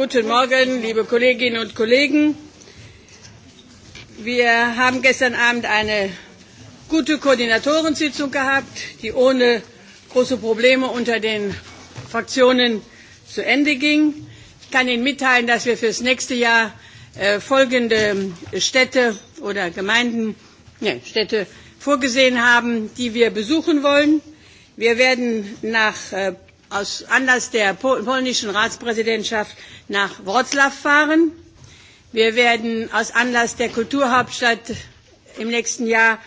Guten Morgen, liebe Kolleginnen und Kollegen. Wir haben gestern Abend eine gute Koordinatorensitzung gehabt, die ohne große Probleme unter den Fraktionen zu Ende ging. Ich kann Ihnen mitteilen, dass wir für das nächste Jahr äh, folgende Städte oder Gemeinden, nee, Städte vorgesehen haben, die wir besuchen wollen. Wir werden nach äh, aus Anlass der polnischen Ratspräsidentschaft nach Wroclaw fahren. Wir werden aus Anlass der Kulturhauptstadt im nächsten Jahr,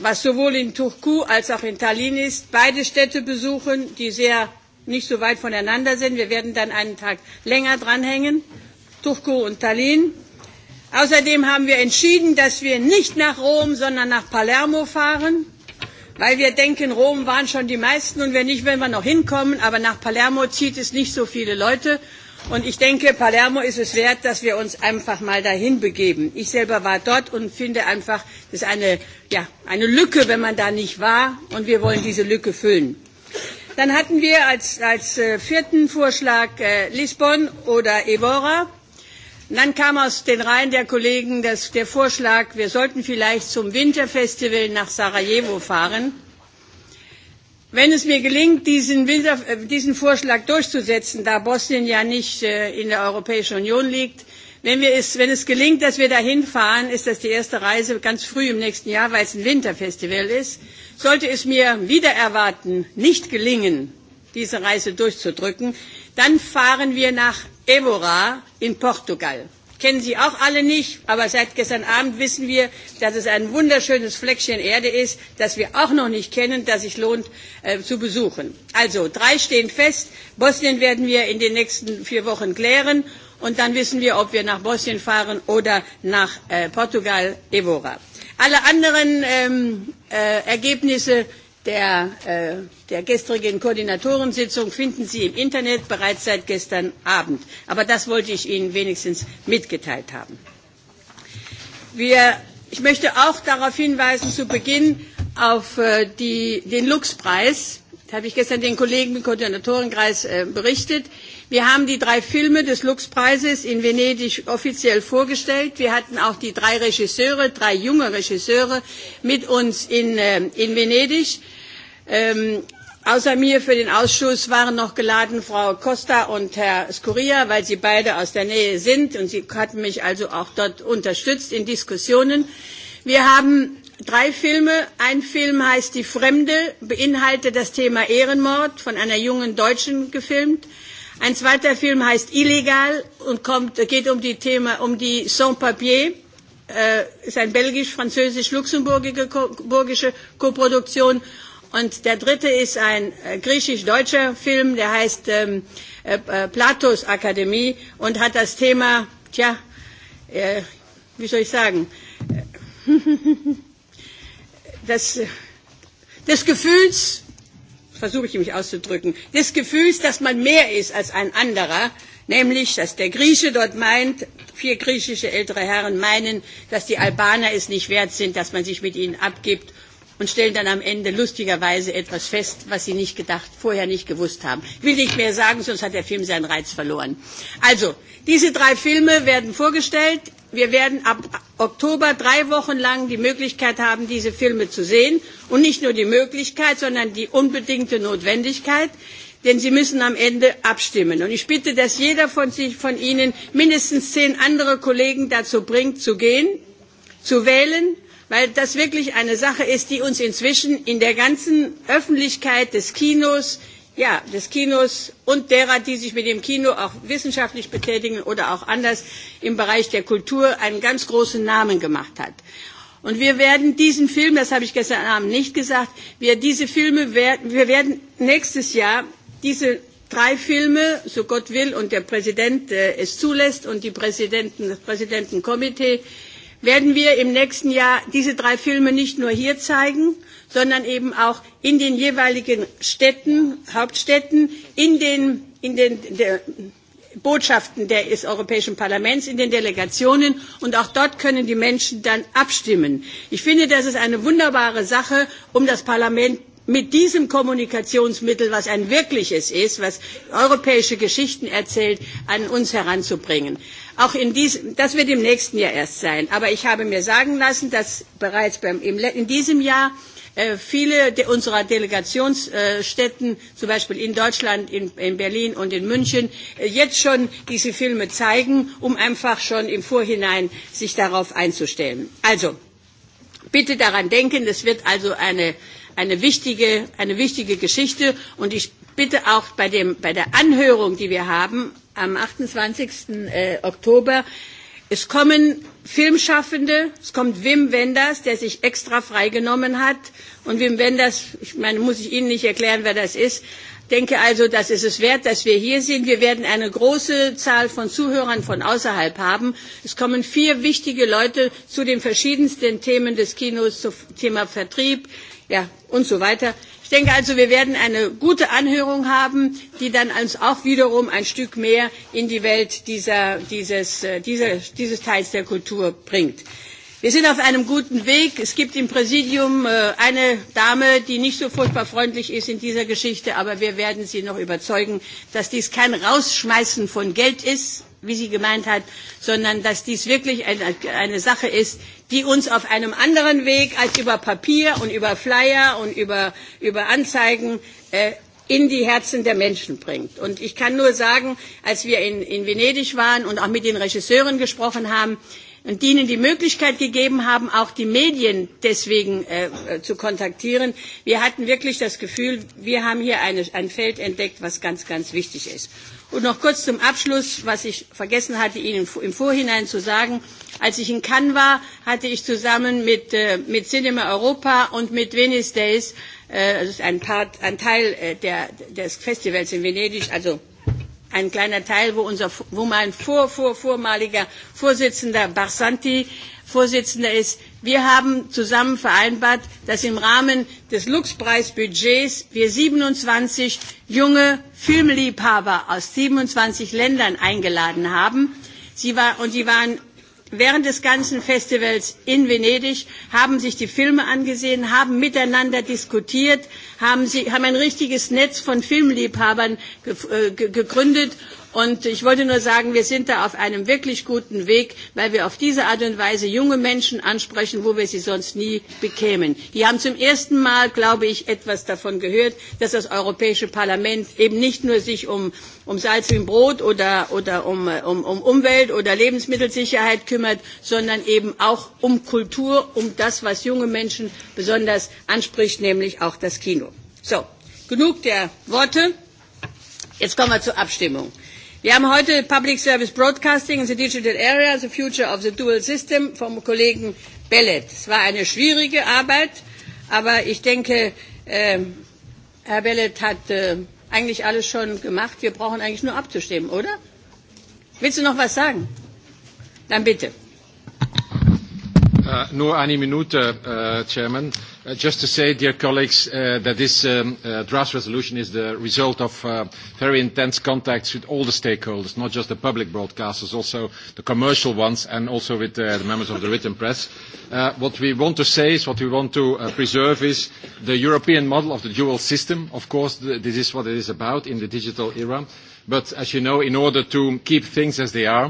was sowohl in Turku als auch in Tallinn ist, beide Städte besuchen, die sehr nicht so weit voneinander sind. Wir werden dann einen Tag länger dranhängen, Turku und Tallinn. Außerdem haben wir entschieden, dass wir nicht nach Rom, sondern nach Palermo fahren Weil wir denken, Rom waren schon die meisten und wenn nicht, werden wir noch hinkommen. Aber nach Palermo zieht es nicht so viele Leute. Und ich denke, Palermo ist es wert, dass wir uns einfach mal dahin begeben. Ich selber war dort und finde einfach, das ist eine, ja, eine Lücke, wenn man da nicht war. Und wir wollen diese Lücke füllen. Dann hatten wir als, als äh, vierten Vorschlag äh, Lissabon oder Evora dann kam aus den Reihen der Kollegen das, der Vorschlag, wir sollten vielleicht zum Winterfestival nach Sarajevo fahren. Wenn es mir gelingt, diesen, Winter, äh, diesen Vorschlag durchzusetzen, da Bosnien ja nicht äh, in der Europäischen Union liegt, wenn, wir es, wenn es gelingt, dass wir dahin fahren, ist das die erste Reise ganz früh im nächsten Jahr, weil es ein Winterfestival ist. Sollte es mir wieder erwarten nicht gelingen, diese Reise durchzudrücken, dann fahren wir nach Évora in Portugal. Kennen Sie auch alle nicht, aber seit gestern Abend wissen wir, dass es ein wunderschönes Fleckchen Erde ist, das wir auch noch nicht kennen, das sich lohnt äh, zu besuchen. Also drei stehen fest. Bosnien werden wir in den nächsten vier Wochen klären und dann wissen wir, ob wir nach Bosnien fahren oder nach äh, Portugal, Evora. Alle anderen ähm, äh, Ergebnisse der, äh, der gestrigen Koordinatorensitzung finden Sie im Internet bereits seit gestern Abend. Aber das wollte ich Ihnen wenigstens mitgeteilt haben. Wir, ich möchte auch darauf hinweisen, zu Beginn auf äh, die, den Lux-Preis. Da habe ich gestern den Kollegen im Koordinatorenkreis äh, berichtet. Wir haben die drei Filme des Lux-Preises in Venedig offiziell vorgestellt. Wir hatten auch die drei Regisseure, drei junge Regisseure mit uns in, äh, in Venedig. Ähm, außer mir für den Ausschuss waren noch geladen Frau Costa und Herr Scuria, weil sie beide aus der Nähe sind und sie hatten mich also auch dort unterstützt in Diskussionen. Wir haben drei Filme. Ein Film heißt Die Fremde, beinhaltet das Thema Ehrenmord, von einer jungen Deutschen gefilmt. Ein zweiter Film heißt Illegal und kommt, geht um die Thema, um die Sans-Papier, äh, ist ein belgisch-französisch-luxemburgische Koproduktion. Und der dritte ist ein äh, griechisch-deutscher Film, der heißt ähm, äh, äh, Platos Akademie und hat das Thema, tja, äh, wie soll ich sagen, äh, das, des Gefühls, versuche ich mich auszudrücken, des Gefühls, dass man mehr ist als ein anderer, nämlich, dass der Grieche dort meint, vier griechische ältere Herren meinen, dass die Albaner es nicht wert sind, dass man sich mit ihnen abgibt und stellen dann am Ende lustigerweise etwas fest, was sie nicht gedacht, vorher nicht gewusst haben. Ich will nicht mehr sagen, sonst hat der Film seinen Reiz verloren. Also, diese drei Filme werden vorgestellt. Wir werden ab Oktober drei Wochen lang die Möglichkeit haben, diese Filme zu sehen. Und nicht nur die Möglichkeit, sondern die unbedingte Notwendigkeit denn sie müssen am Ende abstimmen. Und ich bitte, dass jeder von, sich, von Ihnen mindestens zehn andere Kollegen dazu bringt, zu gehen, zu wählen, weil das wirklich eine Sache ist, die uns inzwischen in der ganzen Öffentlichkeit des Kinos, ja, des Kinos und derer, die sich mit dem Kino auch wissenschaftlich betätigen oder auch anders im Bereich der Kultur einen ganz großen Namen gemacht hat. Und wir werden diesen Film, das habe ich gestern Abend nicht gesagt, wir diese Filme werden, wir werden nächstes Jahr diese drei Filme, so Gott will und der Präsident äh, es zulässt und die Präsidenten, das Präsidentenkomitee werden wir im nächsten Jahr diese drei Filme nicht nur hier zeigen, sondern eben auch in den jeweiligen Städten, Hauptstädten, in den, in den der, Botschaften des Europäischen Parlaments in den Delegationen und auch dort können die Menschen dann abstimmen. Ich finde, das ist eine wunderbare Sache, um das Parlament mit diesem Kommunikationsmittel, was ein wirkliches ist, was europäische Geschichten erzählt, an uns heranzubringen. Auch in diesem, das wird im nächsten Jahr erst sein. Aber ich habe mir sagen lassen, dass bereits beim, im, in diesem Jahr äh, viele de unserer Delegationsstätten, äh, zum Beispiel in Deutschland, in, in Berlin und in München, äh, jetzt schon diese Filme zeigen, um einfach schon im Vorhinein sich darauf einzustellen. Also, bitte daran denken, das wird also eine, eine, wichtige, eine wichtige Geschichte und ich bitte auch bei, dem, bei der Anhörung, die wir haben am 28. Äh, Oktober, es kommen Filmschaffende, es kommt Wim Wenders, der sich extra freigenommen hat. Und Wim Wenders, ich meine, muss ich Ihnen nicht erklären, wer das ist. Ich Denke also, das ist es wert, dass wir hier sind. Wir werden eine große Zahl von Zuhörern von außerhalb haben. Es kommen vier wichtige Leute zu den verschiedensten Themen des Kinos, zum Thema Vertrieb, ja, und so weiter. Ich denke also, wir werden eine gute Anhörung haben, die dann uns auch wiederum ein Stück mehr in die Welt dieser, dieses, äh, dieser, dieses Teils der Kultur bringt. Wir sind auf einem guten Weg. Es gibt im Präsidium äh, eine Dame, die nicht so furchtbar freundlich ist in dieser Geschichte, aber wir werden sie noch überzeugen, dass dies kein Rausschmeißen von Geld ist, wie sie gemeint hat, sondern dass dies wirklich eine Sache ist, die uns auf einem anderen Weg als über Papier und über Flyer und über, über Anzeigen äh, in die Herzen der Menschen bringt. Und ich kann nur sagen, als wir in, in Venedig waren und auch mit den Regisseuren gesprochen haben und ihnen die Möglichkeit gegeben haben, auch die Medien deswegen äh, zu kontaktieren, wir hatten wirklich das Gefühl, wir haben hier eine, ein Feld entdeckt, was ganz, ganz wichtig ist. Und noch kurz zum Abschluss, was ich vergessen hatte, Ihnen im Vorhinein zu sagen. Als ich in Cannes war, hatte ich zusammen mit, äh, mit Cinema Europa und mit Venice Days, äh, das ist ein, Part, ein Teil äh, der, des Festivals in Venedig, also ein kleiner Teil, wo, unser, wo mein vor, vor, vormaliger Vorsitzender Barsanti Vorsitzender ist, Wir haben zusammen vereinbart, dass im Rahmen des Lux-Preis-Budgets wir 27 junge Filmliebhaber aus 27 Ländern eingeladen haben. Sie war, und sie waren während des ganzen Festivals in Venedig, haben sich die Filme angesehen, haben miteinander diskutiert, haben, sie, haben ein richtiges Netz von Filmliebhabern äh, ge, äh, gegründet Und ich wollte nur sagen, wir sind da auf einem wirklich guten Weg, weil wir auf diese Art und Weise junge Menschen ansprechen, wo wir sie sonst nie bekämen. Die haben zum ersten Mal, glaube ich, etwas davon gehört, dass das Europäische Parlament eben nicht nur sich um, um Salz im Brot oder, oder um, um, um Umwelt oder Lebensmittelsicherheit kümmert, sondern eben auch um Kultur, um das, was junge Menschen besonders anspricht, nämlich auch das Kino. So, genug der Worte. Jetzt kommen wir zur Abstimmung. Wir haben heute Public Service Broadcasting in the Digital Area, the Future of the Dual System vom Kollegen Bellet. Es war eine schwierige Arbeit, aber ich denke, äh, Herr Bellet hat äh, eigentlich alles schon gemacht. Wir brauchen eigentlich nur abzustimmen, oder? Willst du noch was sagen? Dann bitte. Uh, nur eine Minute, uh, Chairman. Uh, Uh, just to say, dear colleagues, uh, that this um, uh, draft resolution is the result of uh, very intense contacts with all the stakeholders, not just the public broadcasters, also the commercial ones, and also with uh, the members of the written press. Uh, what we want to say is, what we want to uh, preserve is the European model of the dual system. Of course, th this is what it is about in the digital era. But as you know, in order to keep things as they are,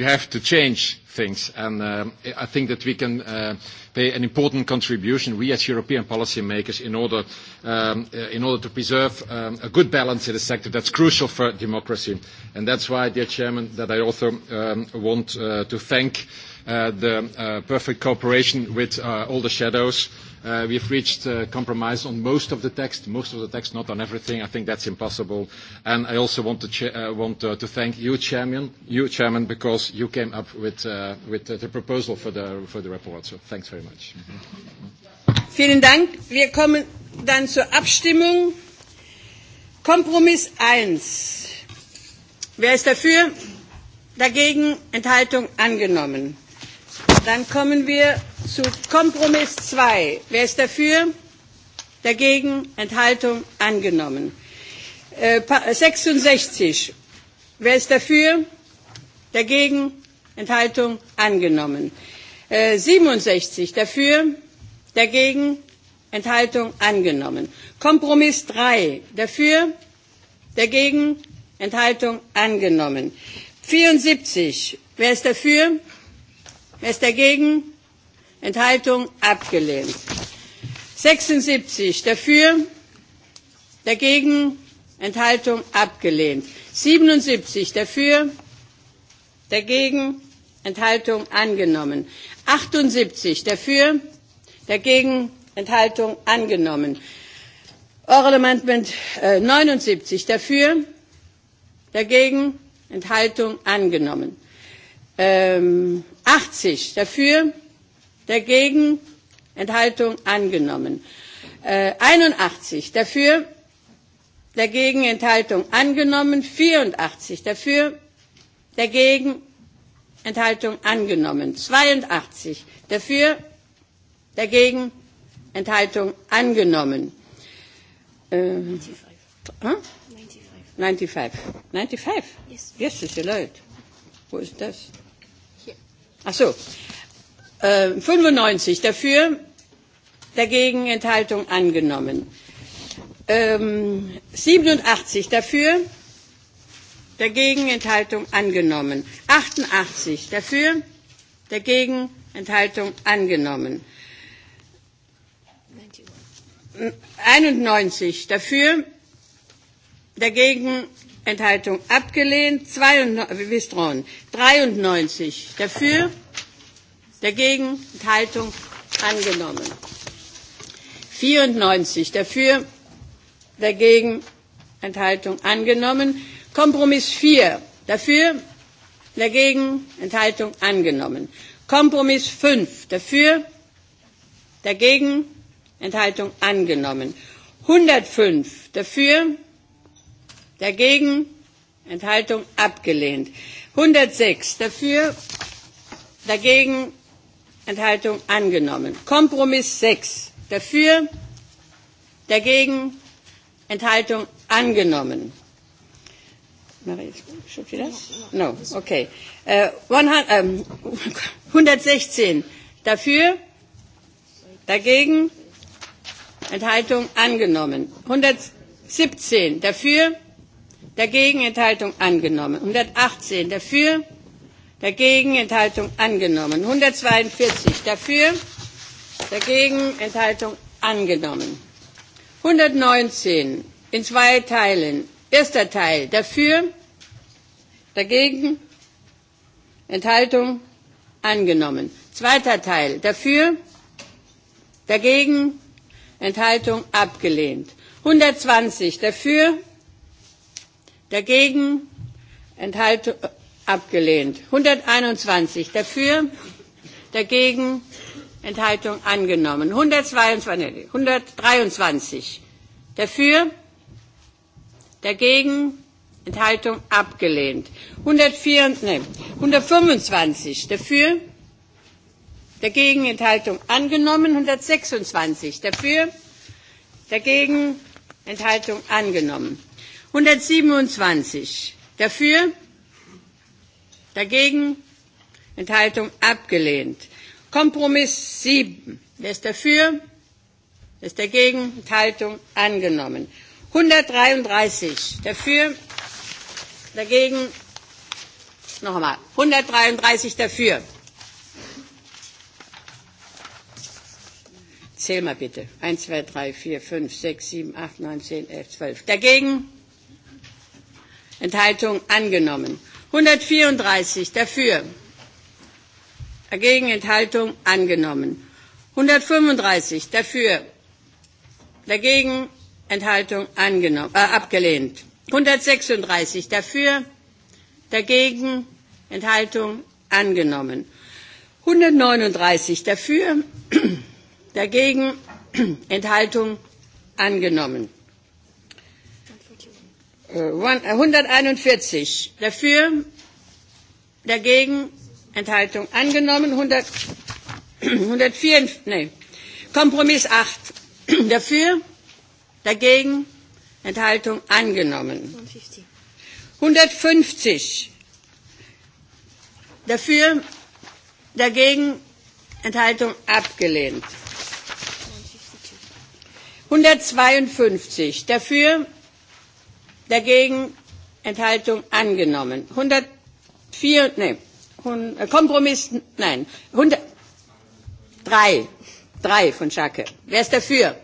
you have to change things. And uh, I think that we can uh, pay an important contribution, we as European policymakers, in order, um, uh, in order to preserve um, a good balance in the sector that's crucial for democracy. And that's why, dear Chairman, that I also um, want uh, to thank uh, the uh, perfect cooperation with uh, all the shadows, Uh, we have reached a uh, compromise on most of the text, most of the text, not on everything. I think that's impossible. And I also want to, uh, want, uh, to thank you, Chairman, you, Chairman, because you came up with, uh, with uh, the proposal for the, for the report. So thanks very much. Vielen Dank. Wir kommen dann zur Abstimmung. Kompromiss 1. Wer ist dafür? Dagegen? Enthaltung angenommen. Dann kommen wir zu Kompromiss 2. Wer ist dafür? Dagegen? Enthaltung? Angenommen. Äh, 66. Äh, Wer ist dafür? Dagegen? Enthaltung? Angenommen. Äh, 67. Dafür? Dagegen? Enthaltung? Angenommen. Kompromiss 3. Dafür? Dagegen? Enthaltung? Angenommen. 74. Wer ist dafür? Wer ist dagegen? Enthaltung abgelehnt. 76 dafür, dagegen, Enthaltung abgelehnt. 77 dafür, dagegen, Enthaltung angenommen. 78 dafür, dagegen, Enthaltung angenommen. Oral Amendment äh, 79 dafür, dagegen, Enthaltung angenommen ähm, 80 dafür, dagegen, Enthaltung angenommen. Äh, 81 dafür, dagegen, Enthaltung angenommen. 84 dafür, dagegen, Enthaltung angenommen. 82 dafür, dagegen, Enthaltung angenommen. Äh, 95. Huh? 95. 95. Yes. Yes, it's a Ach so. Äh, 95 dafür, dagegen Enthaltung angenommen. Ähm, 87 dafür, dagegen Enthaltung angenommen. 88 dafür, dagegen Enthaltung angenommen. 91 dafür, dagegen Enthaltung abgelehnt. 93 dafür, dagegen Enthaltung angenommen. 94 dafür, dagegen Enthaltung angenommen. Kompromiss 4 dafür, dagegen Enthaltung angenommen. Kompromiss 5 dafür, dagegen Enthaltung angenommen. 105 dafür, Dagegen? Enthaltung abgelehnt. 106 dafür, dagegen Enthaltung angenommen. Kompromiss 6 dafür, dagegen Enthaltung angenommen. Marie, should we das? No, okay. Uh, 100, uh, 116 dafür, dagegen Enthaltung angenommen. 117 dafür, Dagegen Enthaltung angenommen. 118 dafür. Dagegen Enthaltung angenommen. 142 dafür. Dagegen Enthaltung angenommen. 119 in zwei Teilen. Erster Teil dafür. Dagegen Enthaltung angenommen. Zweiter Teil dafür. Dagegen Enthaltung abgelehnt. 120 dafür Dagegen? Enthaltung abgelehnt. 121 dafür, dagegen Enthaltung angenommen. 122, 123 dafür, dagegen Enthaltung abgelehnt. 104, nee, 125 dafür, dagegen Enthaltung angenommen. 126 dafür, dagegen Enthaltung angenommen. 127 dafür, dagegen, Enthaltung abgelehnt. Kompromiss 7. Wer ist dafür? Wer ist dagegen? Enthaltung angenommen. 133 dafür, dagegen, noch einmal, 133 dafür. Zähl mal bitte. 1, 2, 3, 4, 5, 6, 7, 8, 9, 10, 11, 12. Dagegen? Enthaltung angenommen. 134 dafür, dagegen Enthaltung angenommen. 135 dafür, dagegen Enthaltung angenommen, äh, abgelehnt. 136 dafür, dagegen Enthaltung angenommen. 139 dafür, dagegen Enthaltung angenommen. 141 äh, äh, dafür, dagegen, Enthaltung angenommen. 100, 104, nee. Kompromiss 8 dafür, dagegen, Enthaltung angenommen. 150 dafür, dagegen, Enthaltung abgelehnt. 152 dafür, dagegen Enthaltung angenommen. 104, nee, äh, Kompromiss, nein, 103, 3 von Schacke. Wer ist dafür?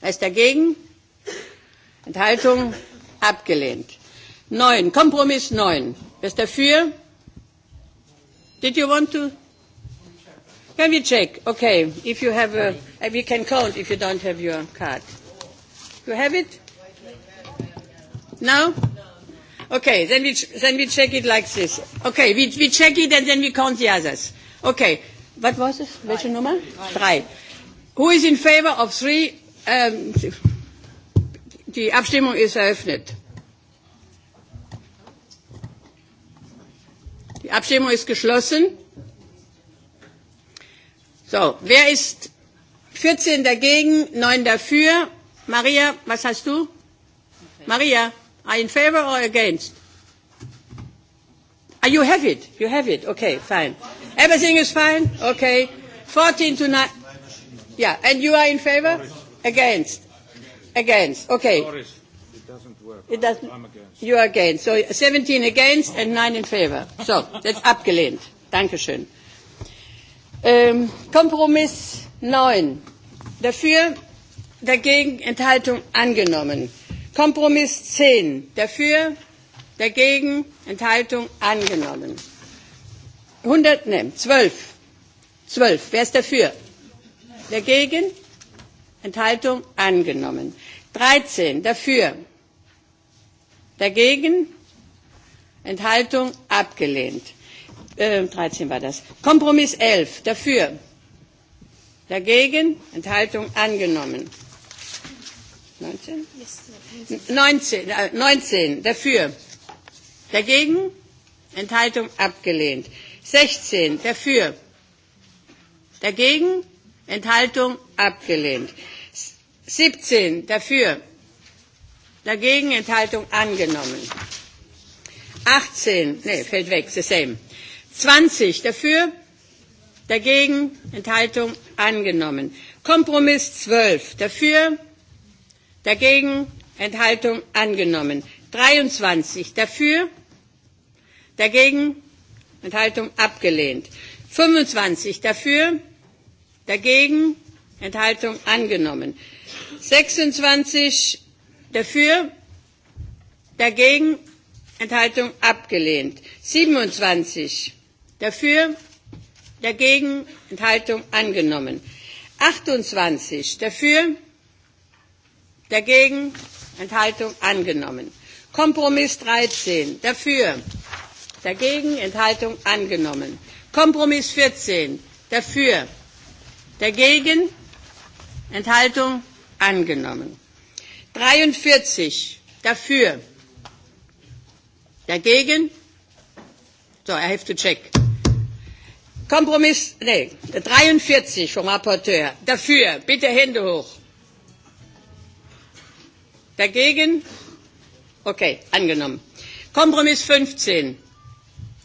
Wer ist dagegen? Enthaltung abgelehnt. 9, Kompromiss 9. Wer ist dafür? Did you want to? Can we check? Okay, if you have a, uh, we can count if you don't have your card. You have it? No? Okay, then we, then we check it like this. Okay, we, we check it and then we count the others. Okay, what was it? Welche Nummer? Drei. Who is in favor of three? Um, die Abstimmung ist eröffnet. Die Abstimmung ist geschlossen. So, wer ist 14 dagegen, 9 dafür? Maria, was hast du? Maria, Are in favor or against? Ah, you have it. You have it. Okay, fine. Everything is fine? Okay. 14 to 9. Yeah, and you are in favor? Against. Against. Okay. It doesn't work. I'm against. You are against. So 17 against and 9 in favor. So, that's abgelehnt. Dankeschön. Ähm, Kompromiss 9. Dafür, dagegen, Enthaltung angenommen. Kompromiss 10 dafür, dagegen, Enthaltung angenommen. 100, ne, 12. 12. Wer ist dafür? Dagegen? Enthaltung angenommen. 13. Dafür? Dagegen? Enthaltung abgelehnt. Äh, 13 war das. Kompromiss 11. Dafür? Dagegen? Enthaltung angenommen. 19? Yes, 19, 19 äh, dafür, dagegen, Enthaltung abgelehnt. 16 dafür, dagegen, Enthaltung abgelehnt. 17 dafür, dagegen, Enthaltung angenommen. 18, nee, fällt weg, the same. 20 dafür, dagegen, Enthaltung angenommen. Kompromiss 12 dafür, dagegen, Enthaltung angenommen. 23 dafür, dagegen, Enthaltung abgelehnt. 25 dafür, dagegen, Enthaltung angenommen. 26 dafür, dagegen, Enthaltung abgelehnt. 27 dafür, dagegen, Enthaltung angenommen. 28 dafür, dagegen, Enthaltung angenommen. Kompromiss 13 dafür, dagegen Enthaltung angenommen. Kompromiss 14 dafür, dagegen Enthaltung angenommen. 43 dafür, dagegen. So, I have to check. Kompromiss, nee, 43 vom Rapporteur. Dafür, bitte Hände hoch. Dagegen? Okay, angenommen. Kompromiss 15.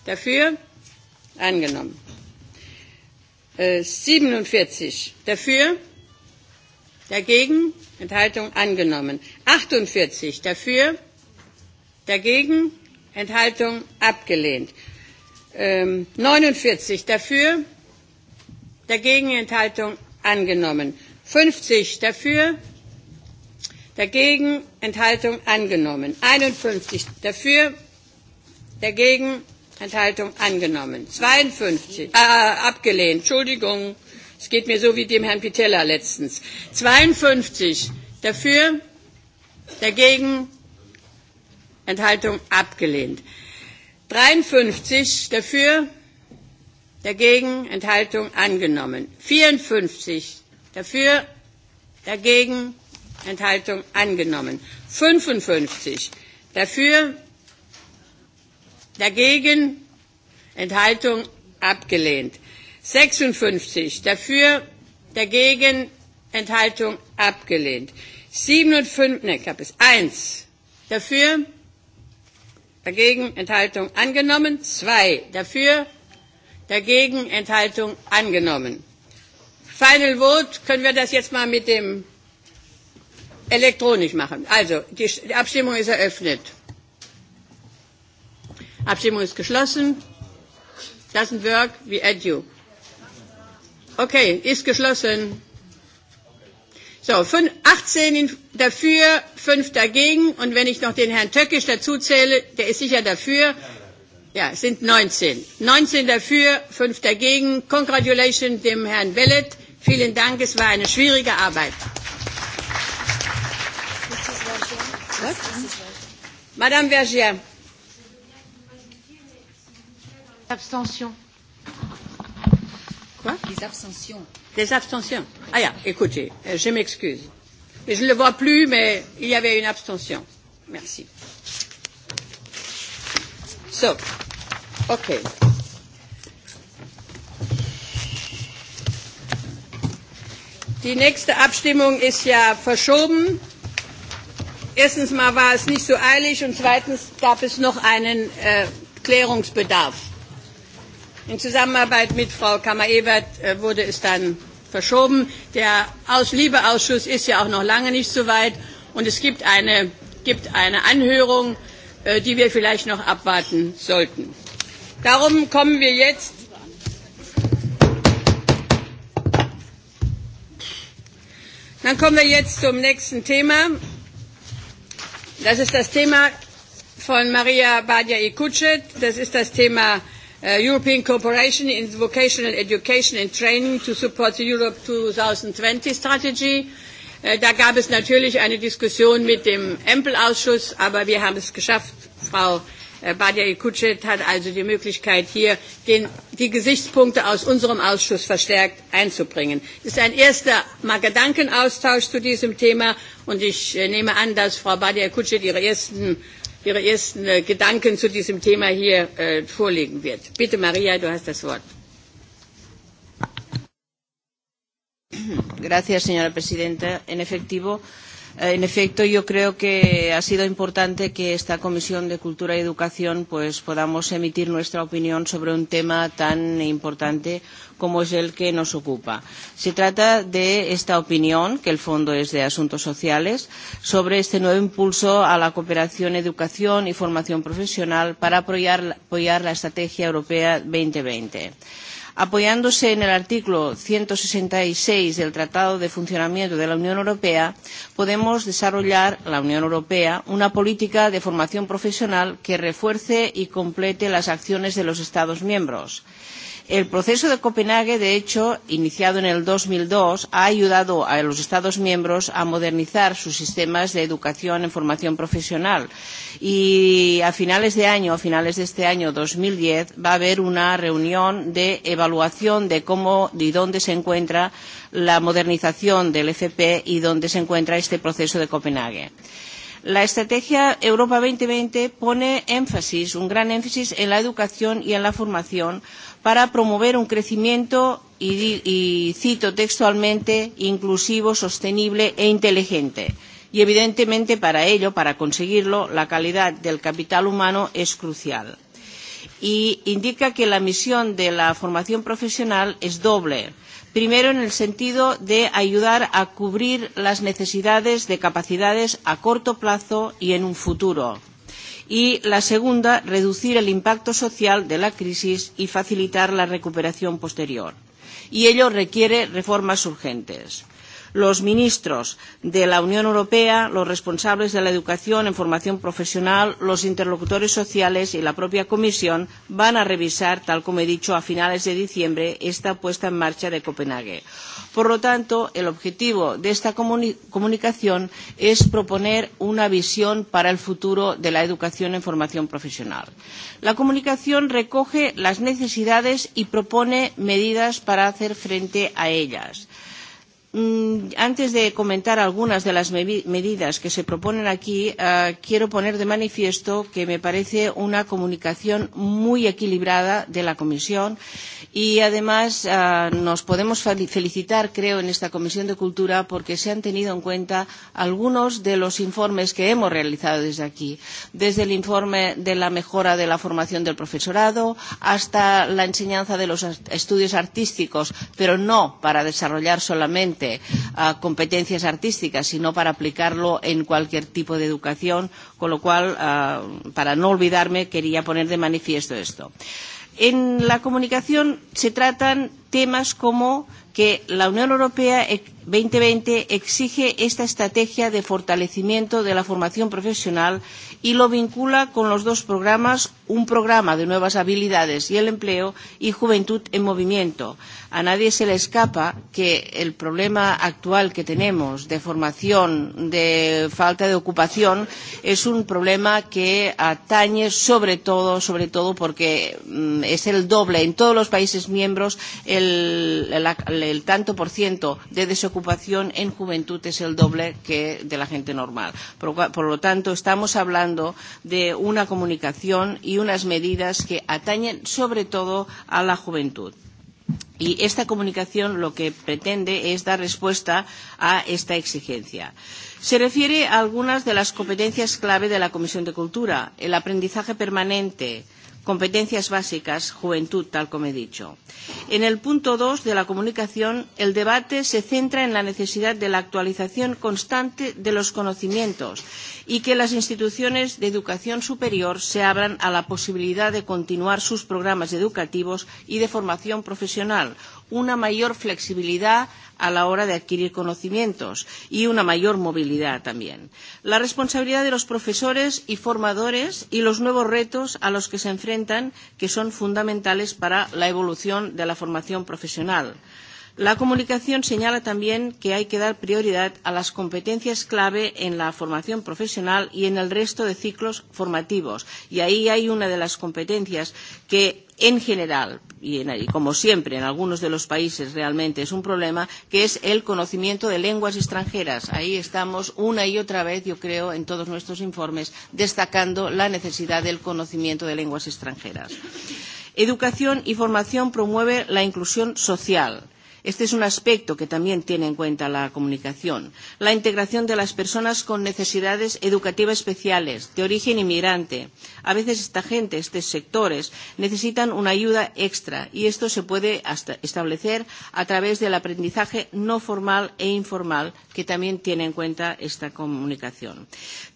Dafür? Angenommen. Äh, 47. Dafür? Dagegen? Enthaltung angenommen. 48. Dafür? Dagegen? Enthaltung abgelehnt. Ähm, 49. Dafür? Dagegen? Enthaltung angenommen. 50. Dafür? Dagegen Enthaltung angenommen. 51 dafür. Dagegen Enthaltung angenommen. 52 äh, ah, ah, abgelehnt. Entschuldigung, es geht mir so wie dem Herrn Pitella letztens. 52 dafür. Dagegen Enthaltung abgelehnt. 53 dafür. Dagegen Enthaltung angenommen. 54 dafür. Dagegen Enthaltung angenommen. 55 dafür, dagegen, Enthaltung abgelehnt. 56 dafür, dagegen, Enthaltung abgelehnt. 57, ne, gab es 1 dafür, dagegen, Enthaltung angenommen. 2 dafür, dagegen, Enthaltung angenommen. Final Vote, können wir das jetzt mal mit dem Elektronisch machen. Also, die, die Abstimmung ist eröffnet. Abstimmung ist geschlossen. Doesn't work. We add you. Okay, ist geschlossen. So, 18 dafür, 5 dagegen. Und wenn ich noch den Herrn Töckisch dazu zähle, der ist sicher dafür. Ja, es sind 19. 19 dafür, 5 dagegen. Congratulations dem Herrn Bellet. Vielen Dank, es war eine schwierige Arbeit. What? Madame Vergier. Abstention. Quoi Des abstentions. Des abstentions. Ah, yeah, écoutez, euh, je m'excuse. Mais je ne le vois plus, mais il y avait une abstention. Merci. So, okay. Die nächste Abstimmung ist ja verschoben erstens mal war es nicht so eilig und zweitens gab es noch einen äh, Klärungsbedarf. In Zusammenarbeit mit Frau Kammer-Ebert äh, wurde es dann verschoben. Der Aus Liebeausschuss ist ja auch noch lange nicht so weit und es gibt eine, gibt eine Anhörung, äh, die wir vielleicht noch abwarten sollten. Darum kommen wir jetzt Dann kommen wir jetzt zum nächsten Thema. Das ist das Thema von Maria Badia Ikucet. Das ist das Thema Uh, European cooperation in vocational education and training to support the Europe 2020 Strategy. Uh, da gab es natürlich eine Diskussion mit dem Ampel-Ausschuss, aber wir haben es geschafft, Frau Äh, Badia Kucic hat also die Möglichkeit, hier den, die Gesichtspunkte aus unserem Ausschuss verstärkt einzubringen. Es ist ein erster mal Gedankenaustausch zu diesem Thema und ich äh, nehme an, dass Frau Badia Kucic ihre ersten, ihre ersten äh, Gedanken zu diesem Thema hier äh, vorlegen wird. Bitte Maria, du hast das Wort. Gracias, señora presidenta. En efectivo, Eh, en efecto, yo creo que ha sido importante que esta Comisión de Cultura y Educación pues, podamos emitir nuestra opinión sobre un tema tan importante como es el que nos ocupa. Se trata de esta opinión, que el fondo es de Asuntos Sociales, sobre este nuevo impulso a la cooperación, educación y formación profesional para apoyar, apoyar la Estrategia Europea 2020 apoyándose en el artículo 166 del Tratado de Funcionamiento de la Unión Europea, podemos desarrollar la Unión Europea una política de formación profesional que refuerce y complete las acciones de los Estados miembros. miembros el proceso de Copenhague, de hecho, iniciado en el 2002, ha ayudado a los Estados miembros a modernizar sus sistemas de educación en formación profesional. Y a finales de año, a finales de este año 2010, va a haber una reunión de evaluación de cómo y dónde se encuentra la modernización del FP y dónde se encuentra este proceso de Copenhague. La estrategia Europa 2020 pone énfasis, un gran énfasis, en la educación y en la formación para promover un crecimiento, y, y cito textualmente, inclusivo, sostenible e inteligente. Y evidentemente para ello, para conseguirlo, la calidad del capital humano es crucial. Y indica que la misión de la formación profesional es doble. Primero, en el sentido de ayudar a cubrir las necesidades de capacidades a corto plazo y en un futuro y la segunda, reducir el impacto social de la crisis y facilitar la recuperación posterior. Y ello requiere reformas urgentes los ministros de la Unión Europea, los responsables de la educación en formación profesional, los interlocutores sociales y la propia Comisión van a revisar, tal como he dicho, a finales de diciembre esta puesta en marcha de Copenhague. Por lo tanto, el objetivo de esta comuni comunicación es proponer una visión para el futuro de la educación en formación profesional. La comunicación recoge las necesidades y propone medidas para hacer frente a ellas. Mm, antes de comentar algunas de las medidas que se proponen aquí, eh, quiero poner de manifiesto que me parece una comunicación muy equilibrada de la Comisión y además eh, nos podemos felicitar, creo, en esta Comisión de Cultura porque se han tenido en cuenta algunos de los informes que hemos realizado desde aquí, desde el informe de la mejora de la formación del profesorado hasta la enseñanza de los estudios artísticos, pero no para desarrollar solamente solamente a competencias artísticas, sino para aplicarlo en cualquier tipo de educación, con lo cual, uh, para no olvidarme, quería poner de manifiesto esto. En la comunicación se tratan temas como que la Unión Europea 2020 e, exige esta estrategia de fortalecimiento de la formación profesional y lo vincula con los dos programas un programa de nuevas habilidades y el empleo y juventud en movimiento. A nadie se le escapa que el problema actual que tenemos de formación, de falta de ocupación, es un problema que atañe sobre todo, sobre todo porque mmm, es el doble en todos los países miembros, el, el, el tanto por ciento de desocupación en juventud es el doble que de la gente normal. Por, por lo tanto, estamos hablando de una comunicación y unas medidas que atañen sobre todo a la juventud. Y esta comunicación lo que pretende es dar respuesta a esta exigencia. Se refiere a algunas de las competencias clave de la Comisión de Cultura, el aprendizaje permanente, Competencias básicas, juventud, tal como he dicho. En el punto 2 de la comunicación, el debate se centra en la necesidad de la actualización constante de los conocimientos y que las instituciones de educación superior se abran a la posibilidad de continuar sus programas educativos y de formación profesional, una mayor flexibilidad a la hora de adquirir conocimientos y una mayor movilidad también. La responsabilidad de los profesores y formadores y los nuevos retos a los que se enfrentan que son fundamentales para la evolución de la formación profesional La comunicación señala también que hay que dar prioridad a las competencias clave en la formación profesional y en el resto de ciclos formativos. Y ahí hay una de las competencias que en general y, en, y como siempre en algunos de los países realmente es un problema, que es el conocimiento de lenguas extranjeras. Ahí estamos una y otra vez, yo creo, en todos nuestros informes, destacando la necesidad del conocimiento de lenguas extranjeras. Educación y formación promueve la inclusión social Este es un aspecto que también tiene en cuenta la comunicación. La integración de las personas con necesidades educativas especiales, de origen inmigrante. A veces esta gente, estos sectores, necesitan una ayuda extra y esto se puede hasta establecer a través del aprendizaje no formal e informal que también tiene en cuenta esta comunicación.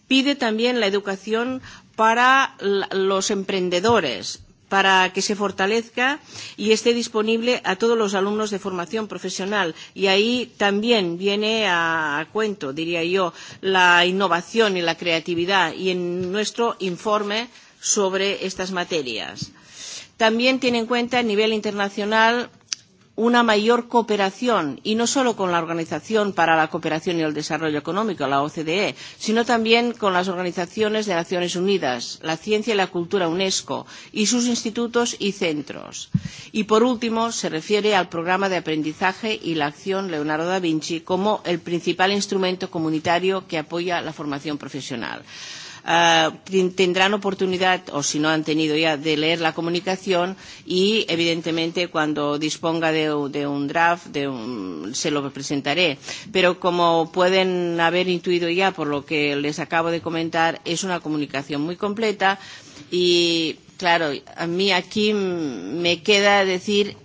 Pide también la educación para los emprendedores para que se fortalezca y esté disponible a todos los alumnos de formación profesional. Y ahí también viene a, a cuento, diría yo, la innovación y la creatividad y en nuestro informe sobre estas materias. También tiene en cuenta a nivel internacional una mayor cooperación, y no solo con la Organización para la Cooperación y el Desarrollo Económico, la OCDE, sino también con las organizaciones de Naciones Unidas, la Ciencia y la Cultura UNESCO y sus institutos y centros. Y, por último, se refiere al programa de aprendizaje y la acción Leonardo da Vinci como el principal instrumento comunitario que apoya la formación profesional uh, tendrán oportunidad, o si no han tenido ya, de leer la comunicación y, evidentemente, cuando disponga de, de un draft, de un, se lo presentaré. Pero como pueden haber intuido ya por lo que les acabo de comentar, es una comunicación muy completa y, claro, a mí aquí me queda decir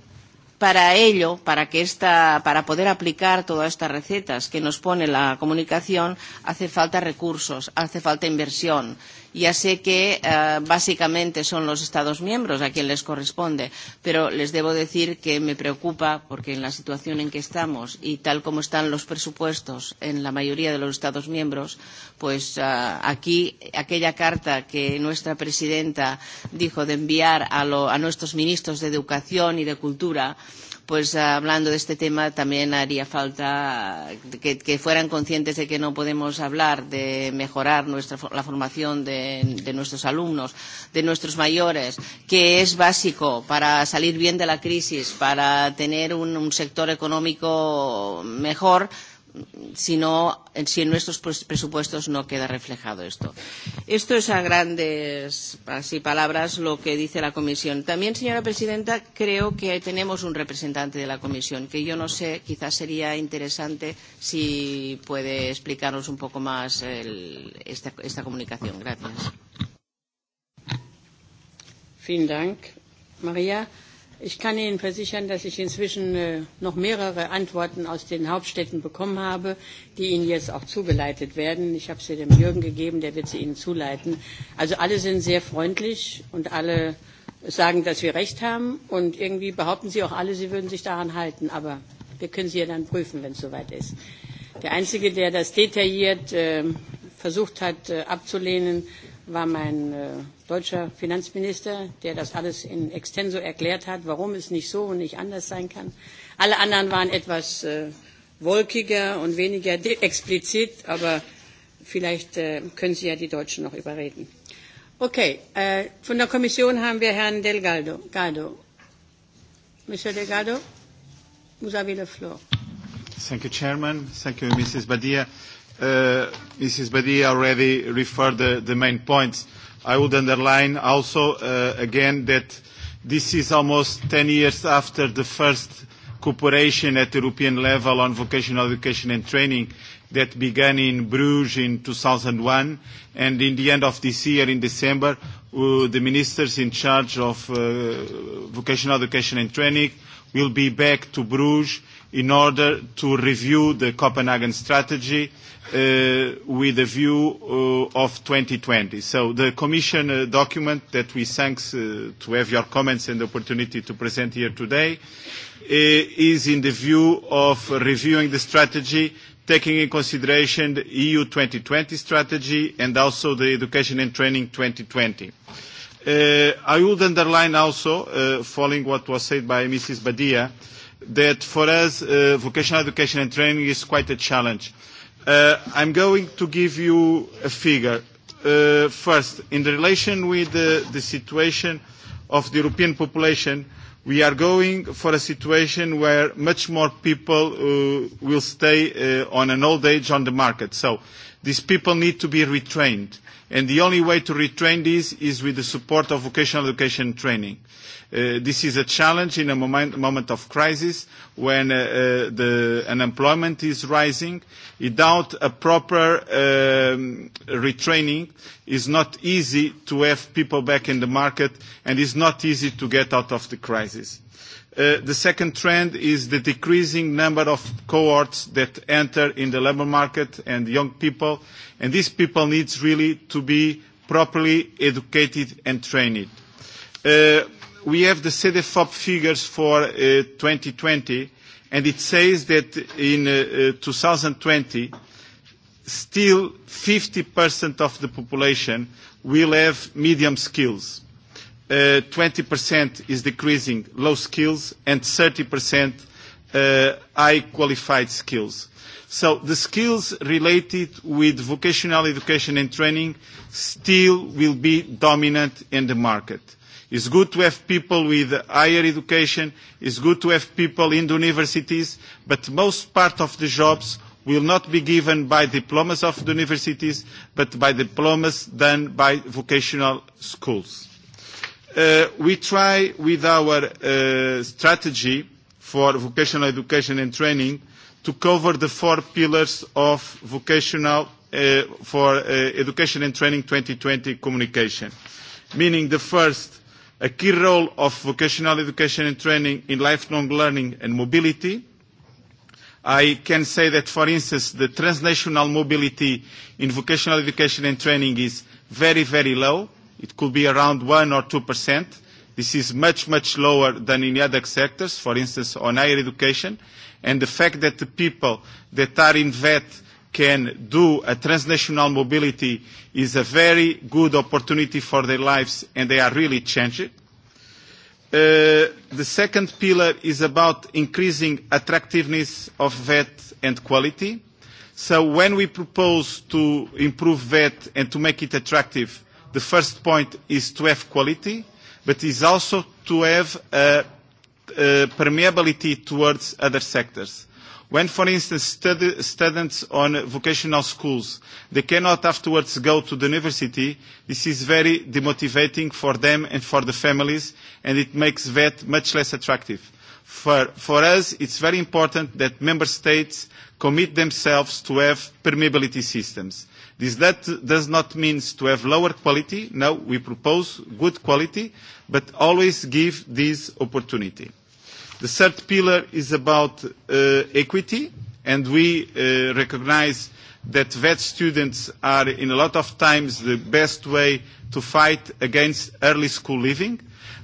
para ello, para, que esta, para poder aplicar todas estas recetas que nos pone la comunicación, hace falta recursos, hace falta inversión. Ya sé que eh, básicamente son los Estados miembros a quien les corresponde, pero les debo decir que me preocupa porque en la situación en que estamos y tal como están los presupuestos en la mayoría de los Estados miembros, pues eh, aquí aquella carta que nuestra presidenta dijo de enviar a, lo, a nuestros ministros de Educación y de Cultura, eh, pues hablando de este tema también haría falta que, que fueran conscientes de que no podemos hablar de mejorar nuestra, la formación de, de nuestros alumnos, de nuestros mayores, que es básico para salir bien de la crisis, para tener un, un sector económico mejor. Mejor, si, no, si en nuestros presupuestos no queda reflejado esto. Esto es a grandes así, palabras lo que dice la Comisión. También, señora presidenta, creo que tenemos un representante de la Comisión, que yo no sé, quizás sería interesante si puede explicarnos un poco más el, esta, esta comunicación. Gracias. Vielen Dank, María. Ich kann Ihnen versichern, dass ich inzwischen äh, noch mehrere Antworten aus den Hauptstädten bekommen habe, die Ihnen jetzt auch zugeleitet werden. Ich habe sie dem Jürgen gegeben, der wird sie Ihnen zuleiten. Also alle sind sehr freundlich und alle sagen, dass wir recht haben. Und irgendwie behaupten sie auch alle, sie würden sich daran halten. Aber wir können sie ja dann prüfen, wenn es soweit ist. Der Einzige, der das detailliert äh, versucht hat äh, abzulehnen, war mein äh, deutscher Finanzminister, der das alles in extenso erklärt hat, warum es nicht so und nicht anders sein kann. Alle anderen waren etwas äh, wolkiger und weniger explizit, aber vielleicht äh, können Sie ja die Deutschen noch überreden. Okay, äh, von der Kommission haben wir Herrn Delgado. Gado. Mr. Delgado, vous avez le floor. Thank you, Chairman. Thank you, Mrs. Badia Uh, Mrs. Badia already referred the, the main points. I would underline also uh, again that this is almost 10 years after the first cooperation at European level on vocational education and training that began in Bruges in 2001 and in the end of this year in December uh, the ministers in charge of uh, vocational education and training will be back to Bruges in order to review the Copenhagen strategy uh, with a view uh, of 2020. So the Commission uh, document that we thanks uh, to have your comments and the opportunity to present here today uh, is in the view of reviewing the strategy taking in consideration the EU 2020 strategy and also the Education and Training 2020. Uh, I would underline also, uh, following what was said by Mrs. Badia, uh, that for us uh, vocational education and training is quite a challenge. Uh, I'm going to give you a figure. Uh, first, in the relation with the, the situation of the European population, we are going for a situation where much more people uh, will stay uh, on an old age on the market. So these people need to be retrained And the only way to retrain this is with the support of vocational education training. Uh, this is a challenge in a moment, moment of crisis when uh, uh, the unemployment is rising. Without a proper um, retraining, it's not easy to have people back in the market and it's not easy to get out of the crisis. Uh, the second trend is the decreasing number of cohorts that enter in the labor market and young people, and these people needs really to be properly educated and trained. Uh, we have the CDFOP figures for uh, 2020, and it says that in uh, 2020, uh, still 50% of the population will have medium skills Uh, 20% is decreasing low skills and 30% uh, high qualified skills. So the skills related with vocational education and training still will be dominant in the market. It's good to have people with higher education, it's good to have people in the universities, but most part of the jobs will not be given by diplomas of the universities, but by diplomas done by vocational schools. Uh, we try with our uh, strategy for vocational education and training to cover the four pillars of vocational uh, for uh, education and training 2020 communication, meaning the first, a key role of vocational education and training in lifelong learning and mobility. I can say that, for instance, the transnational mobility in vocational education and training is very, very low It could be around 1 or 2 percent. This is much, much lower than in other sectors, for instance, on higher education. And the fact that the people that are in VET can do a transnational mobility is a very good opportunity for their lives, and they are really changing. Uh, the second pillar is about increasing attractiveness of VET and quality. So when we propose to improve VET and to make it attractive, the first point is to have quality, but is also to have a, a permeability towards other sectors. When, for instance, study, students on vocational schools, they cannot afterwards go to the university, this is very demotivating for them and for the families, and it makes that much less attractive. For, for us, it's very important that member states commit themselves to have permeability systems. This does not mean to have lower quality. No, we propose good quality, but always give this opportunity. The third pillar is about uh, equity, and we uh, recognize that vet students are in a lot of times the best way to fight against early school leaving.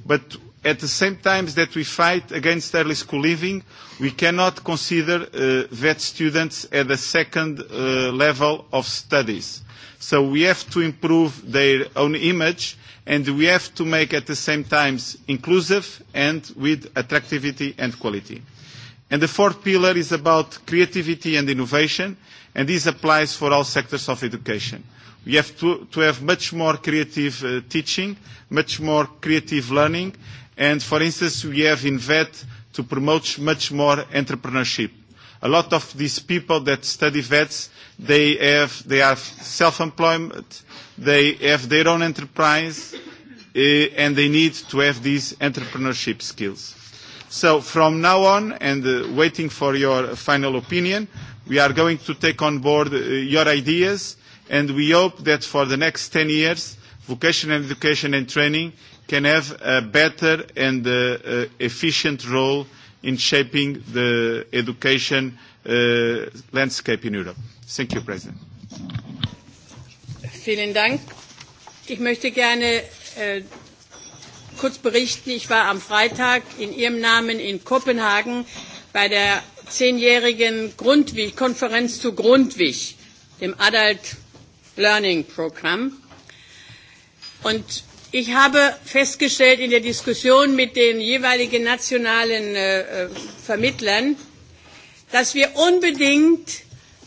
But at the same time that we fight against early school leaving, we cannot consider uh, vet students at the second uh, level of studies. So we have to improve their own image and we have to make at the same time inclusive and with attractivity and quality. And the fourth pillar is about creativity and innovation, and this applies for all sectors of education. We have to, to have much more creative uh, teaching, much more creative learning, And for instance, we have in VET to promote much more entrepreneurship. A lot of these people that study vets, they have, they are self-employed, they have their own enterprise, uh, and they need to have these entrepreneurship skills. So from now on, and uh, waiting for your final opinion, we are going to take on board uh, your ideas, and we hope that for the next 10 years, vocational education and training can have a better and uh, uh, efficient role in shaping the education uh, landscape in Europe. Thank you, President. Vielen Dank. Ich möchte gerne äh, kurz berichten, ich war am Freitag in Ihrem Namen in Kopenhagen bei der zehnjährigen Grundwig, Konferenz zu Grundwig, dem Adult Learning Program. Und Ich habe festgestellt in der Diskussion mit den jeweiligen nationalen äh, äh, Vermittlern, dass wir unbedingt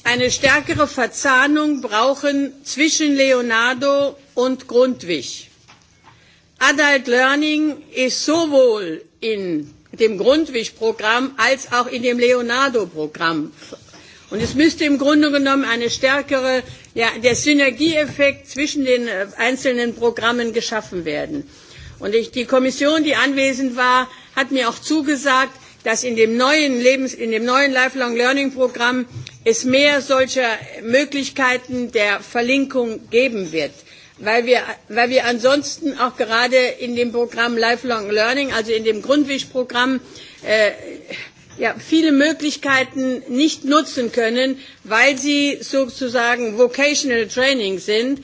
eine stärkere Verzahnung brauchen zwischen Leonardo und Grundwig. Adult Learning ist sowohl in dem Grundwig-Programm als auch in dem Leonardo-Programm. Und es müsste im Grunde genommen eine stärkere ja, der Synergieeffekt zwischen den äh, einzelnen Programmen geschaffen werden. Und ich, die Kommission, die anwesend war, hat mir auch zugesagt, dass in dem neuen, Lebens-, in dem neuen Lifelong Learning Programm es mehr solcher Möglichkeiten der Verlinkung geben wird. Weil wir, weil wir ansonsten auch gerade in dem Programm Lifelong Learning, also in dem Grundwischprogramm, äh, ja, viele Möglichkeiten nicht nutzen können, weil sie sozusagen Vocational Training sind,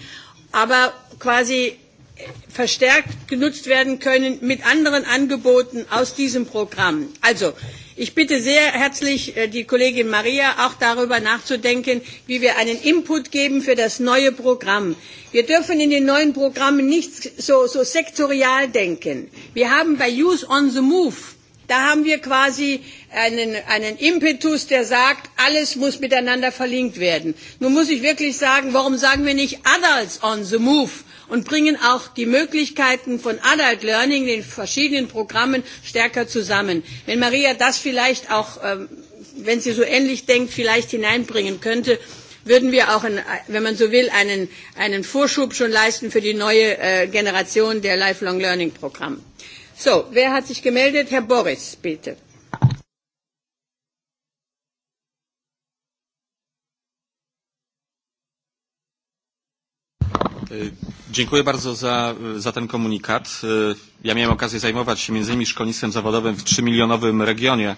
aber quasi verstärkt genutzt werden können mit anderen Angeboten aus diesem Programm. Also, ich bitte sehr herzlich äh, die Kollegin Maria auch darüber nachzudenken, wie wir einen Input geben für das neue Programm. Wir dürfen in den neuen Programmen nicht so, so sektorial denken. Wir haben bei Use on the Move Da haben wir quasi einen, einen Impetus, der sagt, alles muss miteinander verlinkt werden. Nun muss ich wirklich sagen, warum sagen wir nicht Adults on the Move und bringen auch die Möglichkeiten von Adult Learning, den verschiedenen Programmen, stärker zusammen. Wenn Maria das vielleicht auch, ähm, wenn sie so ähnlich denkt, vielleicht hineinbringen könnte, würden wir auch, in, wenn man so will, einen, einen Vorschub schon leisten für die neue äh, Generation der Lifelong Learning Programme. So, wer hat sich gemeldet? Herr Boris, bitte. E, dziękuję bardzo za, za ten komunikat. E, ja miałem okazję zajmować się między innymi szkolnictwem zawodowym w 3 milionowym regionie,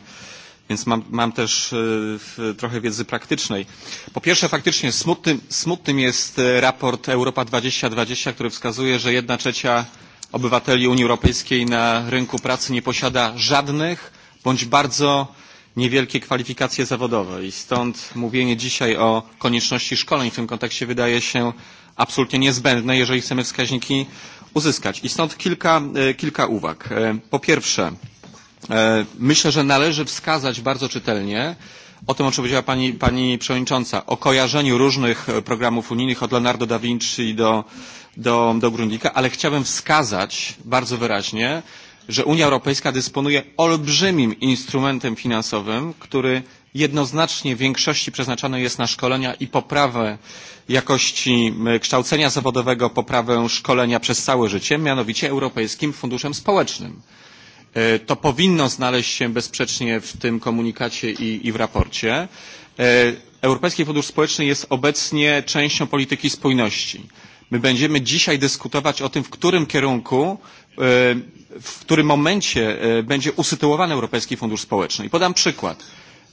więc mam, mam też e, trochę wiedzy praktycznej. Po pierwsze faktycznie smutnym, smutnym jest raport Europa 2020, który wskazuje, że jedna trzecia obywateli Unii Europejskiej na rynku pracy nie posiada żadnych bądź bardzo niewielkie kwalifikacje zawodowe i stąd mówienie dzisiaj o konieczności szkoleń w tym kontekście wydaje się absolutnie niezbędne, jeżeli chcemy wskaźniki uzyskać. I stąd kilka, e, kilka uwag. E, po pierwsze, e, myślę, że należy wskazać bardzo czytelnie, o tym, o czym powiedziała pani, pani przewodnicząca, o kojarzeniu różnych e, programów unijnych od Leonardo da Vinci do, do, do Grundlika, ale chciałbym wskazać bardzo wyraźnie, że Unia Europejska dysponuje olbrzymim instrumentem finansowym, który jednoznacznie w większości przeznaczany jest na szkolenia i poprawę jakości kształcenia zawodowego, poprawę szkolenia przez całe życie, mianowicie Europejskim Funduszem Społecznym E, to powinno znaleźć się bezsprzecznie w tym komunikacie i, i w raporcie. E, Europejski Fundusz Społeczny jest obecnie częścią polityki spójności. My będziemy dzisiaj dyskutować o tym, w którym kierunku, e, w którym momencie będzie usytuowany Europejski Fundusz Społeczny. I podam przykład.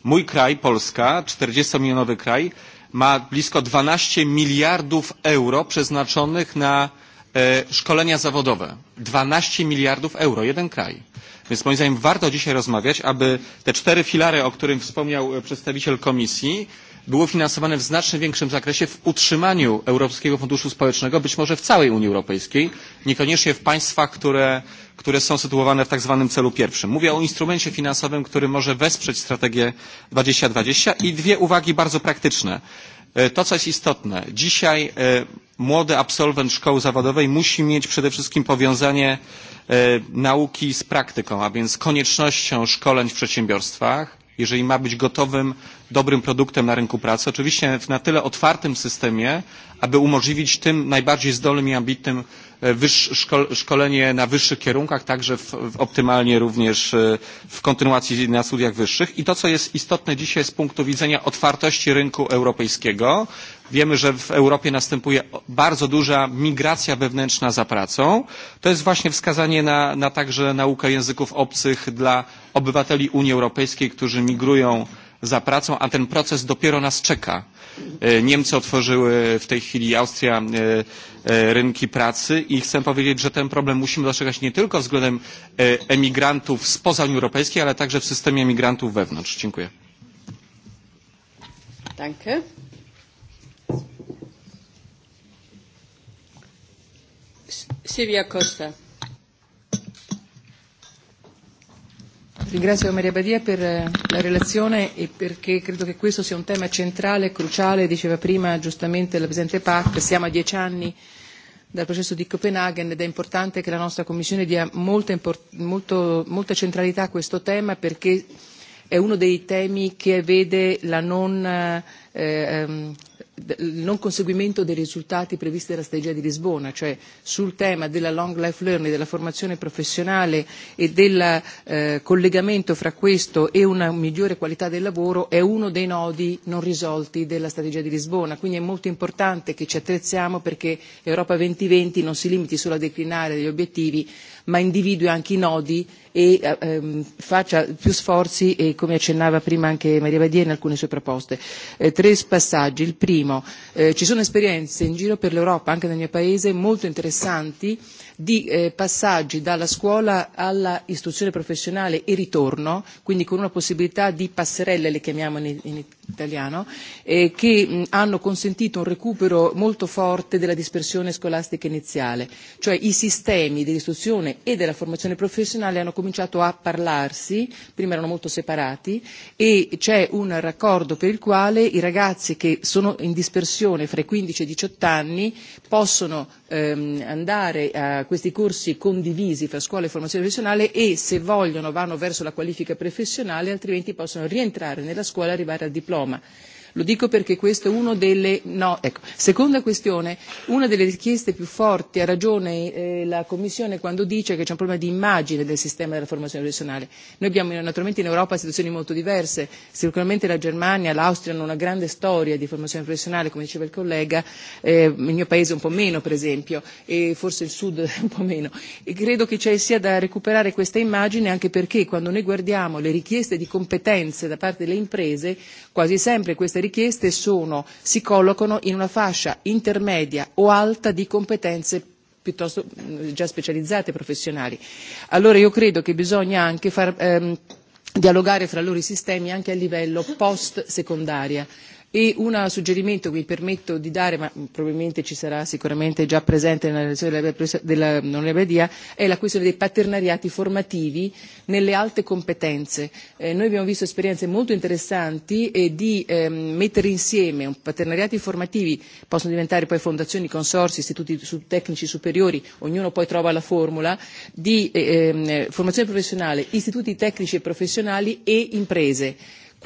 Mój kraj, Polska, 40-milionowy kraj, ma blisko 12 miliardów euro przeznaczonych na E, szkolenia zawodowe 12 miliardów euro, jeden kraj. Więc moim zdaniem warto dzisiaj rozmawiać, aby te cztery filary, o którym wspomniał e, przedstawiciel komisji, było finansowane w znacznie większym zakresie w utrzymaniu Europejskiego Funduszu Społecznego, być może w całej Unii Europejskiej, niekoniecznie w państwach, które, które są sytuowane w tak zwanym celu pierwszym. Mówię o instrumencie finansowym, który może wesprzeć strategię 2020 i dwie uwagi bardzo praktyczne. E, to, co jest istotne, dzisiaj młody absolwent szkoły zawodowej musi mieć przede wszystkim powiązanie e, nauki z praktyką, a więc koniecznością szkoleń w przedsiębiorstwach, jeżeli ma być gotowym, dobrym produktem na rynku pracy, oczywiście w na tyle otwartym systemie, aby umożliwić tym najbardziej zdolnym i ambitnym E, szkolenie na wyższych kierunkach, także w, w optymalnie również e, w kontynuacji na studiach wyższych. I to, co jest istotne dzisiaj z punktu widzenia otwartości rynku europejskiego, Wiemy, że w Europie następuje bardzo duża migracja wewnętrzna za pracą. To jest właśnie wskazanie na, na także naukę języków obcych dla obywateli Unii Europejskiej, którzy migrują za pracą, a ten proces dopiero nas czeka. E, Niemcy otworzyły w tej chwili Austria e, e, rynki pracy i chcę powiedzieć, że ten problem musimy dostrzegać nie tylko względem emigrantów spoza Unii Europejskiej, ale także w systemie emigrantów wewnątrz. Dziękuję. Danke. Silvia Costa. Ringrazio Maria Badia per eh, la relazione e perché credo che questo sia un tema centrale e cruciale, diceva prima giustamente la Presidente Pack, siamo a dieci anni dal processo di Copenaghen ed è importante che la nostra Commissione dia molta, molto, molta centralità a questo tema perché è uno dei temi che vede la non eh, ehm, il non conseguimento dei risultati previsti dalla strategia di Lisbona, cioè sul tema della long life learning, della formazione professionale e del eh, collegamento fra questo e una migliore qualità del lavoro è uno dei nodi non risolti della strategia di Lisbona. Quindi è molto importante che ci attrezziamo perché Europa 2020 non si limiti solo a declinare degli obiettivi, ma individui anche i nodi e ehm, faccia più sforzi e come accennava prima anche Maria Badia in alcune sue proposte. Eh, tre passaggi. Il primo, eh, ci sono esperienze in giro per l'Europa, anche nel mio paese, molto interessanti di eh, passaggi dalla scuola alla istruzione professionale e ritorno, quindi con una possibilità di passerelle, le chiamiamo in, italiano, eh, che hanno consentito un recupero molto forte della dispersione scolastica iniziale, cioè i sistemi dell'istruzione e della formazione professionale hanno cominciato a parlarsi, prima erano molto separati, e c'è un raccordo per il quale i ragazzi che sono in dispersione fra i 15 e i 18 anni possono ehm, andare a questi corsi condivisi fra scuola e formazione professionale e se vogliono vanno verso la qualifica professionale altrimenti possono rientrare nella scuola e arrivare al diploma. Lo dico perché questo è uno delle no, ecco. Seconda questione, una delle richieste più forti, ha ragione eh, la Commissione quando dice che c'è un problema di immagine del sistema della formazione professionale. Noi abbiamo naturalmente in Europa situazioni molto diverse, sicuramente la Germania, l'Austria hanno una grande storia di formazione professionale, come diceva il collega, eh, il mio paese un po' meno per esempio e forse il sud un po' meno. E credo che ci sia da recuperare questa immagine anche perché quando noi guardiamo le richieste di competenze da parte delle imprese Quasi sempre queste richieste sono, si collocano in una fascia intermedia o alta di competenze piuttosto mm, già specializzate professionali. Allora io credo che bisogna anche far, ehm, dialogare fra loro i sistemi anche a livello post secondaria E un suggerimento che mi permetto di dare, ma probabilmente ci sarà sicuramente già presente nella relazione dell'onorevole Dia, è la questione dei paternariati formativi nelle alte competenze. Eh, noi abbiamo visto esperienze molto interessanti e di ehm, mettere insieme paternariati formativi, possono diventare poi fondazioni, consorsi, istituti tecnici superiori, ognuno poi trova la formula, di ehm, formazione professionale, istituti tecnici e professionali e imprese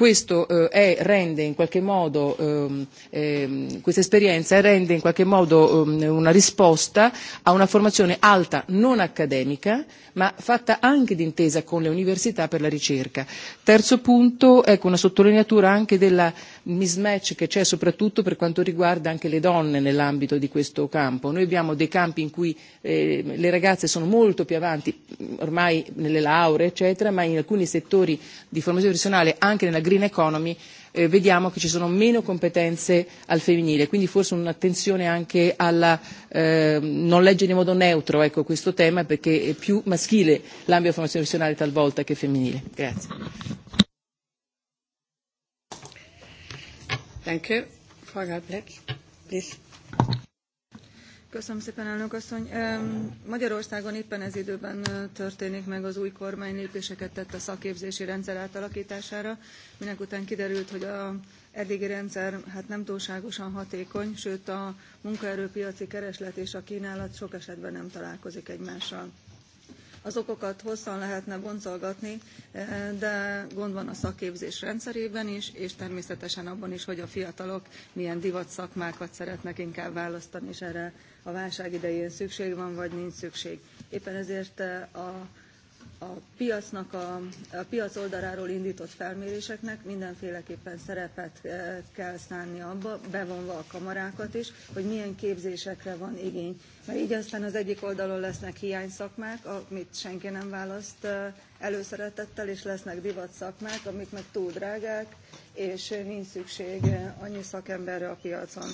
questo eh, è, rende in qualche modo, ehm, ehm, questa esperienza rende in qualche modo ehm, una risposta a una formazione alta non accademica, ma fatta anche d'intesa con le università per la ricerca. Terzo punto, ecco una sottolineatura anche della mismatch che c'è soprattutto per quanto riguarda anche le donne nell'ambito di questo campo. Noi abbiamo dei campi in cui eh, le ragazze sono molto più avanti ormai nelle lauree, eccetera, ma in alcuni settori di formazione professionale, anche nella green economy eh, vediamo che ci sono meno competenze al femminile, quindi forse un'attenzione anche alla eh, non leggere in modo neutro ecco, questo tema perché è più maschile l'ambito della formazione professionale talvolta che femminile. Grazie. Danke. Frau Galbleck, please. Magyarországon éppen ez időben történik meg az új kormány lépéseket tett a szakképzési rendszer átalakítására, minek után kiderült, hogy a eddigi rendszer hát nem túlságosan hatékony, sőt a munkaerőpiaci kereslet és a kínálat sok esetben nem találkozik egymással az okokat hosszan lehetne boncolgatni, eh, de gond van a szakképzés rendszerében is, és természetesen abban is, hogy a fiatalok milyen divat szakmákat szeretnek inkább választani, és erre a válság idején szükség van, vagy nincs szükség. Éppen ezért eh, a a piacnak a, piac oldaláról indított felméréseknek mindenféleképpen szerepet eh, kell szánni abba, bevonva a kamarákat is, hogy milyen képzésekre van igény. Mert így aztán az egyik oldalon lesznek hiányszakmák, amit senki nem választ eh, előszeretettel, és lesznek divatszakmák, amik meg túl drágák, és nincs szükség eh, annyi szakemberre a piacon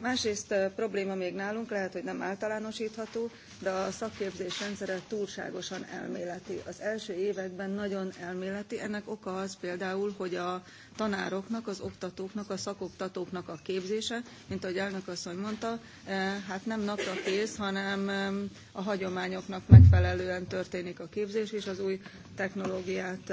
Másrészt probléma még nálunk, lehet, hogy nem általánosítható, de a szakképzés rendszere túlságosan elméleti. Az első években nagyon elméleti, ennek oka az például, hogy a tanároknak, az oktatóknak, a szakoktatóknak a képzése, mint ahogy elnök asszony mondta, hát nem napra kész, hanem a hagyományoknak megfelelően történik a képzés, és az új technológiát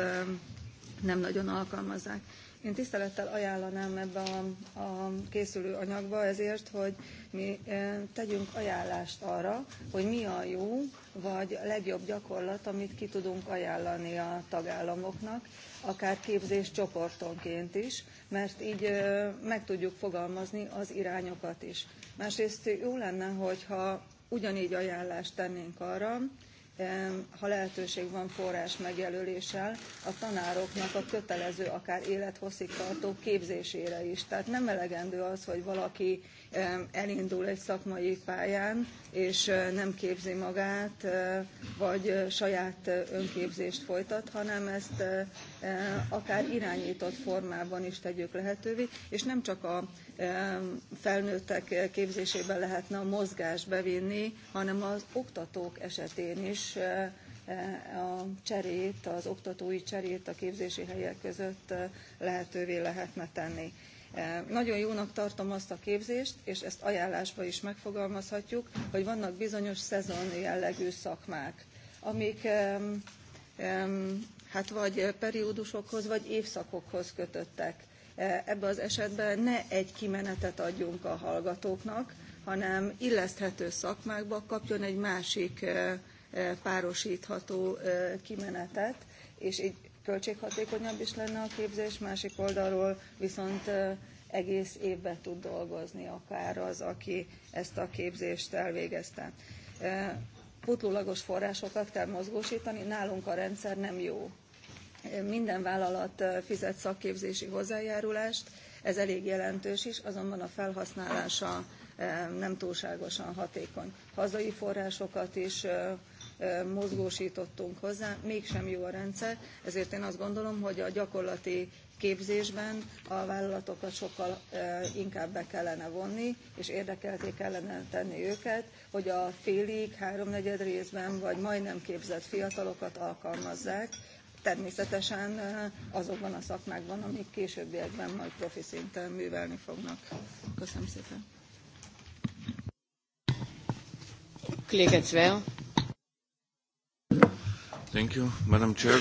nem nagyon alkalmazzák én tisztelettel ajánlanám ebbe a, a készülő anyagba ezért, hogy mi eh, tegyünk ajánlást arra, hogy mi a jó vagy legjobb gyakorlat, amit ki tudunk ajánlani a tagállamoknak, akár képzés csoportonként is, mert így eh, meg tudjuk fogalmazni az irányokat is. Másrészt jó lenne, hogyha ugyanígy ajánlást tennénk arra, ha lehetőség van forrás megjelöléssel, a tanároknak a kötelező, akár élethosszig tartó képzésére is. Tehát nem elegendő az, hogy valaki elindul egy szakmai pályán és nem képzi magát vagy saját önképzést folytat hanem ezt akár irányított formában is tegyük lehetővé és nem csak a felnőttek képzésébe lehetne a mozgás bevinni hanem az oktatók esetén is e, a cserét az oktatói cserét a képzési helyek között lehetővé lehetne tenni. Nagyon jónak tartom azt a képzést, és ezt ajánlásba is megfogalmazhatjuk, hogy vannak bizonyos szezon jellegű szakmák, amik hát vagy periódusokhoz, vagy évszakokhoz kötöttek. Ebben az esetben ne egy kimenetet adjunk a hallgatóknak, hanem illeszthető szakmákba kapjon egy másik párosítható kimenetet, és így költséghatékonyabb is lenne a képzés, másik oldalról viszont egész évben tud dolgozni akár az, aki ezt a képzést elvégezte. Putlulagos forrásokat kell mozgósítani, nálunk a rendszer nem jó. Minden vállalat fizet szakképzési hozzájárulást, ez elég jelentős is, azonban a felhasználása nem túlságosan hatékony. Hazai forrásokat is mozgósítottunk hozzá, mégsem jó a rendszer, ezért én azt gondolom, hogy a gyakorlati képzésben a vállalatokat sokkal inkább be kellene vonni, és érdekelté kellene tenni őket, hogy a félig, háromnegyed részben, vagy majdnem képzett fiatalokat alkalmazzák, természetesen azokban a szakmákban, amik későbbiekben majd profi szinten művelni fognak. Köszönöm szépen. Kolléga Madam Chair.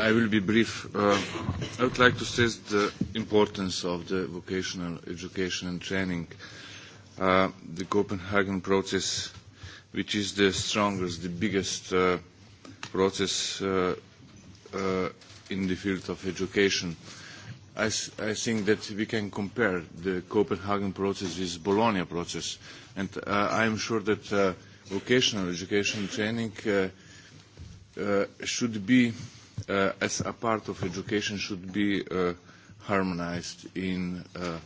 I will be brief. Uh, I would like to stress the importance of the vocational education and training. Uh, the Copenhagen process, which is the strongest, the biggest uh, process uh, uh, in the field of education. I, I think that we can compare the Copenhagen process with Bologna process, and uh, I am sure that uh, vocational education training uh, Uh, should be, uh, as a part of education, should be uh, harmonized in, uh,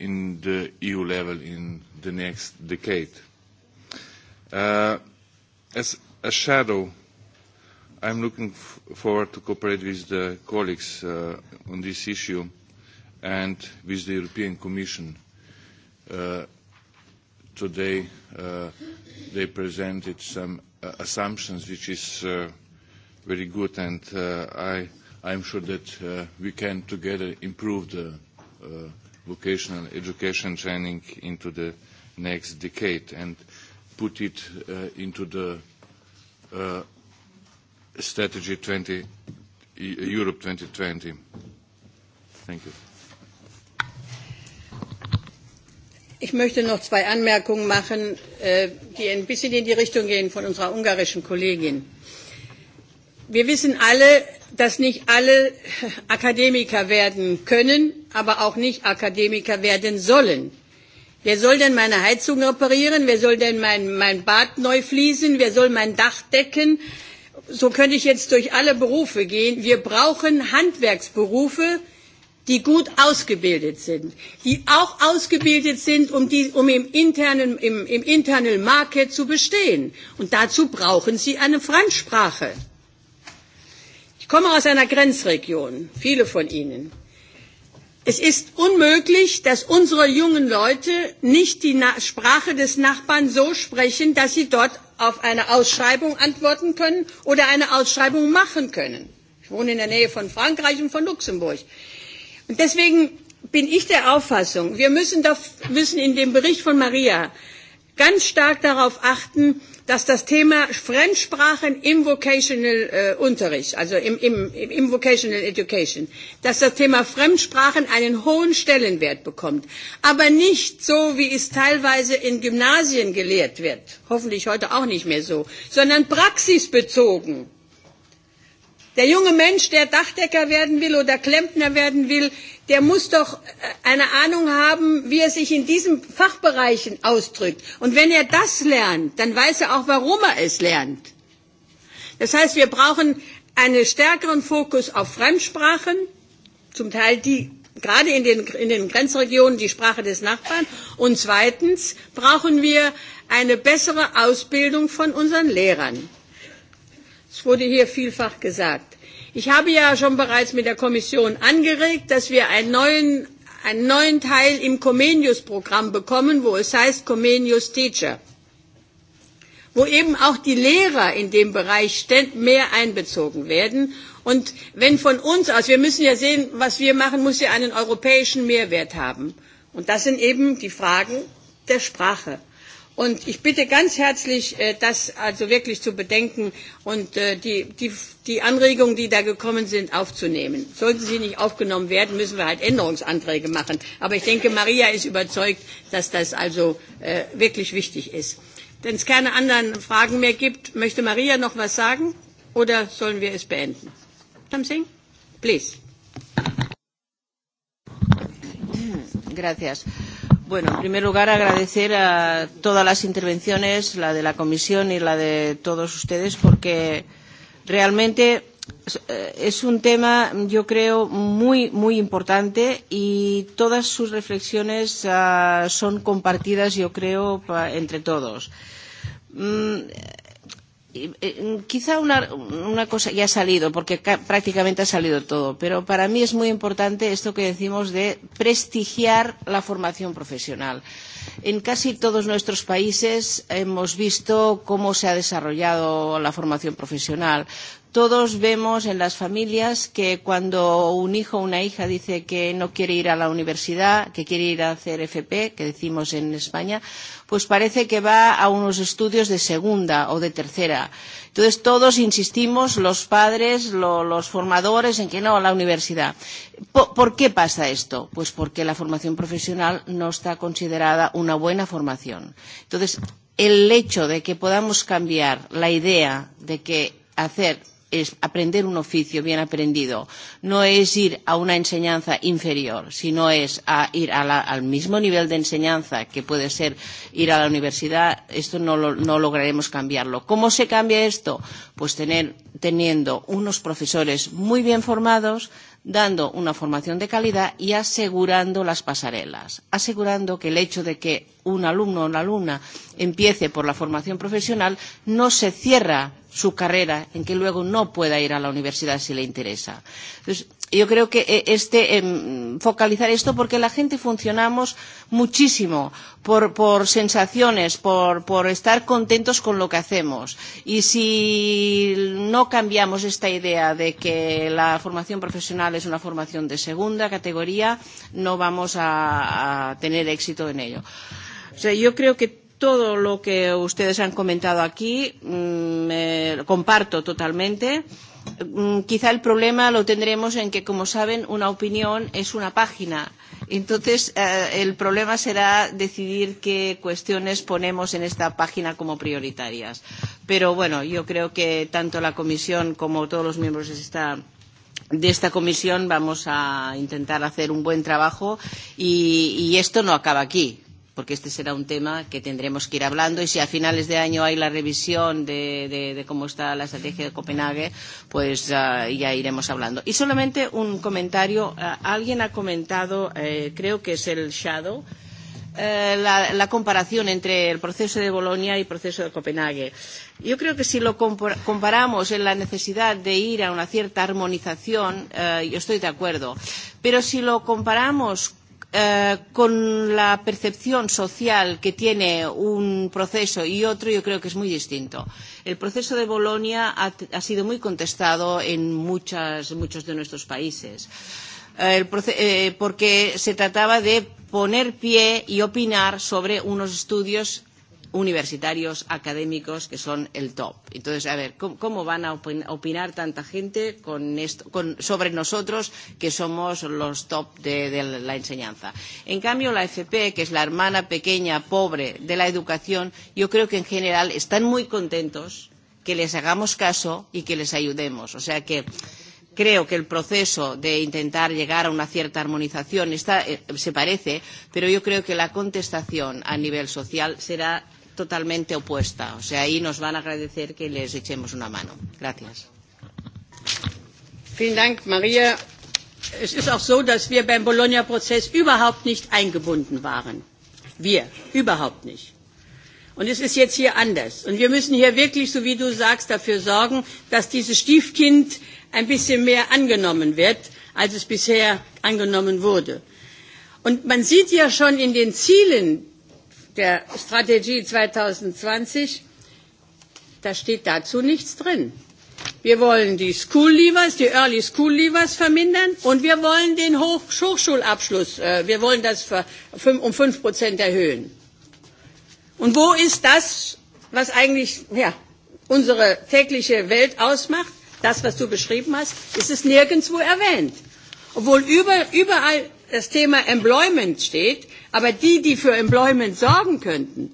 in the EU level in the next decade. Uh, as a shadow, I'm looking f forward to cooperate with the colleagues uh, on this issue and with the European Commission. Uh, today uh, they presented some Uh, assumptions, which is uh, very good, and uh, I, I'm sure that uh, we can together improve the uh, vocational education training into the next decade and put it uh, into the uh, strategy 20, e, Europe 2020. Thank you. Ich möchte noch zwei Anmerkungen machen, äh, die ein bisschen in die Richtung gehen von unserer ungarischen Kollegin. Wir wissen alle, dass nicht alle Akademiker werden können, aber auch nicht Akademiker werden sollen. Wer soll denn meine Heizung reparieren? Wer soll denn mein, mein Bad neu fließen? Wer soll mein Dach decken? So könnte ich jetzt durch alle Berufe gehen. Wir brauchen Handwerksberufe, die gut ausgebildet sind, die auch ausgebildet sind, um, die, um im, internen, im, im market zu bestehen. Und dazu brauchen sie eine Fremdsprache. Ich komme aus einer Grenzregion, viele von Ihnen. Es ist unmöglich, dass unsere jungen Leute nicht die Na Sprache des Nachbarn so sprechen, dass sie dort auf eine Ausschreibung antworten können oder eine Ausschreibung machen können. Ich wohne in der Nähe von Frankreich und von Luxemburg. Und deswegen bin ich der Auffassung, wir müssen, da, müssen in dem Bericht von Maria ganz stark darauf achten, dass das Thema Fremdsprachen im Vocational äh, Unterricht, also im, im, im Vocational Education, dass das Thema Fremdsprachen einen hohen Stellenwert bekommt. Aber nicht so, wie es teilweise in Gymnasien gelehrt wird, hoffentlich heute auch nicht mehr so, sondern praxisbezogen Der junge Mensch, der Dachdecker werden will oder Klempner werden will, der muss doch äh, eine Ahnung haben, wie er sich in diesen Fachbereichen ausdrückt. Und wenn er das lernt, dann weiß er auch, warum er es lernt. Das heißt, wir brauchen einen stärkeren Fokus auf Fremdsprachen, zum Teil die gerade in den, in den Grenzregionen die Sprache des Nachbarn. Und zweitens brauchen wir eine bessere Ausbildung von unseren Lehrern. Es wurde hier vielfach gesagt. Ich habe ja schon bereits mit der Kommission angeregt, dass wir einen neuen, einen neuen Teil im Comenius-Programm bekommen, wo es heißt Comenius Teacher, wo eben auch die Lehrer in dem Bereich mehr einbezogen werden. Und wenn von uns aus, wir müssen ja sehen, was wir machen, muss ja einen europäischen Mehrwert haben. Und das sind eben die Fragen der Sprache. Und ich bitte ganz herzlich, äh, das also wirklich zu bedenken und äh, die, die, die Anregungen, die da gekommen sind, aufzunehmen. Sollten sie nicht aufgenommen werden, müssen wir halt Änderungsanträge machen. Aber ich denke, Maria ist überzeugt, dass das also äh, wirklich wichtig ist. Wenn es keine anderen Fragen mehr gibt, möchte Maria noch was sagen oder sollen wir es beenden? Something? Please. Gracias. Bueno, en primer lugar, agradecer a todas las intervenciones, la de la Comisión y la de todos ustedes, porque realmente eh, es un tema, yo creo, muy, muy importante y todas sus reflexiones uh, son compartidas, yo creo, pa, entre todos. Mm, quizá una, una cosa ya ha salido, porque prácticamente ha salido todo, pero para mí es muy importante esto que decimos de prestigiar la formación profesional. Eh, En casi todos nuestros países hemos visto cómo se ha desarrollado la formación profesional. Todos vemos en las familias que cuando un hijo o una hija dice que no quiere ir a la universidad, que quiere ir a hacer FP, que decimos en España, pues parece que va a unos estudios de segunda o de tercera Entonces todos insistimos, los padres, lo, los formadores, en que no, la universidad. ¿Por, ¿Por qué pasa esto? Pues porque la formación profesional no está considerada una buena formación. Entonces, el hecho de que podamos cambiar la idea de que hacer es aprender un oficio bien aprendido no es ir a una enseñanza inferior, sino es a ir a la, al mismo nivel de enseñanza que puede ser ir a la universidad, esto no, lo, no lograremos cambiarlo. ¿Cómo se cambia esto? Pues tener, teniendo unos profesores muy bien formados, dando una formación de calidad y asegurando las pasarelas, asegurando que el hecho de que un alumno o una alumna empiece por la formación profesional no se cierra su carrera en que luego no pueda ir a la universidad si le interesa. Entonces, yo creo que eh, este, focalizar esto porque la gente funcionamos muchísimo por, por sensaciones, por, por estar contentos con lo que hacemos. Y si no cambiamos esta idea de que la formación profesional es una formación de segunda categoría, no vamos a, a tener éxito en ello. O sea, yo creo que todo lo que ustedes han comentado aquí mmm, eh, comparto totalmente. Mm, quizá el problema lo tendremos en que, como saben, una opinión es una página. Entonces, eh, el problema será decidir qué cuestiones ponemos en esta página como prioritarias. Pero bueno, yo creo que tanto la Comisión como todos los miembros de esta de esta comisión vamos a intentar hacer un buen trabajo y, y esto no acaba aquí porque este será un tema que tendremos que ir hablando y si a finales de año hay la revisión de, de, de cómo está la estrategia de Copenhague, pues uh, ya iremos hablando. Y solamente un comentario. Uh, alguien ha comentado, eh, creo que es el Shadow, uh, la, la comparación entre el proceso de Bolonia y el proceso de Copenhague. Yo creo que si lo comparamos en la necesidad de ir a una cierta armonización, eh, yo estoy de acuerdo. Pero si lo comparamos eh, con la percepción social que tiene un proceso y otro, yo creo que es muy distinto. El proceso de Bolonia ha, ha sido muy contestado en muchas, muchos de nuestros países, eh, el, eh, porque se trataba de poner pie y opinar sobre unos estudios universitarios, académicos, que son el top. Entonces, a ver, ¿cómo, cómo van a opinar tanta gente con esto, con, sobre nosotros, que somos los top de, de la enseñanza? En cambio, la FP, que es la hermana pequeña, pobre de la educación, yo creo que en general están muy contentos que les hagamos caso y que les ayudemos. O sea que creo que el proceso de intentar llegar a una cierta armonización está, eh, se parece, pero yo creo que la contestación a nivel social será totalmente opuesta. O sea, ahí nos van a agradecer que les echemos una mano. Gracias. Vielen Dank, Maria. Es ist auch so, dass wir beim Bologna-Prozess überhaupt nicht eingebunden waren. Wir, überhaupt nicht. Und es ist jetzt hier anders. Und wir müssen hier wirklich, so wie du sagst, dafür sorgen, dass dieses Stiefkind ein bisschen mehr angenommen wird, als es bisher angenommen wurde. Und man sieht ja schon in den Zielen der Strategie 2020, da steht dazu nichts drin. Wir wollen die School Leavers, die Early School Leavers vermindern und wir wollen den Hoch Hochschulabschluss, äh, wir wollen das für 5, um 5 Prozent erhöhen. Und wo ist das, was eigentlich ja, unsere tägliche Welt ausmacht? Das, was du beschrieben hast, ist es nirgendwo erwähnt. Obwohl über, überall das Thema Employment steht, Aber die, die für Employment sorgen könnten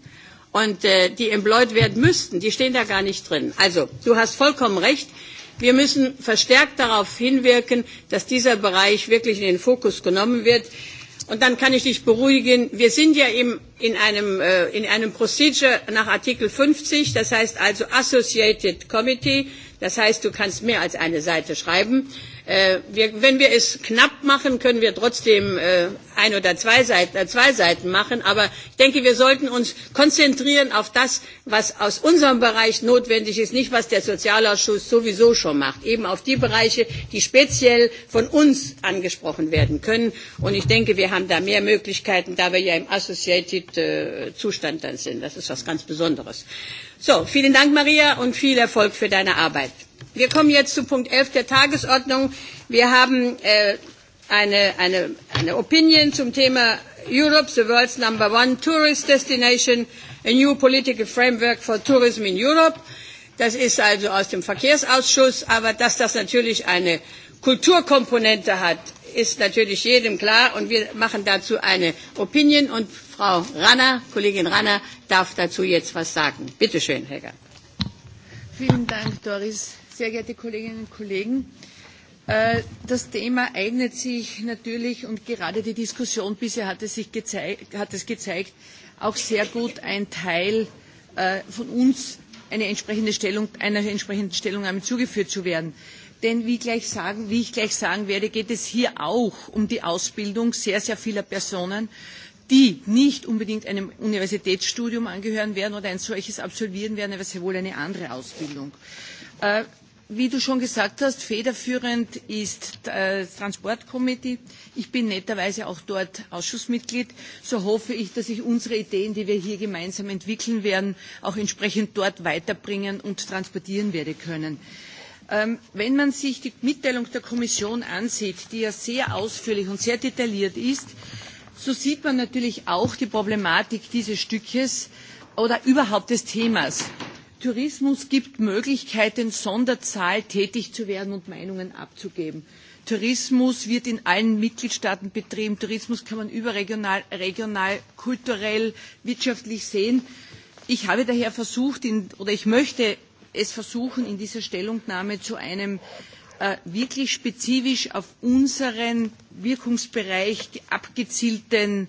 und äh, die employed werden müssten, die stehen da gar nicht drin. Also, du hast vollkommen recht. Wir müssen verstärkt darauf hinwirken, dass dieser Bereich wirklich in den Fokus genommen wird. Und dann kann ich dich beruhigen, wir sind ja im, in, einem, äh, in einem Procedure nach Artikel 50, das heißt also Associated Committee, das heißt, du kannst mehr als eine Seite schreiben. Äh, Äh, wir, wenn wir es knapp machen, können wir trotzdem äh, ein oder zwei Seiten, äh, zwei Seiten machen. Aber ich denke, wir sollten uns konzentrieren auf das, was aus unserem Bereich notwendig ist, nicht was der Sozialausschuss sowieso schon macht. Eben auf die Bereiche, die speziell von uns angesprochen werden können. Und ich denke, wir haben da mehr Möglichkeiten, da wir ja im Associated äh, Zustand dann sind. Das ist was ganz Besonderes. So, vielen Dank, Maria, und viel Erfolg für deine Arbeit. Wir kommen jetzt zu Punkt 11 der Tagesordnung. Wir haben äh, eine, eine, eine Opinion zum Thema Europe, the world's number one tourist destination, a new political framework for tourism in Europe. Das ist also aus dem Verkehrsausschuss, aber dass das natürlich eine Kulturkomponente hat, ist natürlich jedem klar und wir machen dazu eine Opinion und Frau Ranner, Kollegin Ranner, darf dazu jetzt was sagen. Bitte schön, Helga. Vielen Dank, Doris sehr geehrte Kolleginnen und Kollegen! Äh, das Thema eignet sich natürlich und gerade die Diskussion bisher hat es, sich gezeigt, hat es gezeigt, auch sehr gut ein Teil äh, von uns eine entsprechende Stellung, einer entsprechenden Stellungnahme zugeführt zu werden. Denn wie, gleich sagen, wie ich gleich sagen werde, geht es hier auch um die Ausbildung sehr, sehr vieler Personen, die nicht unbedingt einem Universitätsstudium angehören werden oder ein solches absolvieren werden, aber sehr wohl eine andere Ausbildung. Äh, Wie du schon gesagt hast, federführend ist äh, das Transportkomitee. Ich bin netterweise auch dort Ausschussmitglied. So hoffe ich, dass ich unsere Ideen, die wir hier gemeinsam entwickeln werden, auch entsprechend dort weiterbringen und transportieren werde können. Ähm, wenn man sich die Mitteilung der Kommission ansieht, die ja sehr ausführlich und sehr detailliert ist, so sieht man natürlich auch die Problematik dieses Stückes oder überhaupt des Themas. Tourismus gibt Möglichkeiten, Sonderzahl tätig zu werden und Meinungen abzugeben. Tourismus wird in allen Mitgliedstaaten betrieben. Tourismus kann man überregional, regional, kulturell, wirtschaftlich sehen. Ich habe daher versucht, in, oder ich möchte es versuchen, in dieser Stellungnahme zu einem äh, wirklich spezifisch auf unseren Wirkungsbereich abgezielten äh,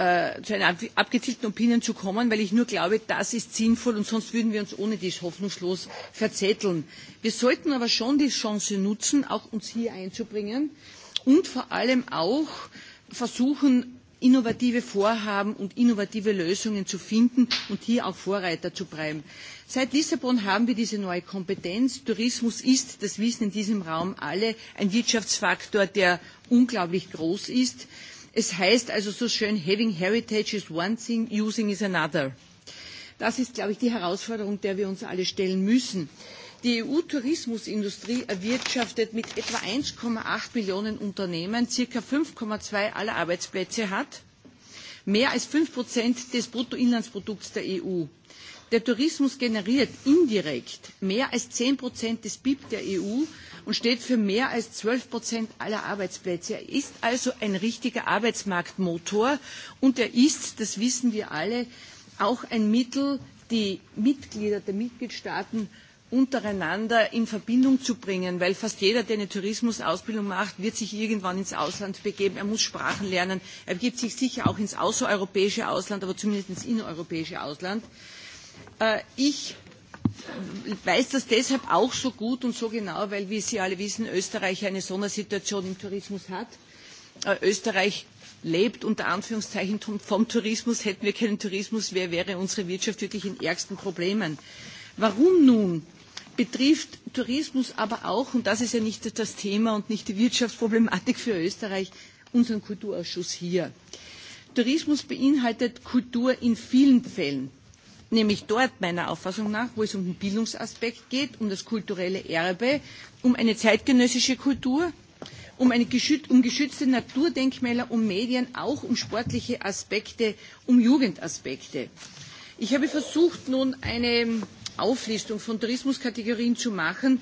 Äh, zu einer abgezielten Opinion zu kommen, weil ich nur glaube, das ist sinnvoll und sonst würden wir uns ohne dies hoffnungslos verzetteln. Wir sollten aber schon die Chance nutzen, auch uns hier einzubringen und vor allem auch versuchen, innovative Vorhaben und innovative Lösungen zu finden und hier auch Vorreiter zu bleiben. Seit Lissabon haben wir diese neue Kompetenz. Tourismus ist, das wissen in diesem Raum alle, ein Wirtschaftsfaktor, der unglaublich groß ist. Es heißt also so schön, having heritage is one thing, using is another. Das ist, glaube ich, die Herausforderung, der wir uns alle stellen müssen. Die EU-Tourismusindustrie erwirtschaftet mit etwa 1,8 Millionen Unternehmen circa 5,2 aller Arbeitsplätze hat, mehr als 5 Prozent des Bruttoinlandsprodukts der EU. Der Tourismus generiert indirekt mehr als zehn Prozent des BIP der EU und steht für mehr als zwölf Prozent aller Arbeitsplätze. Er ist also ein richtiger Arbeitsmarktmotor und er ist, das wissen wir alle, auch ein Mittel, die Mitglieder der Mitgliedstaaten untereinander in Verbindung zu bringen, weil fast jeder, der eine Tourismusausbildung macht, wird sich irgendwann ins Ausland begeben. Er muss Sprachen lernen. Er begibt sich sicher auch ins außereuropäische Ausland, aber zumindest ins innereuropäische Ausland. Äh, ich weiß das deshalb auch so gut und so genau, weil, wie Sie alle wissen, Österreich eine Sondersituation im Tourismus hat. Äh, Österreich lebt unter Anführungszeichen vom Tourismus. Hätten wir keinen Tourismus, wär, wäre unsere Wirtschaft wirklich in ärgsten Problemen. Warum nun? betrifft Tourismus aber auch, und das ist ja nicht das Thema und nicht die Wirtschaftsproblematik für Österreich, unseren Kulturausschuss hier. Tourismus beinhaltet Kultur in vielen Fällen nämlich dort meiner Auffassung nach, wo es um den Bildungsaspekt geht, um das kulturelle Erbe, um eine zeitgenössische Kultur, um, eine geschüt um geschützte Naturdenkmäler, um Medien, auch um sportliche Aspekte, um Jugendaspekte. Ich habe versucht, nun eine Auflistung von Tourismuskategorien zu machen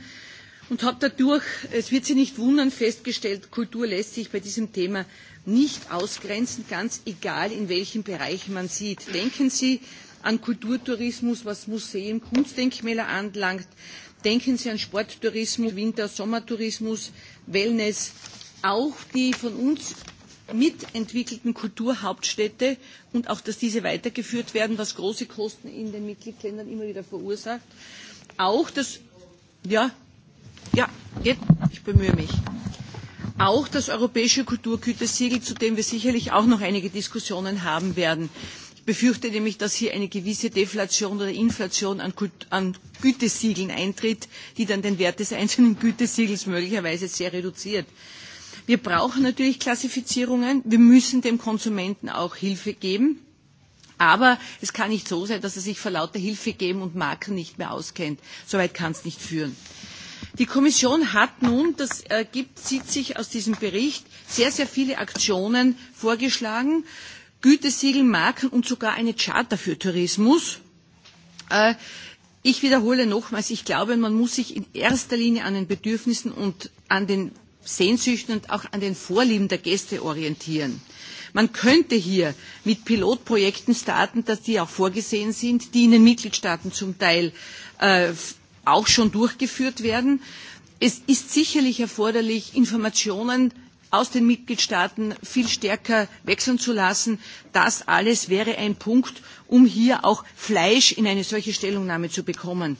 und habe dadurch, es wird Sie nicht wundern, festgestellt, Kultur lässt sich bei diesem Thema nicht ausgrenzen, ganz egal, in welchem Bereich man sieht. Denken Sie an Kulturtourismus, was Museen, Kunstdenkmäler anlangt. Denken Sie an Sporttourismus, Winter-, Sommertourismus, Wellness. Auch die von uns mitentwickelten Kulturhauptstädte und auch, dass diese weitergeführt werden, was große Kosten in den Mitgliedsländern immer wieder verursacht. Auch das, ja, ja, geht, ich bemühe mich. Auch das europäische Kulturgütesiegel, zu dem wir sicherlich auch noch einige Diskussionen haben werden befürchte nämlich, dass hier eine gewisse Deflation oder Inflation an, Kult an Gütesiegeln eintritt, die dann den Wert des einzelnen Gütesiegels möglicherweise sehr reduziert. Wir brauchen natürlich Klassifizierungen. Wir müssen dem Konsumenten auch Hilfe geben. Aber es kann nicht so sein, dass er sich vor lauter Hilfe geben und Marken nicht mehr auskennt. Soweit kann es nicht führen. Die Kommission hat nun, das ergibt, sieht sich aus diesem Bericht, sehr, sehr viele Aktionen vorgeschlagen. Äh, Gütesiegel, Marken und sogar eine Charta für Tourismus. Äh, ich wiederhole nochmals, ich glaube, man muss sich in erster Linie an den Bedürfnissen und an den Sehnsüchten und auch an den Vorlieben der Gäste orientieren. Man könnte hier mit Pilotprojekten starten, dass die auch vorgesehen sind, die in den Mitgliedstaaten zum Teil äh, auch schon durchgeführt werden. Es ist sicherlich erforderlich, Informationen aus den Mitgliedstaaten viel stärker wechseln zu lassen. Das alles wäre ein Punkt, um hier auch Fleisch in eine solche Stellungnahme zu bekommen.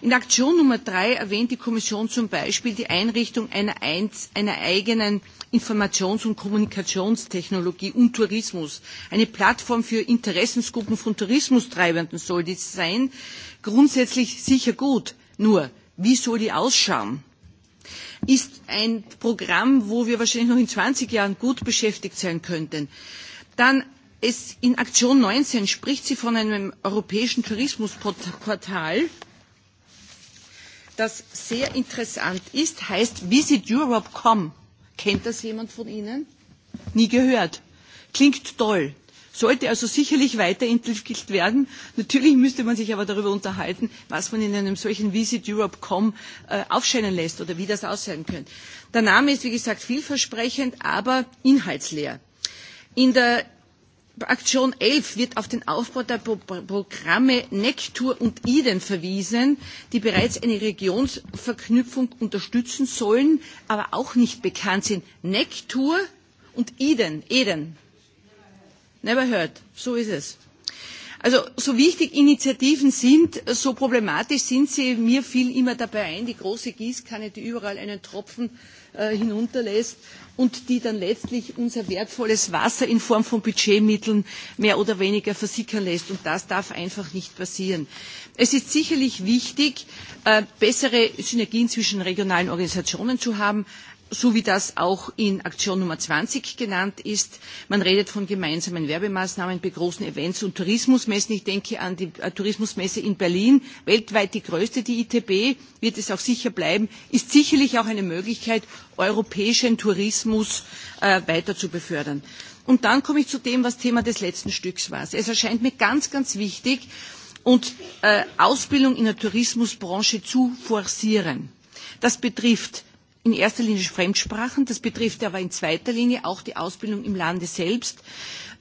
In Aktion Nummer drei erwähnt die Kommission zum Beispiel die Einrichtung einer, Einz-, einer eigenen Informations- und Kommunikationstechnologie und um Tourismus. Eine Plattform für Interessensgruppen von Tourismustreibenden soll dies sein. Grundsätzlich sicher gut. Nur, wie soll die ausschauen? ist ein Programm, wo wir wahrscheinlich noch in 20 Jahren gut beschäftigt sein könnten. Dann es in Aktion 19 spricht sie von einem europäischen Tourismusportal, das sehr interessant ist, heißt visiteurope.com. Kennt das jemand von Ihnen? Nie gehört. Klingt toll sollte also sicherlich weiterentwickelt werden. Natürlich müsste man sich aber darüber unterhalten, was man in einem solchen Visit Europe.com äh, aufscheinen lässt oder wie das aussehen könnte. Der Name ist, wie gesagt, vielversprechend, aber inhaltsleer. In der Aktion 11 wird auf den Aufbau der Pro Programme Nektur und Eden verwiesen, die bereits eine Regionsverknüpfung unterstützen sollen, aber auch nicht bekannt sind. Nektur und Iden, Eden Never heard. So ist es. Also so wichtig Initiativen sind, so problematisch sind sie. Mir fiel immer dabei ein, die große Gießkanne, die überall einen Tropfen äh, hinunterlässt und die dann letztlich unser wertvolles Wasser in Form von Budgetmitteln mehr oder weniger versickern lässt. Und das darf einfach nicht passieren. Es ist sicherlich wichtig, äh, bessere Synergien zwischen regionalen Organisationen zu haben, so wie das auch in Aktion Nummer 20 genannt ist. Man redet von gemeinsamen Werbemaßnahmen bei großen Events und Tourismusmessen. Ich denke an die äh, Tourismusmesse in Berlin, weltweit die größte, die ITB, wird es auch sicher bleiben, ist sicherlich auch eine Möglichkeit, europäischen Tourismus äh, weiter zu befördern. Und dann komme ich zu dem, was Thema des letzten Stücks war. Es erscheint mir ganz, ganz wichtig, und äh, Ausbildung in der Tourismusbranche zu forcieren. Das betrifft in erster Linie Fremdsprachen. Das betrifft aber in zweiter Linie auch die Ausbildung im Lande selbst.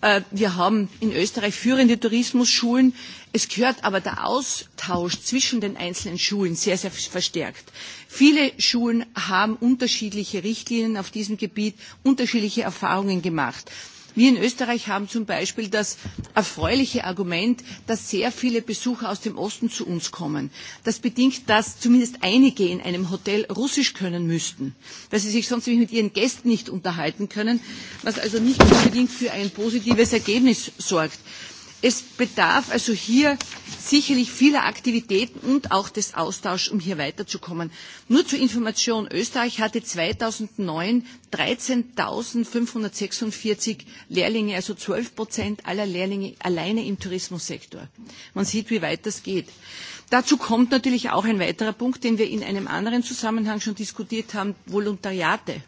Äh, wir haben in Österreich führende Tourismusschulen. Es gehört aber der Austausch zwischen den einzelnen Schulen sehr, sehr verstärkt. Viele Schulen haben unterschiedliche Richtlinien auf diesem Gebiet, unterschiedliche Erfahrungen gemacht. Wir in Österreich haben zum Beispiel das erfreuliche Argument, dass sehr viele Besucher aus dem Osten zu uns kommen. Das bedingt, dass zumindest einige in einem Hotel Russisch können müssten, weil sie sich sonst nämlich mit ihren Gästen nicht unterhalten können, was also nicht unbedingt für ein positives Ergebnis sorgt. Es bedarf also hier sicherlich vieler Aktivitäten und auch des Austauschs, um hier weiterzukommen. Nur zur Information, Österreich hatte 2009 13.546 Lehrlinge, also 12 Prozent aller Lehrlinge alleine im Tourismussektor. Man sieht, wie weit das geht. Dazu kommt natürlich auch ein weiterer Punkt, den wir in einem anderen Zusammenhang schon diskutiert haben, Volontariate.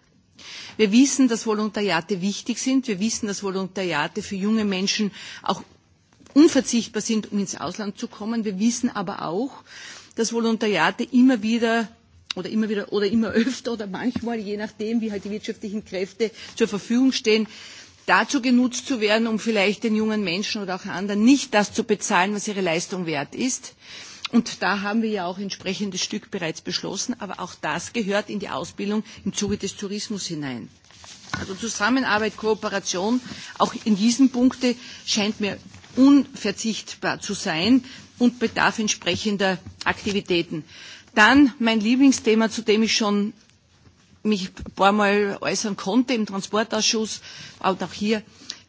Wir wissen, dass Volontariate wichtig sind. Wir wissen, dass Volontariate für junge Menschen auch unverzichtbar sind, um ins Ausland zu kommen. Wir wissen aber auch, dass Volontariate immer wieder oder immer wieder oder immer öfter oder manchmal, je nachdem, wie halt die wirtschaftlichen Kräfte zur Verfügung stehen, dazu genutzt zu werden, um vielleicht den jungen Menschen oder auch anderen nicht das zu bezahlen, was ihre Leistung wert ist. Und da haben wir ja auch ein entsprechendes Stück bereits beschlossen, aber auch das gehört in die Ausbildung im Zuge des Tourismus hinein. Also Zusammenarbeit, Kooperation, auch in diesem Punkte scheint mir unverzichtbar zu sein und bedarf entsprechender Aktivitäten. Dann mein Lieblingsthema, zu dem ich schon mich ein paar Mal äußern konnte im Transportausschuss, aber auch hier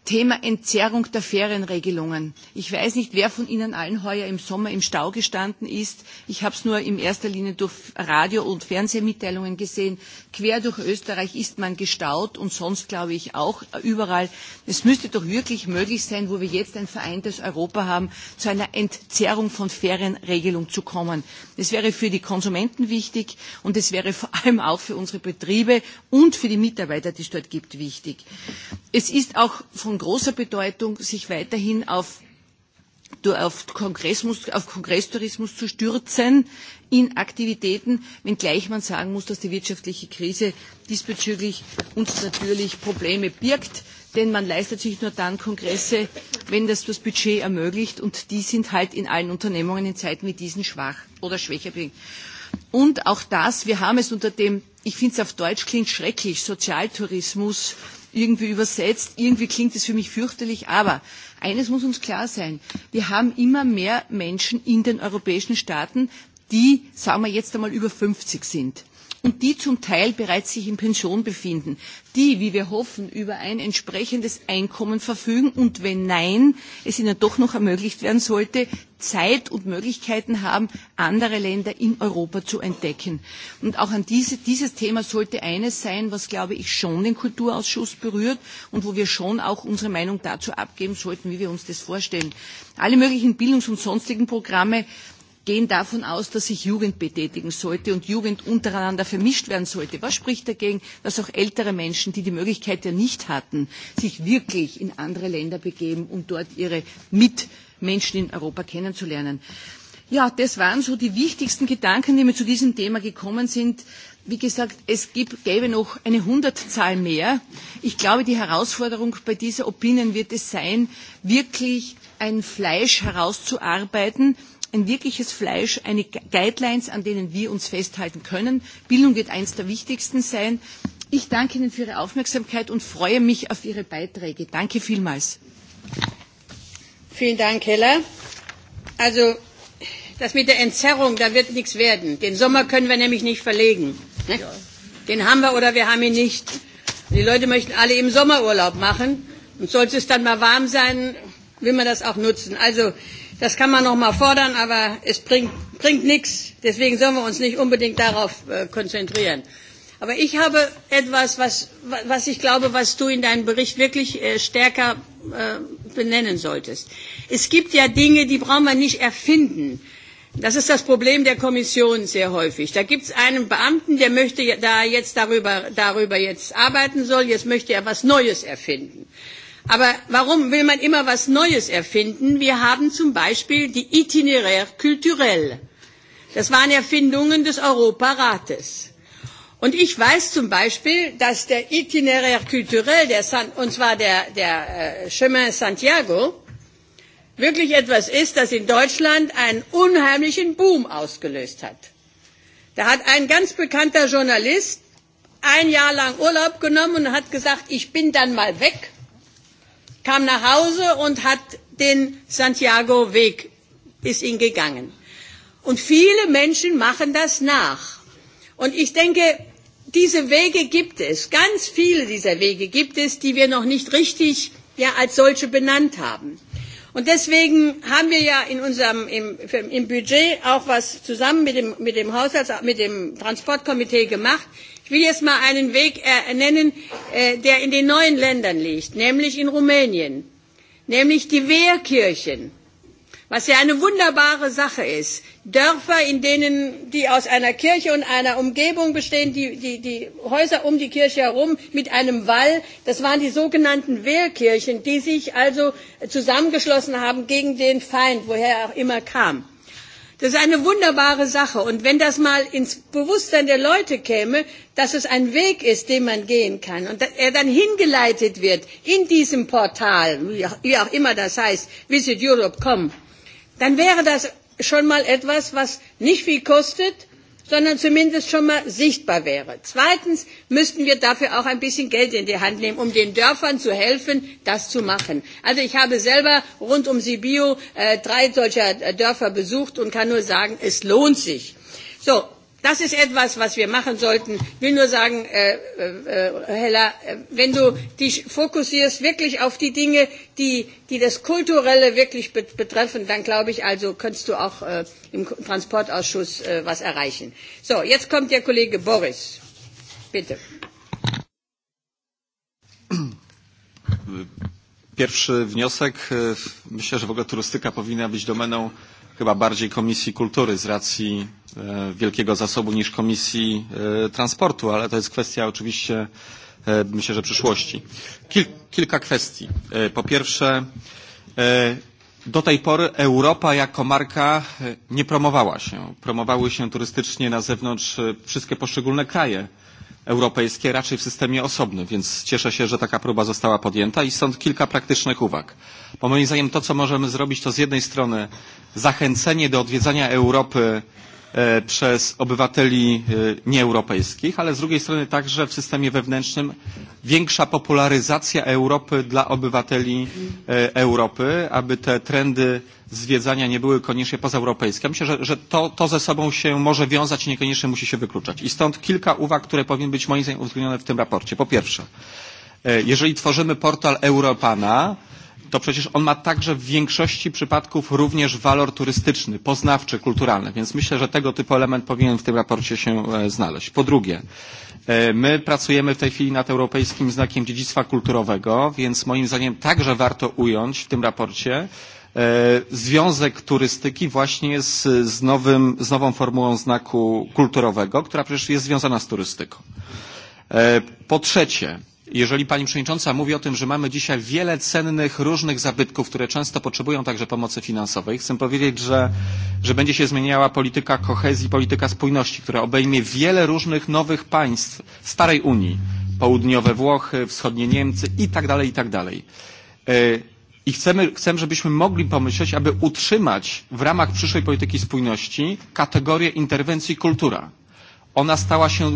Thema Entzerrung der Ferienregelungen. Ich weiß nicht, wer von Ihnen allen heuer im Sommer im Stau gestanden ist. Ich habe es nur in erster Linie durch Radio- und Fernsehmitteilungen gesehen quer durch Österreich ist man gestaut und sonst glaube ich auch überall. Es müsste doch wirklich möglich sein, wo wir jetzt ein vereintes Europa haben, zu einer Entzerrung von fairen Regelungen zu kommen. Das wäre für die Konsumenten wichtig und es wäre vor allem auch für unsere Betriebe und für die Mitarbeiter, die es dort gibt, wichtig. Es ist auch von großer Bedeutung, sich weiterhin auf auf, Kongressmus, auf Kongresstourismus zu stürzen in Aktivitäten, wenngleich man sagen muss, dass die wirtschaftliche Krise diesbezüglich uns natürlich Probleme birgt, denn man leistet sich nur dann Kongresse, wenn das das Budget ermöglicht und die sind halt in allen Unternehmungen in Zeiten wie diesen schwach oder schwächer. Und auch das, wir haben es unter dem, ich finde es auf Deutsch klingt schrecklich, Sozialtourismus irgendwie übersetzt, irgendwie klingt es für mich fürchterlich, aber Eines muss uns klar sein. Wir haben immer mehr Menschen in den europäischen Staaten, die, sagen wir jetzt einmal, über 50 sind und die zum Teil bereits sich in Pension befinden, die, wie wir hoffen, über ein entsprechendes Einkommen verfügen und wenn nein, es ihnen doch noch ermöglicht werden sollte, Zeit und Möglichkeiten haben, andere Länder in Europa zu entdecken. Und auch an diese, dieses Thema sollte eines sein, was, glaube ich, schon den Kulturausschuss berührt und wo wir schon auch unsere Meinung dazu abgeben sollten, wie wir uns das vorstellen. Alle möglichen Bildungs- und sonstigen Programme gehen davon aus, dass sich Jugend betätigen sollte und Jugend untereinander vermischt werden sollte. Was spricht dagegen, dass auch ältere Menschen, die die Möglichkeit ja nicht hatten, sich wirklich in andere Länder begeben, um dort ihre Mitmenschen in Europa kennenzulernen? Ja, das waren so die wichtigsten Gedanken, die mir zu diesem Thema gekommen sind. Wie gesagt, es gibt, gäbe noch eine Hundertzahl mehr. Ich glaube, die Herausforderung bei dieser Opinion wird es sein, wirklich ein Fleisch herauszuarbeiten, ein wirkliches Fleisch, eine Guidelines, an denen wir uns festhalten können. Bildung wird eines der wichtigsten sein. Ich danke Ihnen für Ihre Aufmerksamkeit und freue mich auf Ihre Beiträge. Danke vielmals. Vielen Dank, Heller. Also das mit der Entzerrung, da wird nichts werden. Den Sommer können wir nämlich nicht verlegen. Ne? Ja. Den haben wir oder wir haben ihn nicht. die Leute möchten alle im Sommerurlaub machen. Und sollte es dann mal warm sein, will man das auch nutzen. Also Das kann man noch mal fordern, aber es bringt, bringt nichts. Deswegen sollen wir uns nicht unbedingt darauf äh, konzentrieren. Aber ich habe etwas, was, was ich glaube, was du in deinem Bericht wirklich äh, stärker äh, benennen solltest. Es gibt ja Dinge, die brauchen wir nicht erfinden. Das ist das Problem der Kommission sehr häufig. Da gibt es einen Beamten, der möchte da jetzt darüber, darüber jetzt arbeiten soll, jetzt möchte er was Neues erfinden. Aber warum will man immer was Neues erfinden? Wir haben zum Beispiel die Itinéraire culturelle. Das waren Erfindungen des Europarates. Und ich weiß zum Beispiel, dass der Itinéraire culturel, der San, und zwar der, der äh, Chemin Santiago, wirklich etwas ist, das in Deutschland einen unheimlichen Boom ausgelöst hat. Da hat ein ganz bekannter Journalist ein Jahr lang Urlaub genommen und hat gesagt, ich bin dann mal weg kam nach Hause und hat den Santiago-Weg, ist ihn gegangen. Und viele Menschen machen das nach. Und ich denke, diese Wege gibt es, ganz viele dieser Wege gibt es, die wir noch nicht richtig ja, als solche benannt haben. Und deswegen haben wir ja in unserem, im, im Budget auch was zusammen mit dem, mit dem, Haushalts-, mit dem Transportkomitee gemacht, Ich will jetzt mal einen Weg äh, nennen, äh, der in den neuen Ländern liegt, nämlich in Rumänien, nämlich die Wehrkirchen, was ja eine wunderbare Sache ist. Dörfer, in denen die aus einer Kirche und einer Umgebung bestehen, die, die, die Häuser um die Kirche herum mit einem Wall, das waren die sogenannten Wehrkirchen, die sich also zusammengeschlossen haben gegen den Feind, woher er auch immer kam. Das ist eine wunderbare Sache. Und wenn das mal ins Bewusstsein der Leute käme, dass es ein Weg ist, den man gehen kann und er dann hingeleitet wird in diesem Portal, wie auch immer das heißt, Visit Europe, visiteurope.com, dann wäre das schon mal etwas, was nicht viel kostet sondern zumindest schon mal sichtbar wäre. Zweitens müssten wir dafür auch ein bisschen Geld in die Hand nehmen, um den Dörfern zu helfen, das zu machen. Also ich habe selber rund um Sibiu äh, drei solcher äh, Dörfer besucht und kann nur sagen, es lohnt sich. So, Das ist etwas, was wir machen sollten. Ich will nur sagen, äh, äh, äh Hella, äh, wenn du dich fokussierst wirklich auf die Dinge, die, die das Kulturelle wirklich betreffen, dann glaube ich, also kannst du auch äh, im Transportausschuss äh, was erreichen. So, jetzt kommt der Kollege Boris. Bitte. Pierwszy wniosek. Myślę, że w ogóle turystyka powinna być domeną chyba bardziej Komisji Kultury z racji e, wielkiego zasobu niż Komisji e, Transportu, ale to jest kwestia oczywiście e, myślę, że przyszłości. Kil kilka kwestii. Po pierwsze, do tej pory Europa jako marka nie promowała się. Promowały się turystycznie na zewnątrz wszystkie poszczególne kraje europejskie, raczej w systemie osobnym, więc cieszę się, że taka próba została podjęta i stąd kilka praktycznych uwag. Bo moim zdaniem to, co możemy zrobić, to z jednej strony zachęcenie do odwiedzania Europy e, przez obywateli e, nieeuropejskich, ale z drugiej strony także w systemie wewnętrznym większa popularyzacja Europy dla obywateli e, Europy, aby te trendy zwiedzania nie były koniecznie pozaeuropejskie. Myślę, że, że to, to ze sobą się może wiązać i niekoniecznie musi się wykluczać. I stąd kilka uwag, które powinny być moim zdaniem uwzględnione w tym raporcie. Po pierwsze, jeżeli tworzymy portal Europana, to przecież on ma także w większości przypadków również walor turystyczny, poznawczy, kulturalny, więc myślę, że tego typu element powinien w tym raporcie się e, znaleźć. Po drugie, e, my pracujemy w tej chwili nad europejskim znakiem dziedzictwa kulturowego, więc moim zdaniem także warto ująć w tym raporcie e, związek turystyki właśnie z, z, nowym, z nową formułą znaku kulturowego, która przecież jest związana z turystyką. Po trzecie, Jeżeli pani przewodnicząca mówi o tym, że mamy dzisiaj wiele cennych, różnych zabytków, które często potrzebują także pomocy finansowej, chcę powiedzieć, że, że będzie się zmieniała polityka kohezji, polityka spójności, która obejmie wiele różnych nowych państw starej Unii, południowe Włochy, wschodnie Niemcy i tak dalej, I tak dalej. E, chcemy, chcemy, żebyśmy mogli pomyśleć, aby utrzymać w ramach przyszłej polityki spójności kategorię interwencji kultura. Ona stała się e,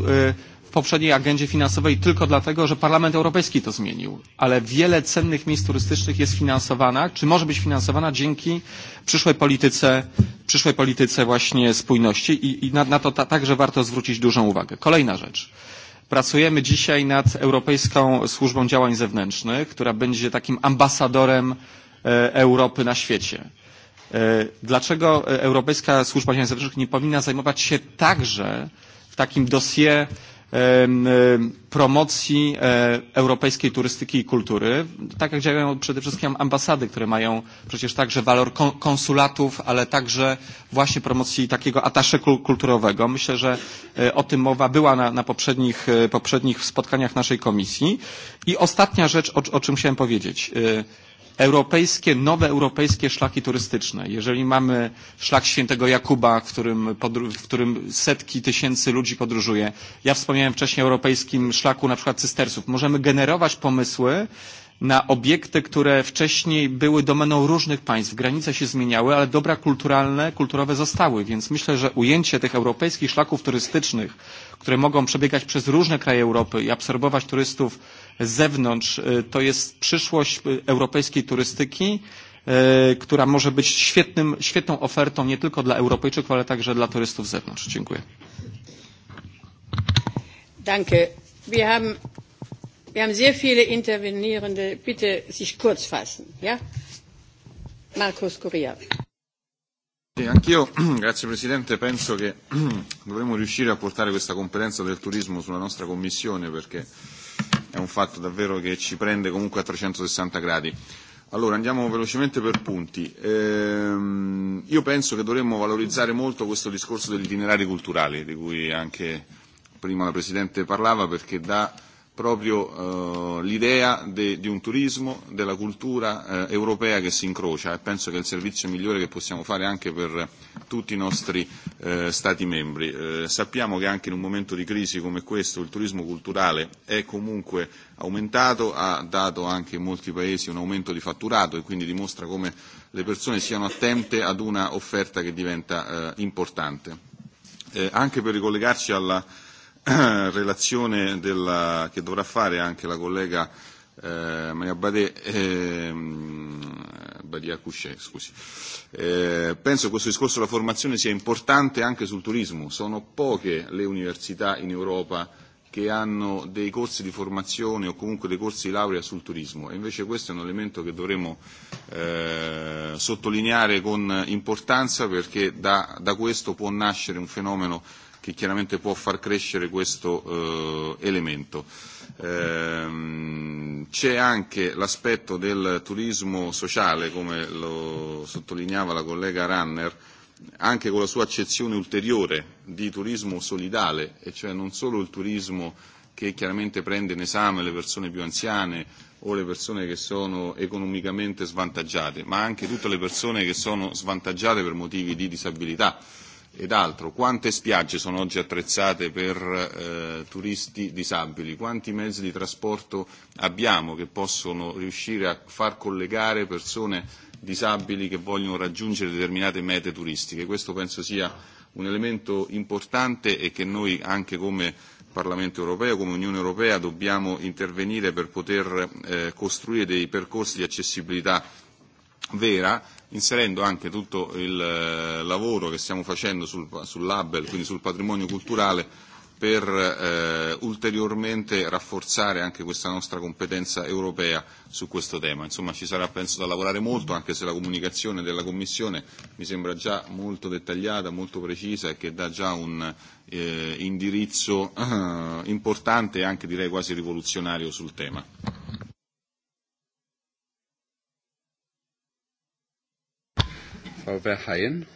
poprzedniej agendzie finansowej tylko dlatego, że Parlament Europejski to zmienił, ale wiele cennych miejsc turystycznych jest finansowana, czy może być finansowana dzięki przyszłej polityce, przyszłej polityce właśnie spójności i, i na, na to ta, także warto zwrócić dużą uwagę. Kolejna rzecz. Pracujemy dzisiaj nad Europejską Służbą Działań Zewnętrznych, która będzie takim ambasadorem e, Europy na świecie. E, dlaczego Europejska Służba Działań Zewnętrznych nie powinna zajmować się także w takim dossier promocji e, europejskiej turystyki i kultury, tak jak działają przede wszystkim ambasady, które mają przecież także walor konsulatów, ale także właśnie promocji takiego atasze kulturowego. Myślę, że e, o tym mowa była na, na poprzednich, e, poprzednich spotkaniach naszej komisji. I ostatnia rzecz, o, o czym chciałem powiedzieć europejskie, nowe europejskie szlaki turystyczne. Jeżeli mamy szlak świętego Jakuba, w którym, w którym setki tysięcy ludzi podróżuje, ja wspomniałem wcześniej o europejskim szlaku na przykład cystersów, możemy generować pomysły, na obiekty, które wcześniej były domeną różnych państw. Granice się zmieniały, ale dobra kulturalne, kulturowe zostały, więc myślę, że ujęcie tych europejskich szlaków turystycznych, które mogą przebiegać przez różne kraje Europy i absorbować turystów z zewnątrz. E, to jest przyszłość e, europejskiej turystyki, e, która może być świetnym, świetną ofertą nie tylko dla Europejczyków, ale także dla turystów z zewnątrz. Dziękuję. Danke. Wir haben, wir haben sehr viele Intervenierende. Bitte sich kurz fassen. Ja? Markus Curia. Sì, anch'io, grazie Presidente, penso che dovremmo riuscire a portare questa competenza del turismo sulla nostra Commissione perché è un fatto davvero che ci prende comunque a 360 gradi. Allora, andiamo velocemente per punti. Ehm, io penso che dovremmo valorizzare molto questo discorso degli itinerari culturali, di cui anche prima la Presidente parlava, perché dà proprio eh, l'idea de, di un turismo, della cultura eh, europea che si incrocia e penso che è il servizio migliore che possiamo fare anche per tutti i nostri eh, Stati membri. sappiamo che anche in un momento di crisi come questo il turismo culturale è comunque aumentato, ha dato anche in molti paesi un aumento di fatturato e quindi dimostra come le persone siano attente ad una offerta che diventa importante. anche per ricollegarci alla relazione della, che dovrà fare anche la collega eh, Maria Badè, eh, Badia Cusce, scusi. Eh, penso che questo discorso della formazione sia importante anche sul turismo. Sono poche le università in Europa che hanno dei corsi di formazione o comunque dei corsi di laurea sul turismo e invece questo è un elemento che dovremmo eh, sottolineare con importanza perché da, da questo può nascere un fenomeno che chiaramente può far crescere questo eh, elemento. Eh, c'è anche l'aspetto del turismo sociale, come lo sottolineava la collega Runner, anche con la sua accezione ulteriore di turismo solidale, e cioè non solo il turismo che chiaramente prende in esame le persone più anziane o le persone che sono economicamente svantaggiate, ma anche tutte le persone che sono svantaggiate per motivi di disabilità ed altro, quante spiagge sono oggi attrezzate per eh, turisti disabili, quanti mezzi di trasporto abbiamo che possono riuscire a far collegare persone disabili che vogliono raggiungere determinate mete turistiche. Questo penso sia un elemento importante e che noi anche come Parlamento europeo, come Unione europea dobbiamo intervenire per poter eh, costruire dei percorsi di accessibilità vera inserendo anche tutto il eh, lavoro che stiamo facendo sul, sul label, quindi sul patrimonio culturale, per eh, ulteriormente rafforzare anche questa nostra competenza europea su questo tema. Insomma ci sarà penso da lavorare molto anche se la comunicazione della Commissione mi sembra già molto dettagliata, molto precisa e che dà già un eh, indirizzo eh, importante e anche direi quasi rivoluzionario sul tema. Frau Verheyen.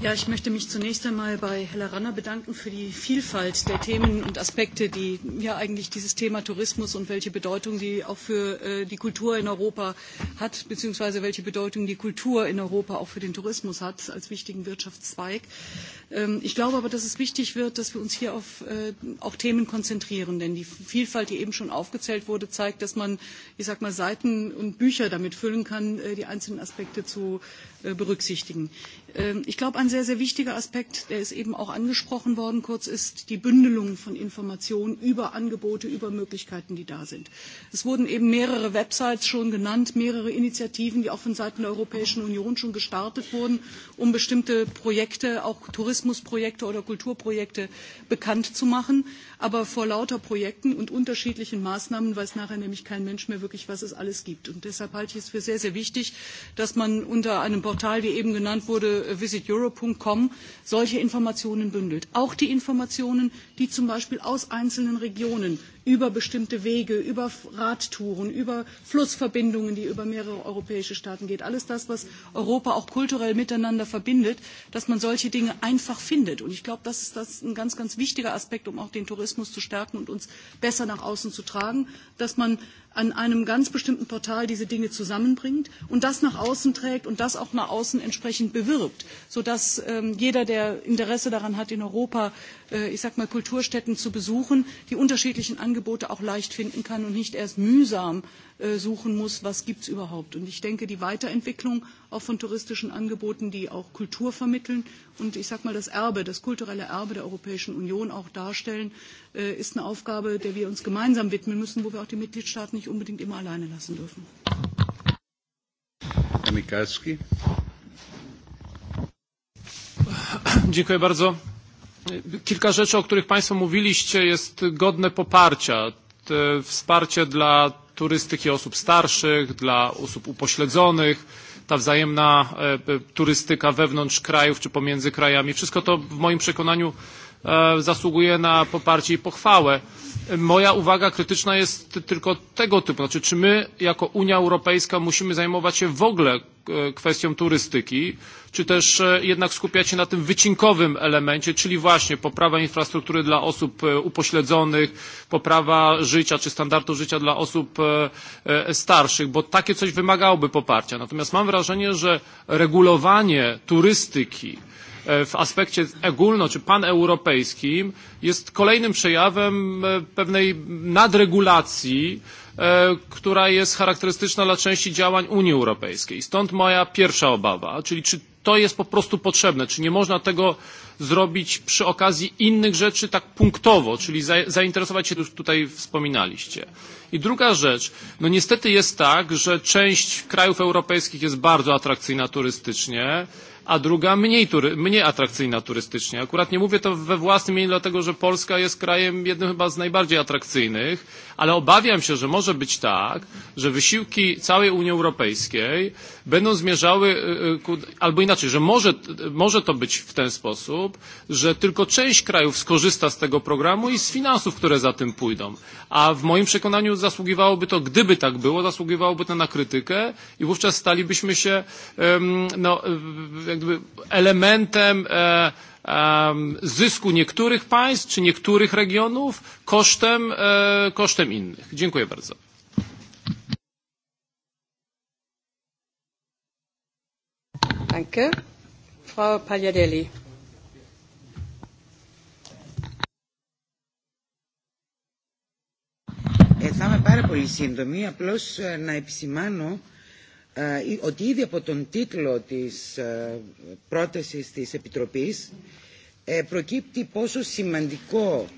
Ja, ich möchte mich zunächst einmal bei Hella Ranner bedanken für die Vielfalt der Themen und Aspekte, die ja eigentlich dieses Thema Tourismus und welche Bedeutung sie auch für äh, die Kultur in Europa hat, beziehungsweise welche Bedeutung die Kultur in Europa auch für den Tourismus hat als wichtigen Wirtschaftszweig. Äh, Ähm, ich glaube aber, dass es wichtig wird, dass wir uns hier auf äh, auch Themen konzentrieren, denn die Vielfalt, die eben schon aufgezählt wurde, zeigt, dass man, ich sag mal, Seiten und Bücher damit füllen kann, äh, die einzelnen Aspekte zu äh, berücksichtigen. Ähm, ich glaube, ein sehr, sehr wichtiger Aspekt, der ist eben auch angesprochen worden kurz, ist die Bündelung von Informationen über Angebote, über Möglichkeiten, die da sind. Es wurden eben mehrere Websites schon genannt, mehrere Initiativen, die auch von Seiten der Europäischen Union schon gestartet wurden, um bestimmte Projekte, auch touristische Tourismusprojekte oder Kulturprojekte bekannt zu machen. Aber vor lauter Projekten und unterschiedlichen Maßnahmen weiß nachher nämlich kein Mensch mehr wirklich, was es alles gibt. Und deshalb halte ich es für sehr, sehr wichtig, dass man unter einem Portal, wie eben genannt wurde, visiteurope.com, solche Informationen bündelt. Auch die Informationen, die zum Beispiel aus einzelnen Regionen über bestimmte Wege, über Radtouren, über Flussverbindungen, die über mehrere europäische Staaten geht. Alles das, was Europa auch kulturell miteinander verbindet, dass man solche Dinge einfach findet. Und ich glaube, das ist das ein ganz, ganz wichtiger Aspekt, um auch den Tourismus zu stärken und uns besser nach außen zu tragen, dass man an einem ganz bestimmten Portal diese Dinge zusammenbringt und das nach außen trägt und das auch nach außen entsprechend bewirbt, sodass ähm, jeder, der Interesse daran hat, in Europa, äh, ich sag mal, Kulturstätten zu besuchen, die unterschiedlichen Angebote auch leicht finden kann und nicht erst mühsam Äh, suchen muss, was gibt es überhaupt. Und ich denke, die Weiterentwicklung auch von touristischen Angeboten, die auch Kultur vermitteln und ich sage mal das Erbe, das kulturelle Erbe der Europäischen Union auch darstellen, äh, ist eine Aufgabe, der wir uns gemeinsam widmen müssen, wo wir auch die Mitgliedstaaten nicht unbedingt immer alleine lassen dürfen. Herr Mikalski. Dziękuję bardzo. Kilka rzeczy, o których Państwo mówiliście, jest godne poparcia. Te wsparcie dla turystyki osób starszych, dla osób upośledzonych, ta wzajemna e, e, turystyka wewnątrz krajów czy pomiędzy krajami. Wszystko to w moim przekonaniu E, zasługuje na poparcie i pochwałę. Moja uwaga krytyczna jest tylko tego typu. Znaczy, czy my jako Unia Europejska musimy zajmować się w ogóle e, kwestią turystyki, czy też e, jednak skupiać się na tym wycinkowym elemencie, czyli właśnie poprawa infrastruktury dla osób upośledzonych, poprawa życia czy standardu życia dla osób starszych, bo takie coś wymagałoby poparcia. Natomiast mam wrażenie, że regulowanie turystyki E, w aspekcie ogólno czy paneuropejskim jest kolejnym przejawem e, pewnej nadregulacji, e, która jest charakterystyczna dla części działań Unii Europejskiej. Stąd moja pierwsza obawa, czyli czy to jest po prostu potrzebne, czy nie można tego zrobić przy okazji innych rzeczy tak punktowo, czyli zainteresować się, już tutaj wspominaliście. I druga rzecz, no niestety jest tak, że część krajów europejskich jest bardzo atrakcyjna turystycznie, a druga mniej, tury, mniej atrakcyjna turystycznie. Akurat nie mówię to we własnym imieniu, dlatego że Polska jest krajem jednym chyba z najbardziej atrakcyjnych, ale obawiam się, że może być tak, że wysiłki całej Unii Europejskiej będą zmierzały, albo inaczej, że może, może to być w ten sposób, że tylko część krajów skorzysta z tego programu i z finansów, które za tym pójdą. A w moim przekonaniu zasługiwałoby to, gdyby tak było, zasługiwałoby to na krytykę i wówczas stalibyśmy się no, elementem e, e, zysku niektórych państw czy niektórych regionów kosztem, e, kosztem innych. Dziękuję bardzo. Danke. Frau Pagliadelli. θα είμαι πάρα πολύ σύντομη, απλώς να επισημάνω ότι ήδη από τον τίτλο της πρότασης της Επιτροπής προκύπτει πόσο σημαντικό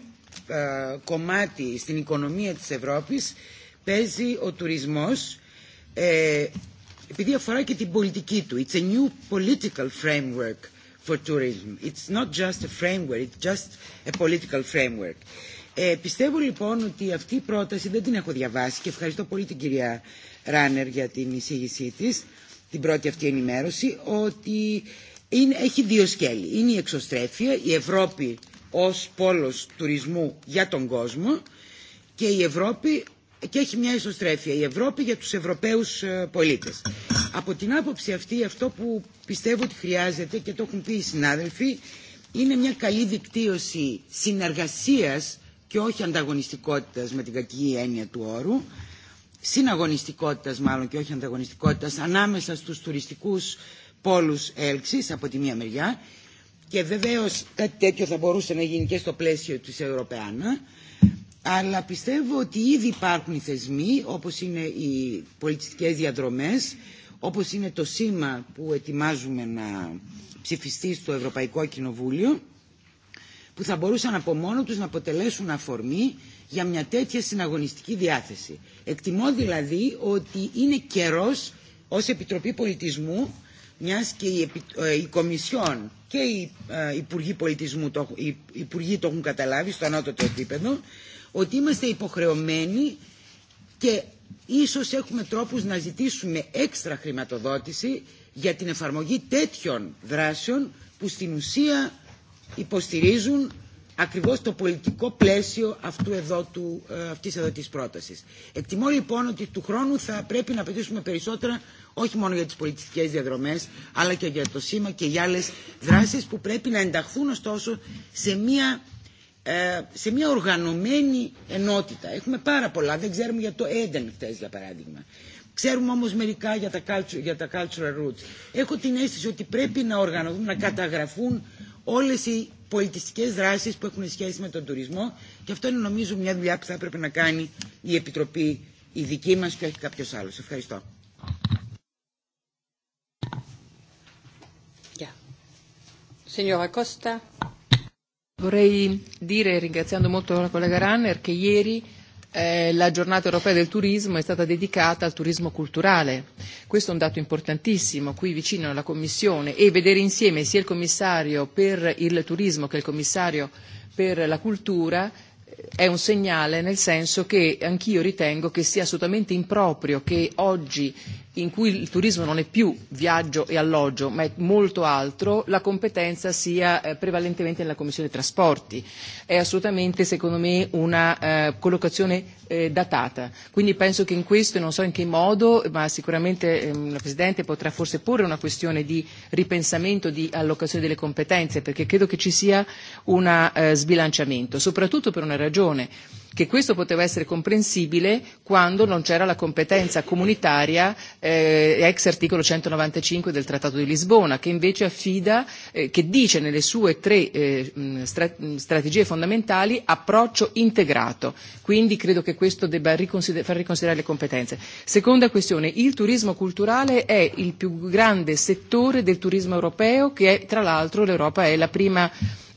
κομμάτι στην οικονομία της Ευρώπης παίζει ο τουρισμός επειδή αφορά και την πολιτική του. It's a new political framework for tourism. It's not just a framework, it's just a political framework. Ε, πιστεύω λοιπόν ότι αυτή η πρόταση δεν την έχω διαβάσει και ευχαριστώ πολύ την κυρία runner για την εισήγησή της, την πρώτη αυτή ενημέρωση, ότι είναι, έχει δύο σκέλη. Είναι η εξωστρέφεια, η Ευρώπη ως πόλος τουρισμού για τον κόσμο και η Ευρώπη και έχει μια ισοστρέφεια η Ευρώπη για τους Ευρωπαίους πολίτες. Από την άποψη αυτή αυτό που πιστεύω ότι χρειάζεται και το έχουν πει οι συνάδελφοι είναι μια καλή δικτύωση συνεργασίας και όχι ανταγωνιστικότητας με την κακή έννοια του όρου συναγωνιστικότητας μάλλον και όχι ανταγωνιστικότητας ανάμεσα στους τουριστικούς πόλους έλξης από τη μία μεριά και βεβαίως κάτι τέτοιο θα μπορούσε να γίνει και στο πλαίσιο της Ευρωπαϊκής αλλά πιστεύω ότι ήδη υπάρχουν οι θεσμοί όπως είναι οι πολιτιστικές διαδρομές όπως είναι το σήμα που ετοιμάζουμε να ψηφιστεί στο Ευρωπαϊκό Κοινοβούλιο που θα μπορούσαν από μόνο τους να αποτελέσουν αφορμή για μια τέτοια συναγωνιστική διάθεση. Εκτιμώ δηλαδή ότι είναι καιρός ως Επιτροπή Πολιτισμού μιας και η, η Κομισιόν και οι Υπουργοί Πολιτισμού το, οι Υπουργοί το έχουν καταλάβει στο ανώτατο επίπεδο ότι είμαστε υποχρεωμένοι και ίσως έχουμε τρόπους να ζητήσουμε έξτρα χρηματοδότηση για την εφαρμογή τέτοιων δράσεων που στην ουσία υποστηρίζουν ακριβώς το πολιτικό πλαίσιο αυτού εδώ του, αυτής εδώ της πρότασης. Εκτιμώ λοιπόν ότι του χρόνου θα πρέπει να απαιτήσουμε περισσότερα όχι μόνο για τις πολιτιστικές διαδρομές αλλά και για το σήμα και για άλλες δράσεις που πρέπει να ενταχθούν ωστόσο σε μια, σε μια οργανωμένη ενότητα. Έχουμε πάρα πολλά, δεν ξέρουμε για το Έντεν χτες για παράδειγμα. Ξέρουμε όμως μερικά για τα, culture, για τα cultural roots. Έχω την αίσθηση ότι πρέπει να οργανωθούν, να καταγραφούν όλες οι πολιτιστικές δράσεις που έχουν σχέση με τον τουρισμό και αυτό είναι νομίζω μια δουλειά που θα έπρεπε να κάνει η Επιτροπή η δική μας και όχι κάποιος άλλος. Ευχαριστώ. Signora Costa. Vorrei dire, ringraziando molto la collega Runner, che ieri eh, la giornata europea del turismo è stata dedicata al turismo culturale. Questo è un dato importantissimo, qui vicino alla Commissione e vedere insieme sia il commissario per il turismo che il commissario per la cultura eh, è un segnale nel senso che anch'io ritengo che sia assolutamente improprio che oggi in cui il turismo non è più viaggio e alloggio, ma è molto altro, la competenza sia eh, prevalentemente nella Commissione Trasporti. È assolutamente, secondo me, una eh, collocazione eh, datata. Quindi penso che in questo, e non so in che modo, ma sicuramente ehm, la Presidente potrà forse porre una questione di ripensamento, di allocazione delle competenze, perché credo che ci sia un eh, sbilanciamento, soprattutto per una ragione che questo poteva essere comprensibile quando non c'era la competenza comunitaria eh, ex articolo 195 del Trattato di Lisbona, che invece affida, eh, che dice nelle sue tre eh, stra- strategie fondamentali approccio integrato. Quindi credo che questo debba riconsider- far riconsiderare le competenze. Seconda questione, il turismo culturale è il più grande settore del turismo europeo che è, tra l'altro l'Europa è la prima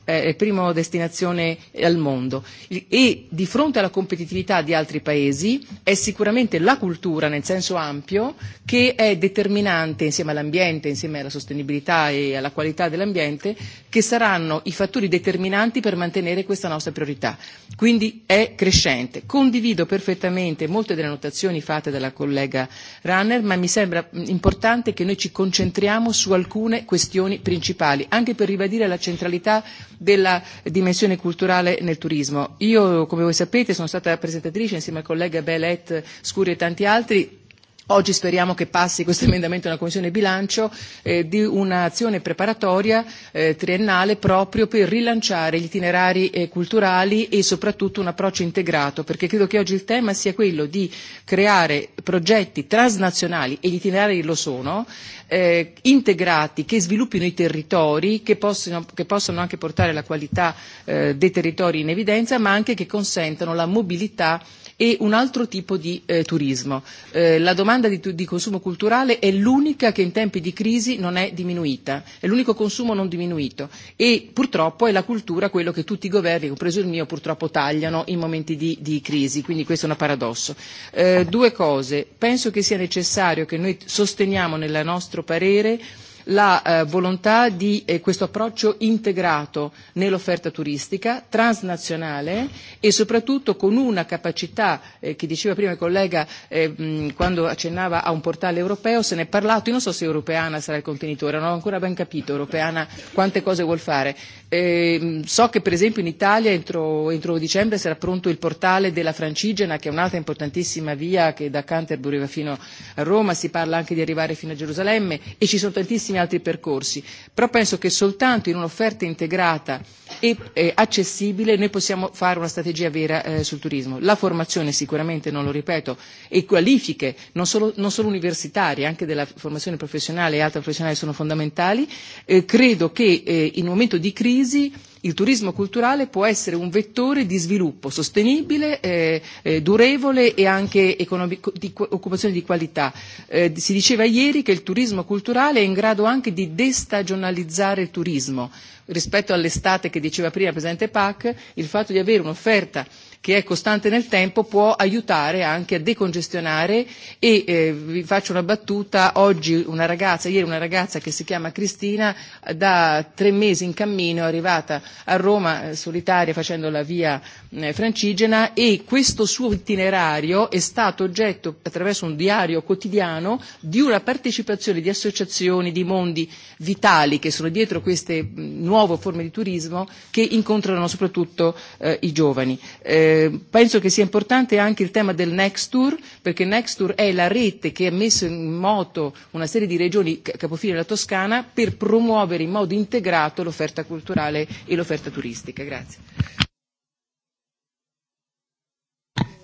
eh, prima destinazione al mondo e di fronte alla competitività di altri paesi è sicuramente la cultura nel senso ampio che è determinante insieme all'ambiente, insieme alla sostenibilità e alla qualità dell'ambiente che saranno i fattori determinanti per mantenere questa nostra priorità. Quindi è crescente. Condivido perfettamente molte delle notazioni fatte dalla collega Runner, ma mi sembra importante che noi ci concentriamo su alcune questioni principali, anche per ribadire la centralità della dimensione culturale nel turismo. Io, come voi sapete, sono stata presentatrice insieme al collega Belet Scuri e tanti altri Oggi speriamo che passi questo emendamento nella Commissione bilancio eh, di un'azione preparatoria eh, triennale proprio per rilanciare gli itinerari eh, culturali e soprattutto un approccio integrato, perché credo che oggi il tema sia quello di creare progetti transnazionali, e gli itinerari lo sono, eh, integrati, che sviluppino i territori, che possano, che possano anche portare la qualità eh, dei territori in evidenza, ma anche che consentano la mobilità e un altro tipo di eh, turismo. Eh, la domanda di, di consumo culturale è l'unica che in tempi di crisi non è diminuita, è l'unico consumo non diminuito e purtroppo è la cultura quello che tutti i governi, compreso il mio, purtroppo tagliano in momenti di, di crisi, quindi questo è un paradosso. Eh, due cose, penso che sia necessario che noi sosteniamo nel nostro parere la eh, volontà di eh, questo approccio integrato nell'offerta turistica, transnazionale e soprattutto con una capacità eh, che diceva prima il collega eh, mh, quando accennava a un portale europeo, se ne è parlato, io non so se europeana sarà il contenitore, non ho ancora ben capito, europeana quante cose vuol fare, Ehm, so che per esempio in Italia entro, entro dicembre sarà pronto il portale della Francigena che è un'altra importantissima via che da Canterbury va fino a Roma, si parla anche di arrivare fino a Gerusalemme e ci sono tantissimi altri percorsi, però penso che soltanto in un'offerta integrata E, e accessibile noi possiamo fare una strategia vera eh, sul turismo. La formazione sicuramente, non lo ripeto, e qualifiche non solo, non solo universitarie, anche della formazione professionale e alta professionale sono fondamentali. Eh, credo che eh, in un momento di crisi il turismo culturale può essere un vettore di sviluppo sostenibile, eh, eh, durevole e anche economico, di occupazione di qualità. Eh, si diceva ieri che il turismo culturale è in grado anche di destagionalizzare il turismo rispetto all'estate che diceva prima il Presidente Pac, il fatto di avere un'offerta che è costante nel tempo può aiutare anche a decongestionare e eh, vi faccio una battuta, oggi una ragazza, ieri una ragazza che si chiama Cristina da tre mesi in cammino è arrivata a Roma eh, solitaria facendo la via eh, francigena e questo suo itinerario è stato oggetto attraverso un diario quotidiano di una partecipazione di associazioni, di mondi vitali che sono dietro queste mm, nuove forme di turismo che incontrano soprattutto eh, i giovani. Eh, Eh, penso che sia importante anche il tema del Nextur, perché Nextur è la rete che ha messo in moto una serie di regioni capofile della Toscana per promuovere in modo integrato l'offerta culturale e l'offerta turistica. Grazie.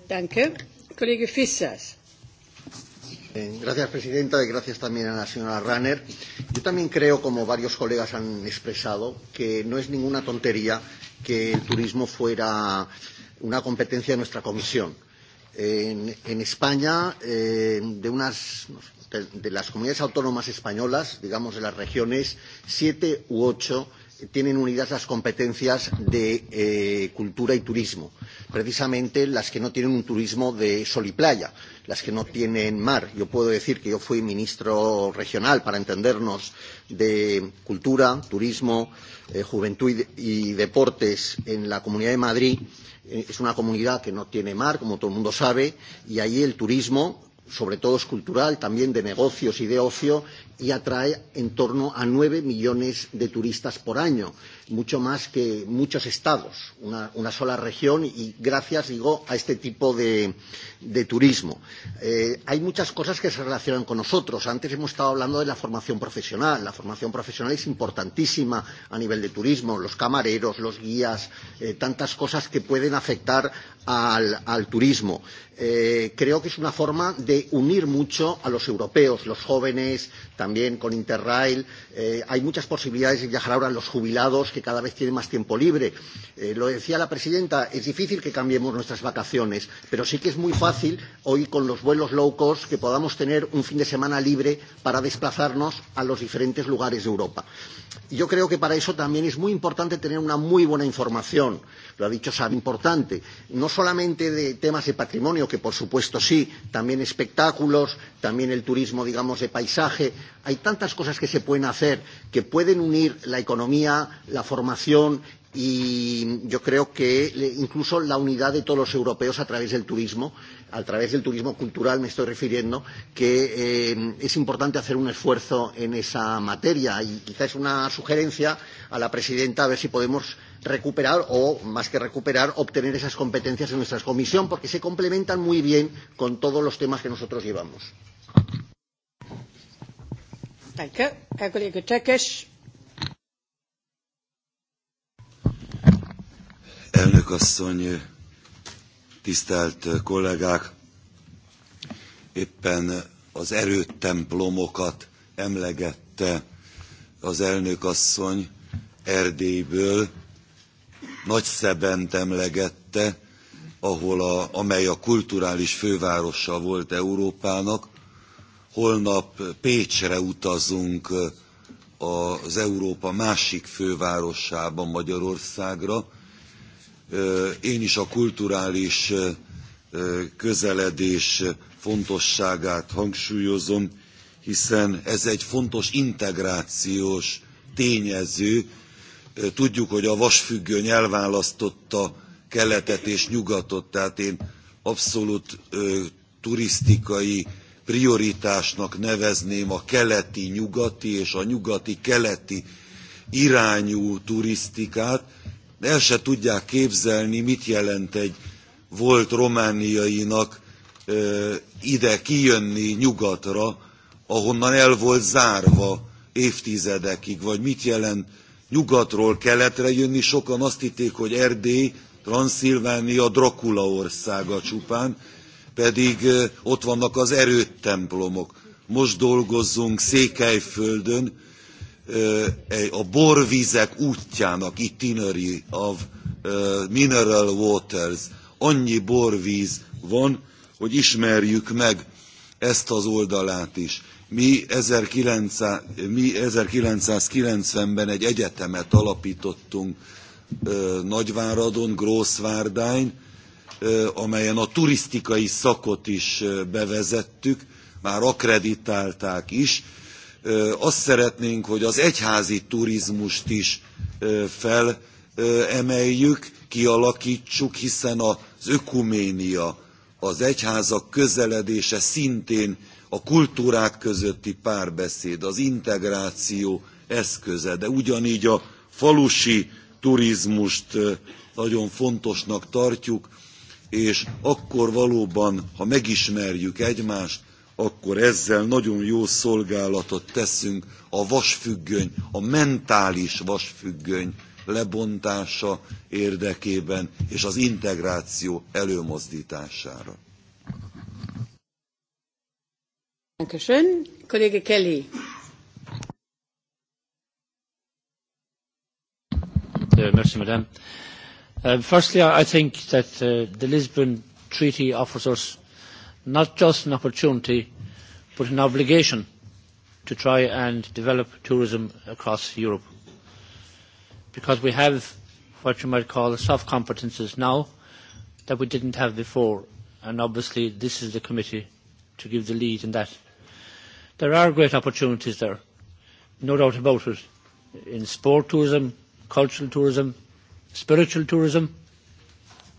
Danke. Kollege Fissers. Eh, gracias, presidenta, y gracias también a la señora Runner. Yo también creo, como varios colegas han expresado, que no es ninguna tontería que el turismo fuera eh, una competencia de nuestra comisión. En, en España, eh, de unas de, de las comunidades autónomas españolas, digamos de las regiones, siete u ocho tienen unidas las competencias de eh, cultura y turismo, precisamente las que no tienen un turismo de sol y playa, las que no tienen mar. Yo puedo decir que yo fui ministro regional, para entendernos, de cultura, turismo, eh, juventud y y deportes en la Comunidad de Madrid. Eh, es una comunidad que no tiene mar, como todo el mundo sabe, y allí el turismo sobre todo es cultural, también de negocios y de ocio, y atrae en torno a nueve millones de turistas por año, mucho más que muchos estados, una, una sola región, y gracias, digo, a este tipo de, de turismo. Eh, hay muchas cosas que se relacionan con nosotros. Antes hemos estado hablando de la formación profesional. La formación profesional es importantísima a nivel de turismo, los camareros, los guías, eh, tantas cosas que pueden afectar al, al turismo. Eh, creo que es una forma de unir mucho a los europeos, los jóvenes, también también con Interrail. Eh, hay muchas posibilidades de viajar ahora los jubilados que cada vez tienen más tiempo libre. Eh, lo decía la presidenta, es difícil que cambiemos nuestras vacaciones, pero sí que es muy fácil hoy con los vuelos low cost que podamos tener un fin de semana libre para desplazarnos a los diferentes lugares de Europa yo creo que para eso también es muy importante tener una muy buena información. Lo ha dicho Sabe, importante. No solamente de temas de patrimonio, que por supuesto sí, también espectáculos, también el turismo, digamos, de paisaje. Hay tantas cosas que se pueden hacer que pueden unir la economía, la formación y yo creo que incluso la unidad de todos los europeos a través del turismo, a través del turismo cultural me estoy refiriendo, que eh, es importante hacer un esfuerzo en esa materia y quizás es una sugerencia a la presidenta a ver si podemos recuperar o más que recuperar obtener esas competencias en nuestra comisión porque se complementan muy bien con todos los temas que nosotros llevamos. Danke, Herr Kollege Tökes. Elnök asszony, tisztelt kollégák! Éppen az erőtemplomokat emlegette az elnök asszony Erdélyből, Nagyszebent emlegette, ahol a, amely a kulturális fővárosa volt Európának. Holnap Pécsre utazunk az Európa másik fővárosába Magyarországra, én is a kulturális közeledés fontosságát hangsúlyozom, hiszen ez egy fontos integrációs tényező. Tudjuk, hogy a vasfüggöny elválasztotta keletet és nyugatot, tehát én abszolút turisztikai prioritásnak nevezném a keleti-nyugati és a nyugati-keleti irányú turisztikát, de el se tudják képzelni, mit jelent egy volt romániainak ide kijönni nyugatra, ahonnan el volt zárva évtizedekig, vagy mit jelent nyugatról keletre jönni, sokan azt hitték, hogy Erdély, Transzilvánia, Drakula országa csupán, pedig ott vannak az erőttemplomok. Most dolgozzunk Székelyföldön, a borvizek útjának itinerary of mineral waters. Annyi borvíz van, hogy ismerjük meg ezt az oldalát is. Mi, 1900, mi 1990-ben egy egyetemet alapítottunk Nagyváradon, Grószvárdány, amelyen a turisztikai szakot is bevezettük, már akkreditálták is, azt szeretnénk, hogy az egyházi turizmust is felemeljük, kialaktsuk hiszen az ökuménia, az egyházak közeledése szintén a kultúrák közötti párbeszéd, az integráció eszköze, de ugyanígy a falusi turizmust nagyon fontosnak tartjuk, és akkor valóban, ha megismerjük egymást, akkor ezzel nagyon jó szolgálatot teszünk a vasfüggöny, a mentális vasfüggöny lebontása érdekében és az integráció előmozdítására. Köszön. Kollége Kelly. Merci, madame. Uh, firstly, I think that uh, the Lisbon Treaty offers us not just an opportunity but an obligation to try and develop tourism across Europe. Because we have what you might call soft competences now that we didn't have before. And obviously this is the committee to give the lead in that. There are great opportunities there, no doubt about it, in sport tourism, cultural tourism, spiritual tourism,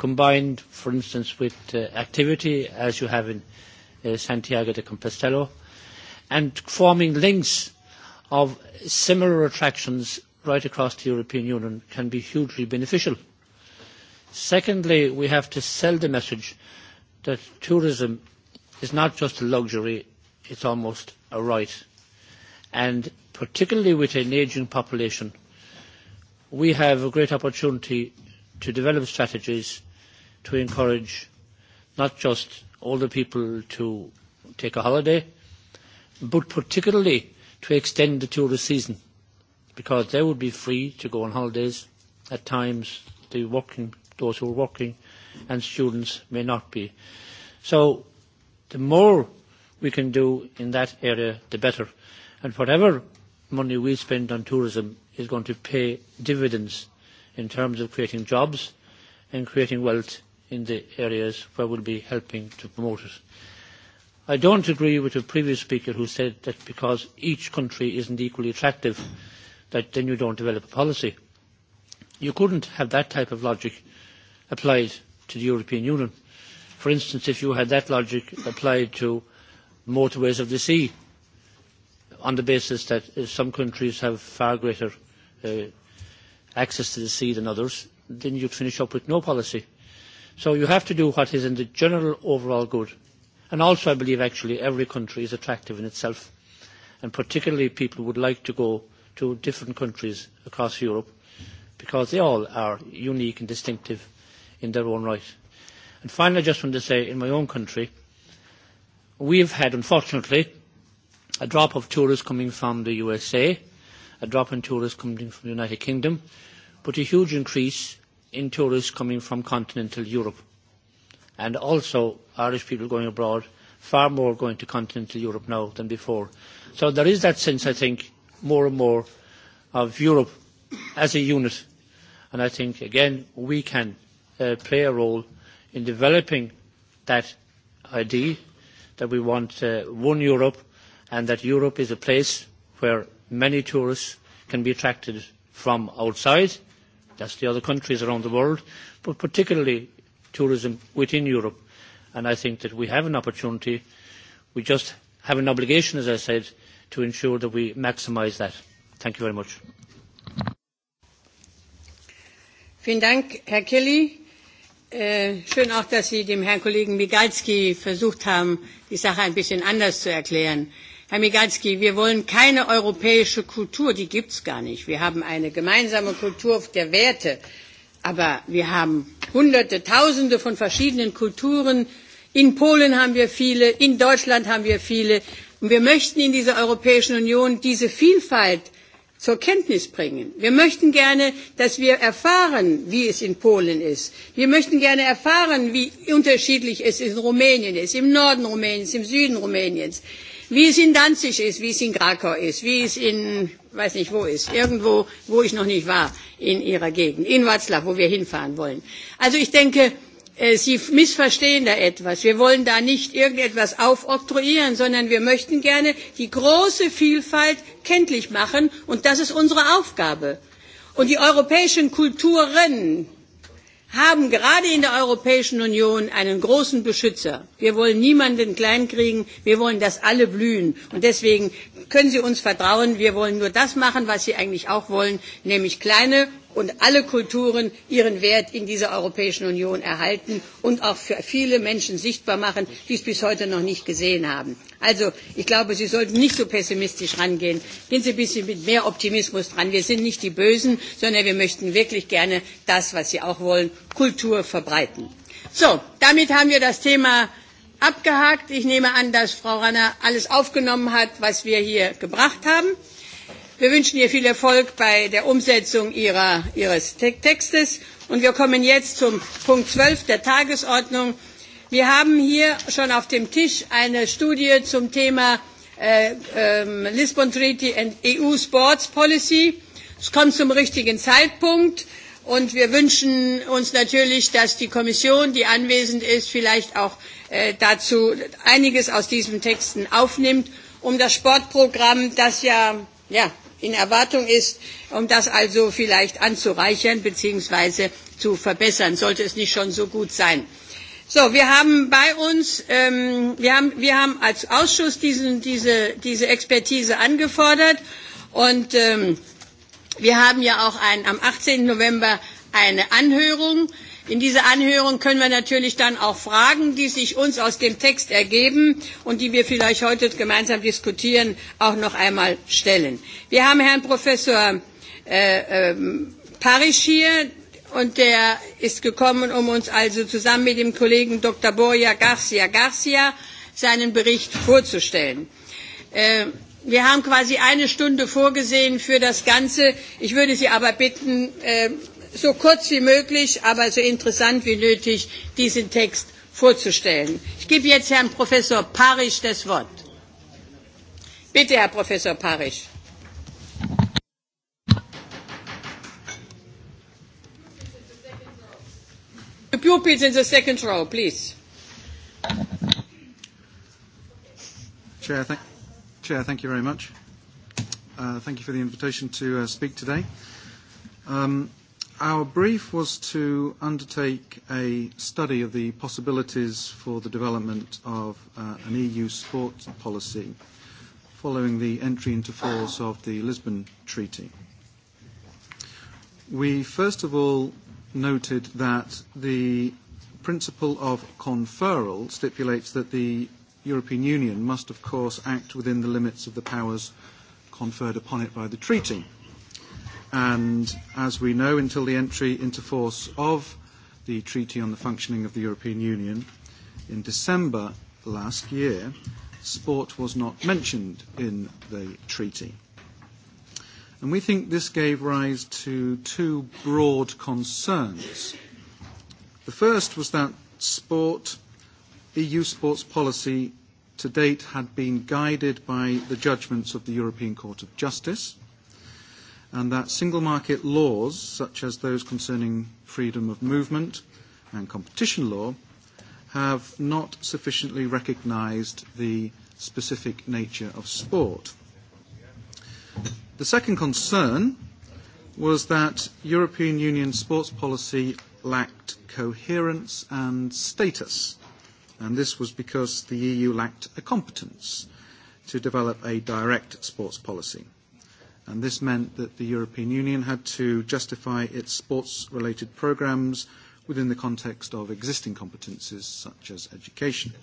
combined, for instance, with uh, activity, as you have in uh, Santiago de Compostela, and forming links of similar attractions right across the European Union can be hugely beneficial. Secondly, we have to sell the message that tourism is not just a luxury, it's almost a right. And particularly with an ageing population, we have a great opportunity to develop strategies to encourage not just older people to take a holiday, but particularly to extend the tourist season, because they would be free to go on holidays at times the working, those who are working and students may not be. So the more we can do in that area, the better. And whatever money we spend on tourism is going to pay dividends in terms of creating jobs and creating wealth in the areas where we will be helping to promote it. I do not agree with the previous speaker who said that because each country is not equally attractive, that then you do not develop a policy. You could not have that type of logic applied to the European Union. For instance, if you had that logic applied to motorways of the sea, on the basis that uh, some countries have far greater uh, access to the sea than others, then you would finish up with no policy. So you have to do what is in the general overall good. And also I believe actually every country is attractive in itself. And particularly people would like to go to different countries across Europe because they all are unique and distinctive in their own right. And finally, I just want to say in my own country, we have had, unfortunately, a drop of tourists coming from the USA, a drop in tourists coming from the United Kingdom, but a huge increase in tourists coming from continental Europe. And also Irish people going abroad, far more going to continental Europe now than before. So there is that sense, I think, more and more of Europe as a unit. And I think, again, we can uh, play a role in developing that idea that we want uh, one Europe and that Europe is a place where many tourists can be attracted from outside is the other countries around the world, but particularly tourism within Europe. And I think that we have an opportunity. We just have an obligation, as I said, to ensure that we maximise that. Thank you very much. Dank, Herr Kelly. Äh, schön auch, dass Sie dem Herrn Kollegen Migalski versucht haben, die Sache ein bisschen anders zu erklären. Herr Migalski, wir wollen keine europäische Kultur, die gibt es gar nicht. Wir haben eine gemeinsame Kultur der Werte, aber wir haben Hunderte, Tausende von verschiedenen Kulturen. In Polen haben wir viele, in Deutschland haben wir viele. Und wir möchten in dieser Europäischen Union diese Vielfalt zur Kenntnis bringen. Wir möchten gerne, dass wir erfahren, wie es in Polen ist. Wir möchten gerne erfahren, wie unterschiedlich es in Rumänien ist, im Norden Rumäniens, im Süden Rumäniens wie es in Danzig ist, wie es in Krakau ist, wie es in, weiß nicht wo ist, irgendwo, wo ich noch nicht war, in Ihrer Gegend, in Watzlaw, wo wir hinfahren wollen. Also ich denke, äh, Sie missverstehen da etwas. Wir wollen da nicht irgendetwas aufoktroyieren, sondern wir möchten gerne die große Vielfalt kenntlich machen und das ist unsere Aufgabe. Und die europäischen Kulturen, haben gerade in der Europäischen Union einen großen Beschützer. Wir wollen niemanden kleinkriegen, wir wollen, dass alle blühen. Und deswegen können Sie uns vertrauen, wir wollen nur das machen, was Sie eigentlich auch wollen, nämlich kleine und alle Kulturen ihren Wert in dieser Europäischen Union erhalten und auch für viele Menschen sichtbar machen, die es bis heute noch nicht gesehen haben. Also ich glaube, Sie sollten nicht so pessimistisch rangehen. Gehen Sie ein bisschen mit mehr Optimismus dran. Wir sind nicht die Bösen, sondern wir möchten wirklich gerne das, was Sie auch wollen, Kultur verbreiten. So, damit haben wir das Thema abgehakt. Ich nehme an, dass Frau Ranner alles aufgenommen hat, was wir hier gebracht haben. Wir wünschen ihr viel Erfolg bei der Umsetzung ihrer, ihres Textes. Und wir kommen jetzt zum Punkt 12 der Tagesordnung. Wir haben hier schon auf dem Tisch eine Studie zum Thema äh, äh, Lisbon Treaty and EU Sports Policy. Es kommt zum richtigen Zeitpunkt. Und wir wünschen uns natürlich, dass die Kommission, die anwesend ist, vielleicht auch äh, dazu einiges aus diesen Texten aufnimmt, um das Sportprogramm, das ja, ja in Erwartung ist, um das also vielleicht anzureichern bzw. zu verbessern, sollte es nicht schon so gut sein. So, wir haben bei uns, ähm, wir, haben, wir haben als Ausschuss diesen, diese, diese Expertise angefordert und ähm, wir haben ja auch ein, am 18. November eine Anhörung. In dieser Anhörung können wir natürlich dann auch Fragen, die sich uns aus dem Text ergeben und die wir vielleicht heute gemeinsam diskutieren, auch noch einmal stellen. Wir haben Herrn Professor äh, ähm, Parisch hier, und der ist gekommen, um uns also zusammen mit dem Kollegen Dr. Borja Garcia Garcia seinen Bericht vorzustellen. Äh, wir haben quasi eine Stunde vorgesehen für das Ganze. Ich würde Sie aber bitten, äh, so kurz wie möglich, aber so interessant wie nötig, diesen Text vorzustellen. Ich gebe jetzt Herrn Professor Parisch das Wort. Bitte, Herr Professor Parisch. The pupils in the second row, please. Chair, thank, Chair, thank you very much. Uh, thank you for the invitation to uh, speak today. Um, our brief was to undertake a study of the possibilities for the development of uh, an EU sports policy following the entry into force of the Lisbon Treaty. We first of all noted that the principle of conferral stipulates that the European Union must, of course, act within the limits of the powers conferred upon it by the treaty. And as we know, until the entry into force of the Treaty on the Functioning of the European Union in December last year, sport was not mentioned in the treaty. And we think this gave rise to two broad concerns. The first was that sport, EU sports policy to date had been guided by the judgments of the European Court of Justice, and that single market laws, such as those concerning freedom of movement and competition law, have not sufficiently recognised the specific nature of sport. The second concern was that European Union sports policy lacked coherence and status, and this was because the EU lacked a competence to develop a direct sports policy. And this meant that the European Union had to justify its sports-related programmes within the context of existing competences such as education.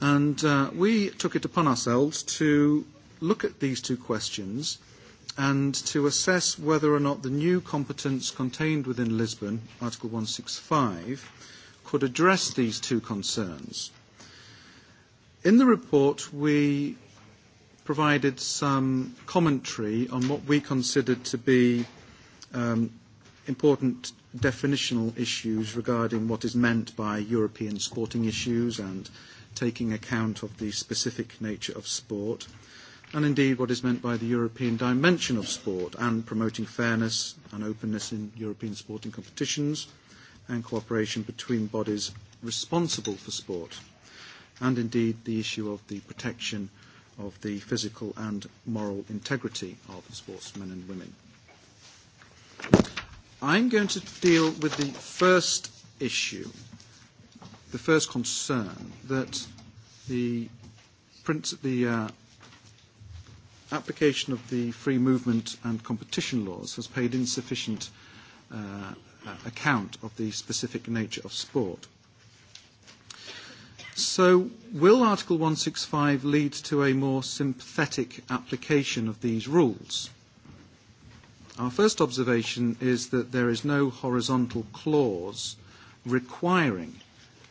And uh, we took it upon ourselves to look at these two questions and to assess whether or not the new competence contained within Lisbon, Article 165, could address these two concerns. In the report, we provided some commentary on what we considered to be um, important definitional issues regarding what is meant by European sporting issues and taking account of the specific nature of sport and indeed what is meant by the European dimension of sport and promoting fairness and openness in European sporting competitions and cooperation between bodies responsible for sport, and indeed the issue of the protection of the physical and moral integrity of sportsmen and women. I'm going to deal with the first issue, the first concern that the, the uh, application of the free movement and competition laws has paid insufficient uh, uh account of the specific nature of sport. So, will Article 165 lead to a more sympathetic application of these rules? Our first observation is that there is no horizontal clause requiring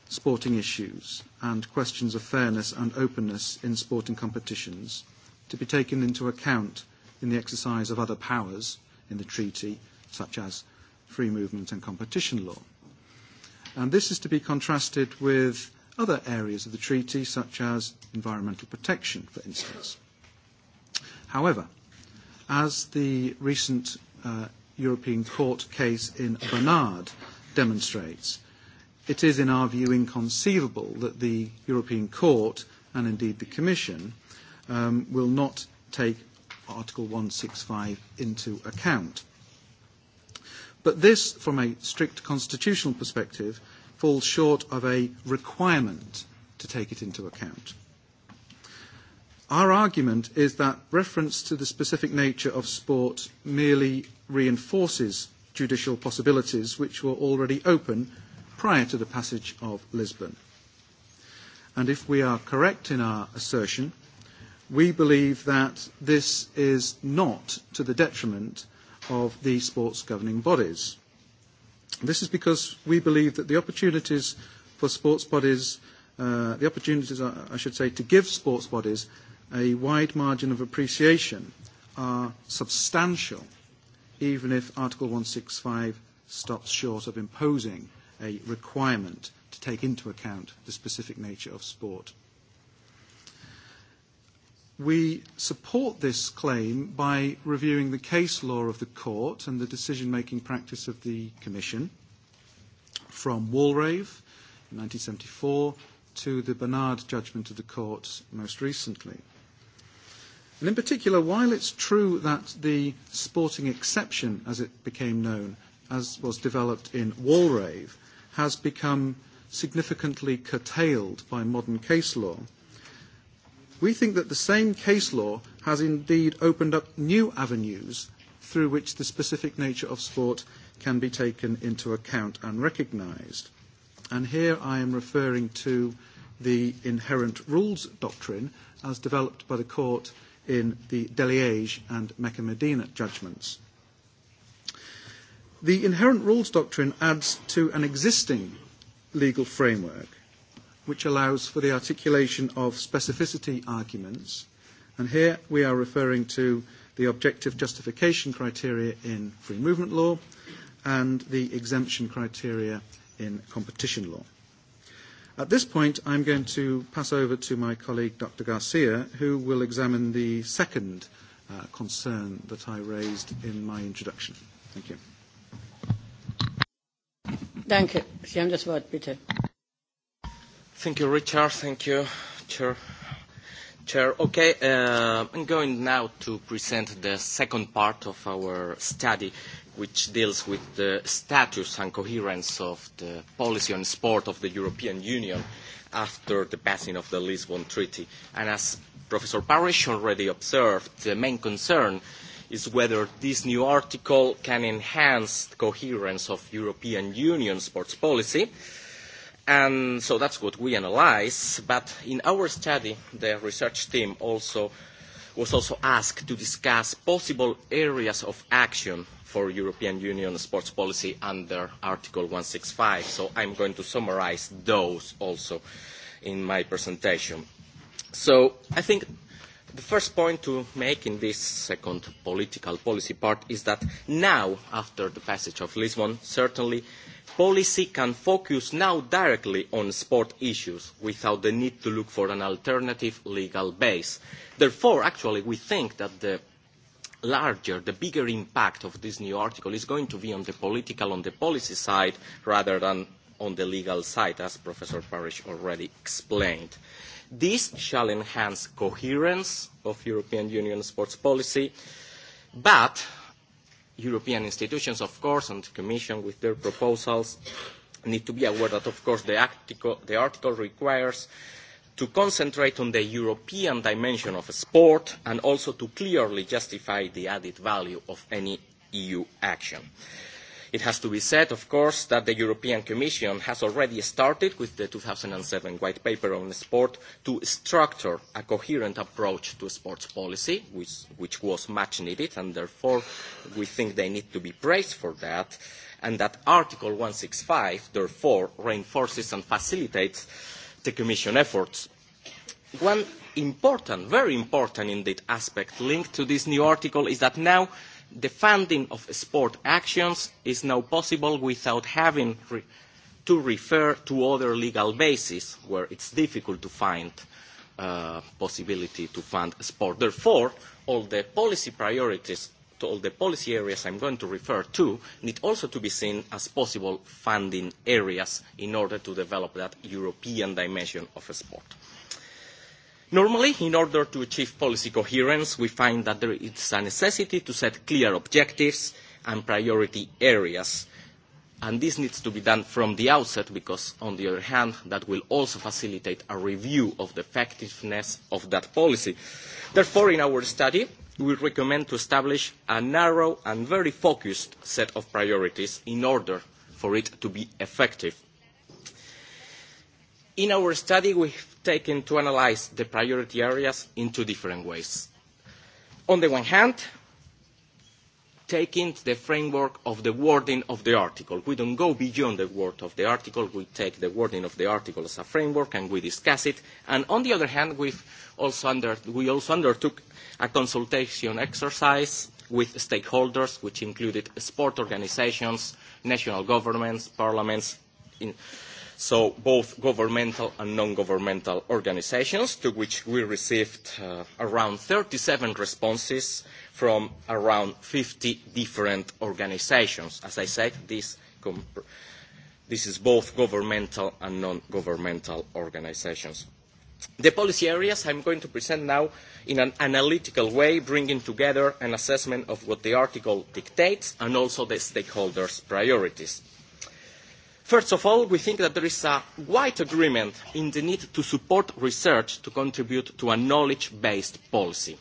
sporting issues and questions of fairness and openness in sporting competitions to be taken into account in the exercise of other powers in the treaty, such as free movement and competition law. And this is to be contrasted with other areas of the treaty, such as environmental protection, for instance. However, as the recent uh, European Court case in Bernard demonstrates, it is, in our view, inconceivable that the European Court, and indeed the Commission, um, will not take Article 165 into account. But this, from a strict constitutional perspective, falls short of a requirement to take it into account. Our argument is that reference to the specific nature of sport merely reinforces judicial possibilities which were already open prior to the passage of Lisbon. And if we are correct in our assertion, we believe that this is not to the detriment of the sports governing bodies. This is because we believe that the opportunities for sports bodies, uh, the opportunities, uh, I should say, to give sports bodies a wide margin of appreciation are substantial, even if Article 165 stops short of imposing a requirement to take into account the specific nature of sport we support this claim by reviewing the case law of the court and the decision-making practice of the commission from Walrave in 1974 to the Bernard judgment of the court most recently. And in particular, while it's true that the sporting exception, as it became known, as was developed in Walrave, has become significantly curtailed by modern case law, we think that the same case law has indeed opened up new avenues through which the specific nature of sport can be taken into account and recognised. And here I am referring to the inherent rules doctrine as developed by the court in the Deliege and Mecca Medina judgments. The inherent rules doctrine adds to an existing legal framework which allows for the articulation of specificity arguments. And here we are referring to the objective justification criteria in free movement law and the exemption criteria in competition law. At this point, I'm going to pass over to my colleague, Dr. Garcia, who will examine the second uh, concern that I raised in my introduction. Thank you. Danke. Sie haben das Wort, bitte. Thank you, Richard. Thank you, Chair. Chair, okay, uh, I'm going now to present the second part of our study, which deals with the status and coherence of the policy on sport of the European Union after the passing of the Lisbon Treaty. And as Professor Parrish already observed, the main concern is whether this new article can enhance the coherence of European Union sports policy, uh, And so that's what we analyze. But in our study, the research team also was also asked to discuss possible areas of action for European Union sports policy under Article 165. So I'm going to summarize those also in my presentation. So I think the first point to make in this second political policy part is that now, after the passage of Lisbon, certainly policy can focus now directly on sport issues without the need to look for an alternative legal base. Therefore, actually, we think that the larger, the bigger impact of this new article is going to be on the political, on the policy side, rather than on the legal side, as Professor Parish already explained. This shall enhance coherence of European Union sports policy, but European institutions, of course, and the Commission with their proposals need to be aware that, of course, the article, the article requires to concentrate on the European dimension of sport and also to clearly justify the added value of any EU action. Uh, It has to be said, of course, that the European Commission has already started with the 2007 White Paper on Sport to structure a coherent approach to sports policy, which, which was much needed, and therefore we think they need to be praised for that, and that Article 165, therefore, reinforces and facilitates the Commission efforts. One important, very important indeed, aspect linked to this new article is that now The funding of sport actions is now possible without having re to refer to other legal bases where it's difficult to find uh, possibility to fund sport. Therefore, all the policy priorities to all the policy areas I'm going to refer to need also to be seen as possible funding areas in order to develop that European dimension of sport. Normally, in order to achieve policy coherence, we find that there is a necessity to set clear objectives and priority areas. And this needs to be done from the outset because, on the other hand, that will also facilitate a review of the effectiveness of that policy. Therefore, in our study, we recommend to establish a narrow and very focused set of priorities in order for it to be effective. In our study, we've taken to analyse the priority areas in two different ways. On the one hand, taking the framework of the wording of the article. We don't go beyond the word of the article. We take the wording of the article as a framework and we discuss it. And on the other hand, we've also under, we also undertook a consultation exercise with stakeholders, which included sport organisations, national governments, parliaments, in, so both governmental and non-governmental organizations, to which we received uh, around 37 responses from around 50 different organizations. As I said, this, this is both governmental and non-governmental organizations. The policy areas I'm going to present now in an analytical way, bringing together an assessment of what the article dictates and also the stakeholders' priorities. First of all, we think that there is a wide agreement in the need to support research to contribute to a knowledge-based policy.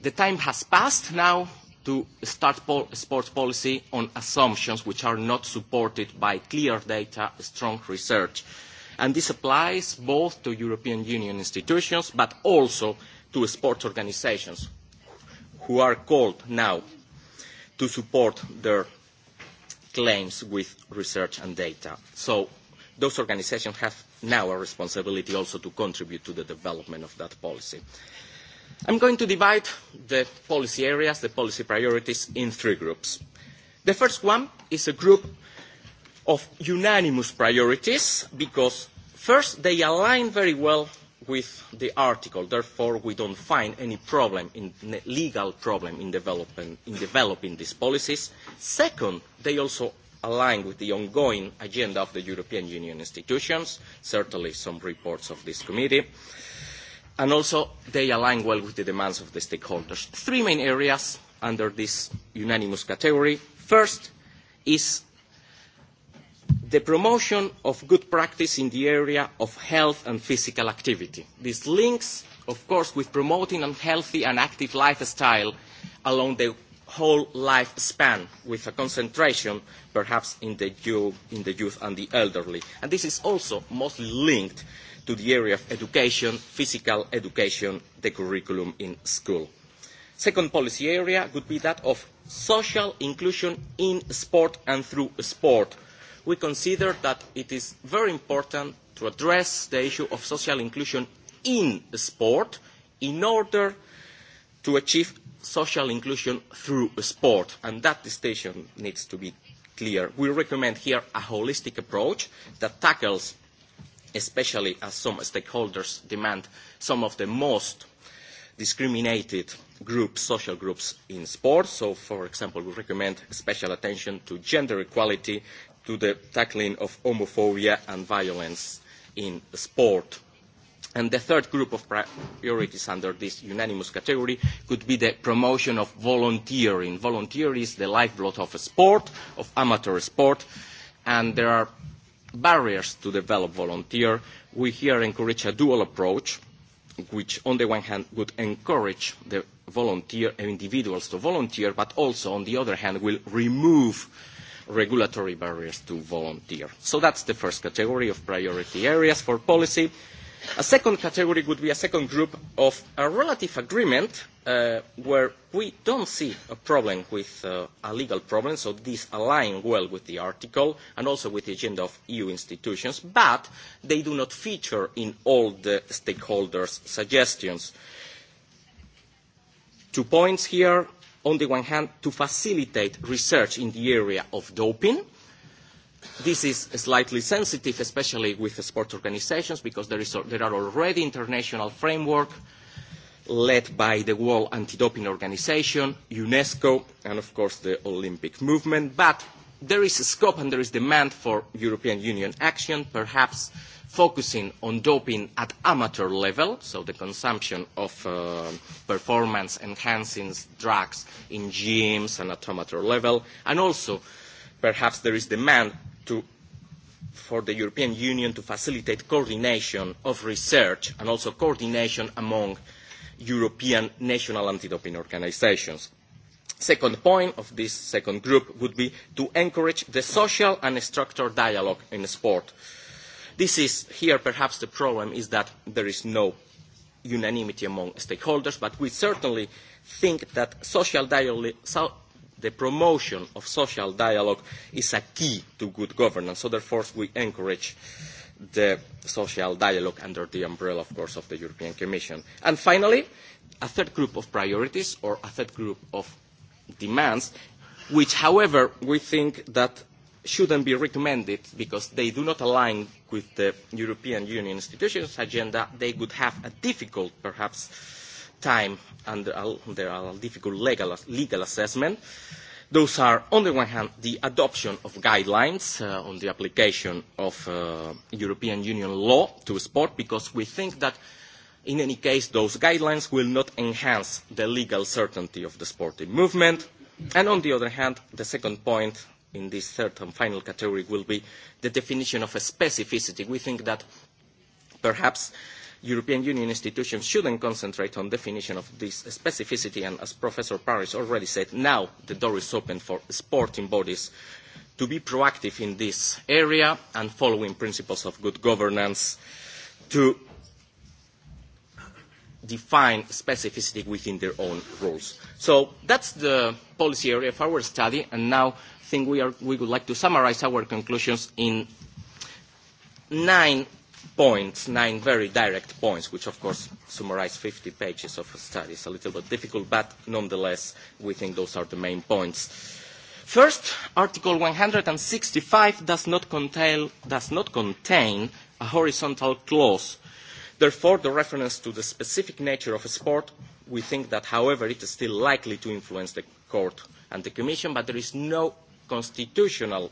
The time has passed now to start pol sports policy on assumptions which are not supported by clear data, strong research. And this applies both to European Union institutions but also to sports organisations who are called now to support their claims with research and data. So those organizations have now a responsibility also to contribute to the development of that policy. I'm going to divide the policy areas, the policy priorities, in three groups. The first one is a group of unanimous priorities because, first, they align very well with the article. Therefore, we don't find any problem in legal problem in developing, in developing these policies. Second, they also align with the ongoing agenda of the European Union institutions, certainly some reports of this committee, and also they align well with the demands of the stakeholders. Three main areas under this unanimous category. First is the promotion of good practice in the area of health and physical activity. This links, of course, with promoting a healthy and active lifestyle along the whole lifespan, with a concentration perhaps in the, youth, in the youth and the elderly. And this is also mostly linked to the area of education, physical education, the curriculum in school. Second policy area would be that of social inclusion in sport and through sport, we consider that it is very important to address the issue of social inclusion in sport in order to achieve social inclusion through sport, and that distinction needs to be clear. We recommend here a holistic approach that tackles, especially as some stakeholders demand, some of the most discriminated groups, social groups in sport. So, for example, we recommend special attention to gender equality, to the tackling of homophobia and violence in sport. And the third group of priorities under this unanimous category could be the promotion of volunteering. Volunteering is the lifeblood of sport, of amateur sport, and there are barriers to develop volunteer. We here encourage a dual approach, which on the one hand would encourage the volunteer individuals to volunteer, but also on the other hand will remove regulatory barriers to volunteer. So that's the first category of priority areas for policy. A second category would be a second group of a relative agreement uh, where we don't see a problem with uh, a legal problem, so these align well with the article and also with the agenda of EU institutions, but they do not feature in all the stakeholders' suggestions. Two points here on the one hand, to facilitate research in the area of doping. This is slightly sensitive, especially with sport organizations, because there, is, there are already international framework led by the World Anti-Doping Organization, UNESCO, and of course the Olympic movement. But there is a scope and there is demand for European Union action, perhaps focusing on doping at amateur level, so the consumption of uh, performance-enhancing drugs in gyms and at amateur level, and also perhaps there is demand to, for the European Union to facilitate coordination of research and also coordination among European national anti-doping organisations. Second point of this second group would be to encourage the social and structural dialogue in sport. Uh, This is here perhaps the problem is that there is no unanimity among stakeholders, but we certainly think that social dialogue, so the promotion of social dialogue is a key to good governance. So therefore, we encourage the social dialogue under the umbrella, of course, of the European Commission. And finally, a third group of priorities or a third group of demands, which, however, we think that shouldn't be recommended because they do not align with the European Union institutions agenda. They would have a difficult, perhaps, time under, under a difficult legal, legal assessment. Those are, on the one hand, the adoption of guidelines uh, on the application of uh, European Union law to sport, because we think that, in any case, those guidelines will not enhance the legal certainty of the sporting movement. And on the other hand, the second point, in this third and final category will be the definition of a specificity. We think that perhaps European Union institutions shouldn't concentrate on definition of this specificity and as Professor Paris already said, now the door is open for sporting bodies to be proactive in this area and following principles of good governance to define specificity within their own rules. So that's the policy area of our study, and now think we, are, we would like to summarize our conclusions in nine points, nine very direct points, which of course summarize 50 pages of a study. It's a little bit difficult, but nonetheless, we think those are the main points. First, Article 165 does not contain, does not contain a horizontal clause. Therefore, the reference to the specific nature of a sport, we think that, however, it is still likely to influence the Court and the Commission, but there is no constitutional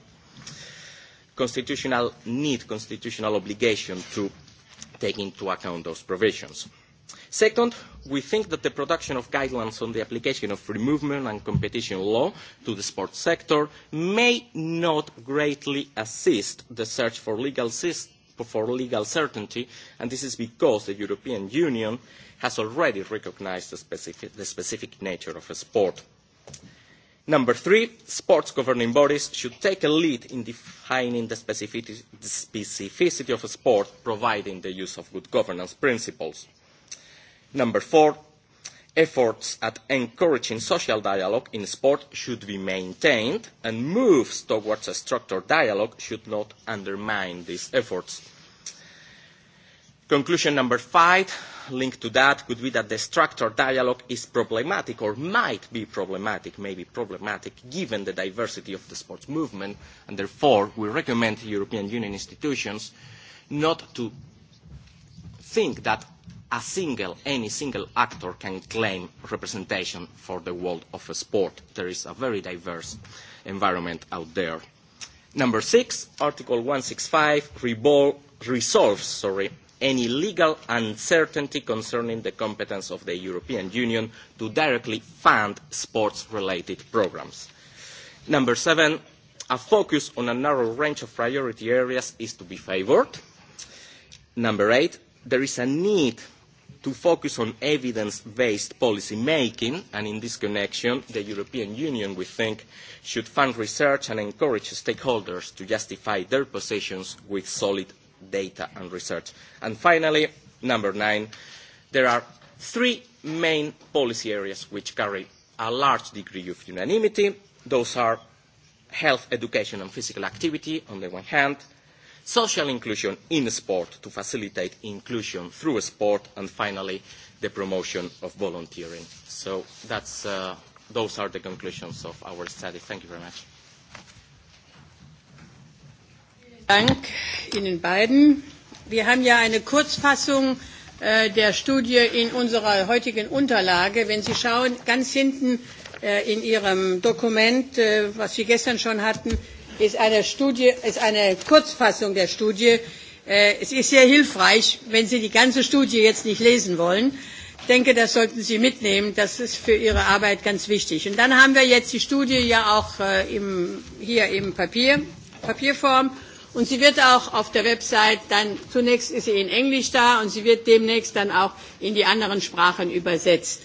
constitutional need, constitutional obligation to take into account those provisions. Second, we think that the production of guidelines on the application of free movement and competition law to the sports sector may not greatly assist the search for legal, for legal certainty, and this is because the European Union has already recognized the specific, the specific nature of a sport. Number three, sports governing bodies should take a lead in defining the specificity of a sport, providing the use of good governance principles. Number four, efforts at encouraging social dialogue in sport should be maintained, and moves towards a structured dialogue should not undermine these efforts. Conclusion number five, linked to that, could be that the structured dialogue is problematic or might be problematic, maybe problematic, given the diversity of the sports movement, and therefore we recommend European Union institutions not to think that a single, any single actor can claim representation for the world of sport. There is a very diverse environment out there. Number six, Article 165 revolve, resolves sorry, any legal uncertainty concerning the competence of the European Union to directly fund sports-related programs. Number seven, a focus on a narrow range of priority areas is to be favoured. Number eight, there is a need to focus on evidence-based policy making, and in this connection, the European Union, we think, should fund research and encourage stakeholders to justify their positions with solid data and research. And finally, number nine, there are three main policy areas which carry a large degree of unanimity. Those are health, education and physical activity on the one hand, social inclusion in sport to facilitate inclusion through sport, and finally, the promotion of volunteering. So that's, uh, those are the conclusions of our study. Thank you very much. Dank Ihnen beiden. Wir haben ja eine Kurzfassung äh, der Studie in unserer heutigen Unterlage. Wenn Sie schauen, ganz hinten äh, in Ihrem Dokument, äh, was wir gestern schon hatten, ist eine, Studie, ist eine Kurzfassung der Studie. Äh, es ist sehr hilfreich, wenn Sie die ganze Studie jetzt nicht lesen wollen. Ich denke, das sollten Sie mitnehmen. Das ist für Ihre Arbeit ganz wichtig. Und dann haben wir jetzt die Studie ja auch im, hier im Papier, Papierform. Und sie wird auch auf der Website dann, zunächst ist sie in Englisch da und sie wird demnächst dann auch in die anderen Sprachen übersetzt.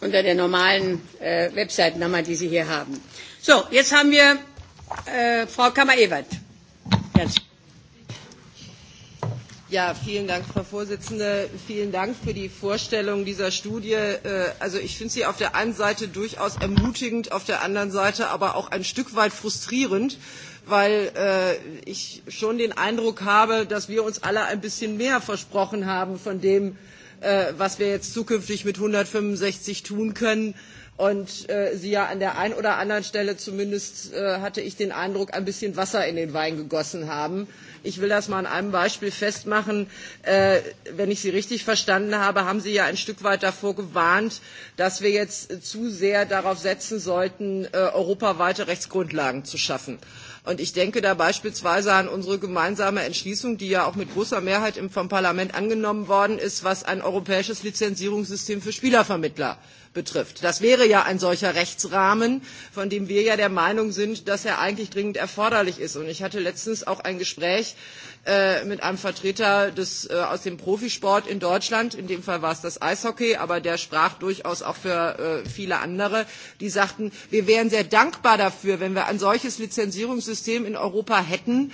Unter der normalen äh, Website-Nummer, die Sie hier haben. So, jetzt haben wir äh, Frau Kammer-Ewert. Ja, vielen Dank, Frau Vorsitzende. Vielen Dank für die Vorstellung dieser Studie. Äh, also ich finde sie auf der einen Seite durchaus ermutigend, auf der anderen Seite aber auch ein Stück weit frustrierend weil äh, ich schon den Eindruck habe, dass wir uns alle ein bisschen mehr versprochen haben von dem, äh, was wir jetzt zukünftig mit 165 tun können. Und äh, sie ja an der einen oder anderen Stelle zumindest äh, hatte ich den Eindruck, ein bisschen Wasser in den Wein gegossen haben. Ich will das mal an einem Beispiel festmachen. Äh, wenn ich Sie richtig verstanden habe, haben Sie ja ein Stück weit davor gewarnt, dass wir jetzt zu sehr darauf setzen sollten, äh, europaweite Rechtsgrundlagen zu schaffen. Und ich denke da beispielsweise an unsere gemeinsame Entschließung, die ja auch mit großer Mehrheit vom Parlament angenommen worden ist, was ein europäisches Lizenzierungssystem für Spielervermittler betrifft. Das wäre ja ein solcher Rechtsrahmen, von dem wir ja der Meinung sind, dass er eigentlich dringend erforderlich ist. Und ich hatte letztens auch ein Gespräch äh, mit einem Vertreter des, äh, aus dem Profisport in Deutschland, in dem Fall war es das Eishockey, aber der sprach durchaus auch für äh, viele andere, die sagten, wir wären sehr dankbar dafür, wenn wir ein solches Lizenzierungssystem in Europa hätten,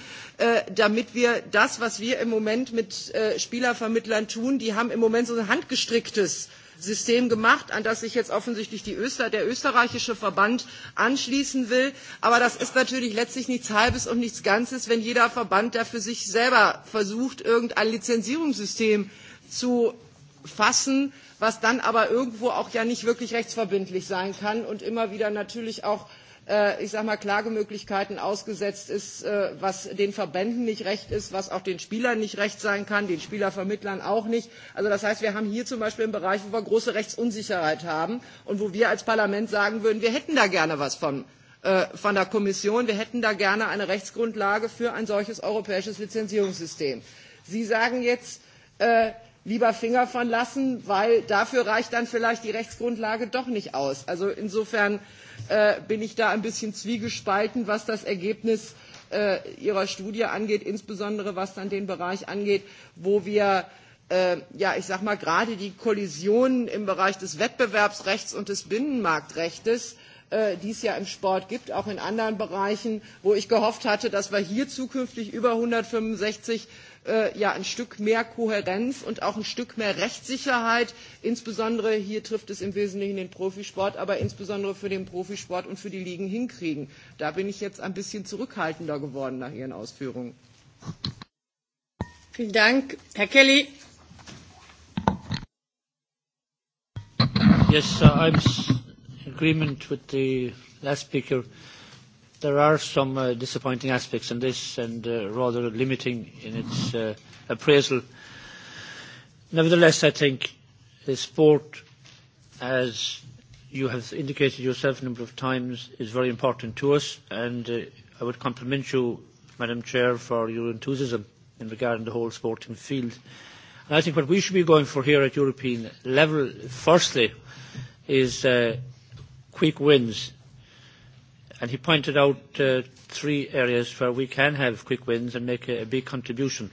damit wir das, was wir im Moment mit Spielervermittlern tun, die haben im Moment so ein handgestricktes äh, System gemacht, an das sich jetzt offensichtlich die Öster, der österreichische Verband anschließen will. Aber das ist natürlich letztlich nichts Halbes und nichts Ganzes, wenn jeder Verband da für sich selber versucht, irgendein Lizenzierungssystem zu fassen, was dann aber irgendwo auch ja nicht wirklich rechtsverbindlich sein kann und immer wieder natürlich auch Äh, ich sag mal, Klagemöglichkeiten ausgesetzt ist, äh, was den Verbänden nicht recht ist, was auch den Spielern nicht recht sein kann, den Spielervermittlern auch nicht. Also das heißt, wir haben hier zum Beispiel einen Bereich, wo wir große Rechtsunsicherheit haben und wo wir als Parlament sagen würden, wir hätten da gerne was von, äh, von der Kommission, wir hätten da gerne eine Rechtsgrundlage für ein solches europäisches Lizenzierungssystem. Sie sagen jetzt, äh, lieber Finger von lassen, weil dafür reicht dann vielleicht die Rechtsgrundlage doch nicht aus. Also insofern äh, Äh, bin ich da ein bisschen zwiegespalten, was das Ergebnis äh, Ihrer Studie angeht, insbesondere was dann den Bereich angeht, wo wir äh, ja, ich sag mal, gerade die Kollisionen im Bereich des Wettbewerbsrechts und des Binnenmarktrechts Äh, die es ja im Sport gibt, auch in anderen Bereichen, wo ich gehofft hatte, dass wir hier zukünftig über 165 äh, ja ein Stück mehr Kohärenz und auch ein Stück mehr Rechtssicherheit, insbesondere hier trifft es im Wesentlichen den Profisport, aber insbesondere für den Profisport und für die Ligen hinkriegen. Da bin ich jetzt ein bisschen zurückhaltender geworden nach Ihren Ausführungen. Vielen Dank. Herr Kelly. Yes, uh, I'm agreement with the last speaker. There are some uh, disappointing aspects in this and uh, rather limiting in its uh, appraisal. Nevertheless, I think sport, as you have indicated yourself a number of times, is very important to us, and uh, I would compliment you, Madam Chair, for your enthusiasm in regard to the whole sporting field. And I think what we should be going for here at European level, firstly, is uh, quick wins. And he pointed out uh, three areas where we can have quick wins and make a, a big contribution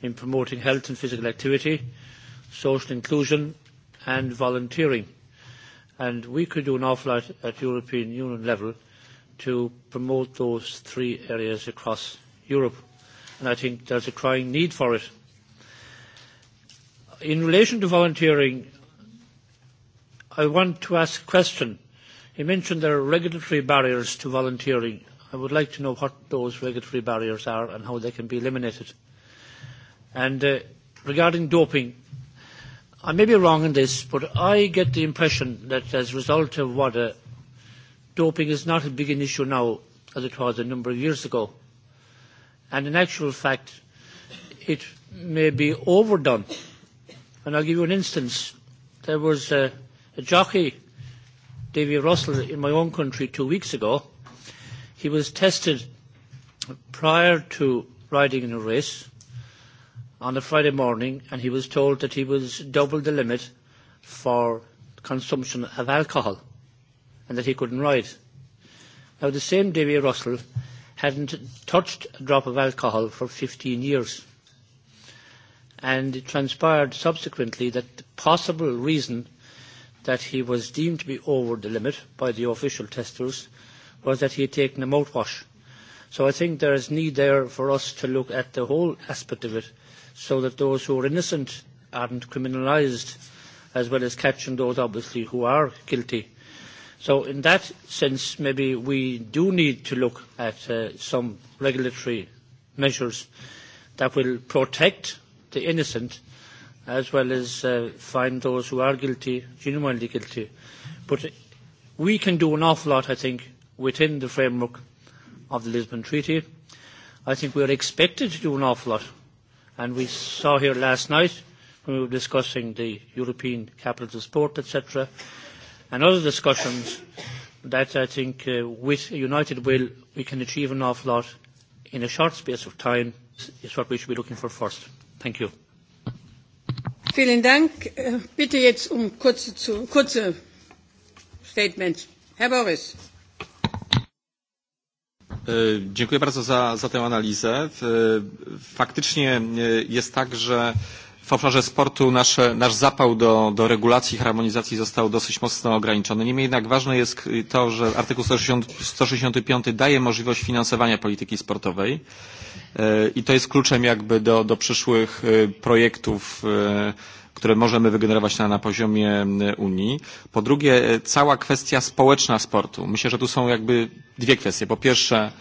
in promoting health and physical activity, social inclusion and volunteering. And we could do an awful lot at European Union level to promote those three areas across Europe. And I think there's a crying need for it. In relation to volunteering, I want to ask a question He mentioned there are regulatory barriers to volunteering. I would like to know what those regulatory barriers are and how they can be eliminated. And uh, regarding doping, I may be wrong in this, but I get the impression that as a result of WADA, uh, doping is not as big an issue now as it was a number of years ago. And in actual fact, it may be overdone. And I'll give you an instance. There was a, uh, a jockey David Russell in my own country two weeks ago. He was tested prior to riding in a race on a Friday morning and he was told that he was double the limit for consumption of alcohol and that he couldn't ride. Now the same David Russell hadn't touched a drop of alcohol for 15 years. And it transpired subsequently that the possible reason that he was deemed to be over the limit by the official testers was that he had taken a mouthwash. So I think there is need there for us to look at the whole aspect of it so that those who are innocent aren't criminalised as well as catching those obviously who are guilty. So in that sense maybe we do need to look at uh, some regulatory measures that will protect the innocent as well as uh, find those who are guilty, genuinely guilty. But we can do an awful lot, I think, within the framework of the Lisbon Treaty. I think we are expected to do an awful lot. And we saw here last night when we were discussing the European capital of sport, etc., and other discussions that I think uh, with a united will we can achieve an awful lot in a short space of time is what we should be looking for first. Thank you. Vielen Dank. Bitte jetzt um kurze, zu, kurze Statements. Herr Boris. E, dziękuję bardzo za, za tę analizę. Faktycznie e, jest tak, że w obszarze sportu nasz, nasz zapał do, do regulacji, harmonizacji został dosyć mocno ograniczony. Niemniej jednak ważne jest to, że artykuł 160, 165 daje możliwość finansowania polityki sportowej e, i to jest kluczem jakby do, do przyszłych e, projektów e, które możemy wygenerować na, na poziomie Unii. Po drugie, cała kwestia społeczna sportu. Myślę, że tu są jakby dwie kwestie. Po pierwsze,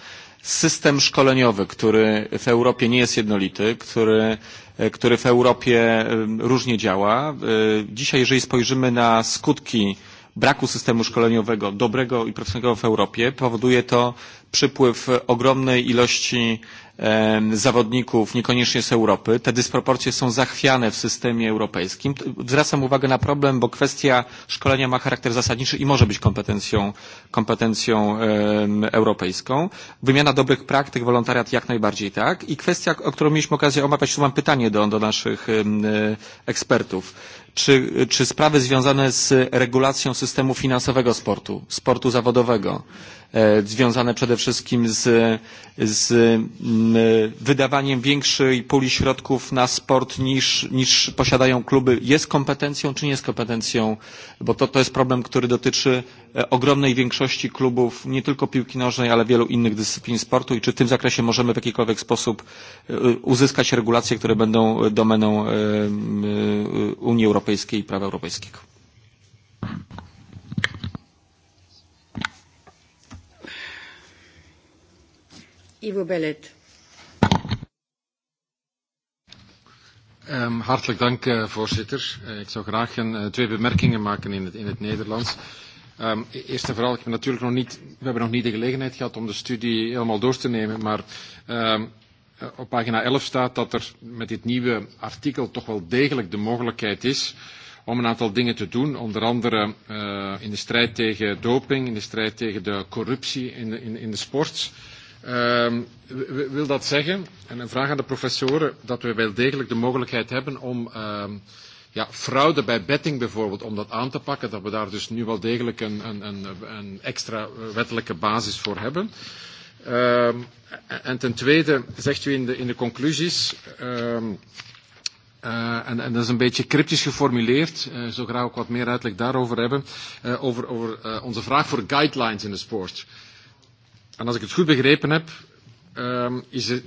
system szkoleniowy, który w Europie nie jest jednolity, który, e, który w Europie e, różnie działa. E, dzisiaj, jeżeli spojrzymy na skutki braku systemu szkoleniowego dobrego i profesjonalnego w Europie, powoduje to przypływ ogromnej ilości zawodników, niekoniecznie z Europy. Te dysproporcje są zachwiane w systemie europejskim. Zwracam uwagę na problem, bo kwestia szkolenia ma charakter zasadniczy i może być kompetencją, kompetencją europejską. Wymiana dobrych praktyk, wolontariat jak najbardziej tak. I kwestia, o którą mieliśmy okazję omawiać, tu mam pytanie do, do naszych e, ekspertów czy, czy sprawy związane z regulacją systemu finansowego sportu, sportu zawodowego, e, związane przede wszystkim z, z wydawaniem większej puli środków na sport niż, niż posiadają kluby jest kompetencją czy nie jest kompetencją, bo to, to jest problem, który dotyczy E, ogromnej większości klubów nie tylko piłki nożnej, ale wielu innych dyscyplin sportu i czy w tym zakresie możemy w jakikolwiek sposób e, e, uzyskać regulacje, które będą domeną Unii Europejskiej i prawa europejskiego. Ivo Bellet. Um, ehm, hartelijk dank, uh, voorzitter. Uh, ik zou graag een, uh, twee bemerkingen maken in het, in het Nederlands. Uh, Um, ehm, e-, eerst en vooral, ik heb natuurlijk nog niet, we hebben nog niet de gelegenheid gehad om de studie helemaal door te nemen, maar um, op pagina 11 staat dat er met dit nieuwe artikel toch wel degelijk de mogelijkheid is om een aantal dingen te doen, onder andere uh, in de strijd tegen doping, in de strijd tegen de corruptie in de, in, in de sport. Um, ehm, wil dat zeggen, en een vraag aan de professoren, dat we wel degelijk de mogelijkheid hebben om uh, ja, fraude bij betting bijvoorbeeld, om dat aan te pakken, dat we daar dus nu wel degelijk een, een, een, een extra wettelijke basis voor hebben. Um, en ten tweede zegt u in de, in de conclusies, um, uh, en, en dat is een beetje cryptisch geformuleerd, uh, zo graag ook wat meer uitleg daarover hebben, uh, over, over uh, onze vraag voor guidelines in de sport. En als ik het goed begrepen heb, um, is, het,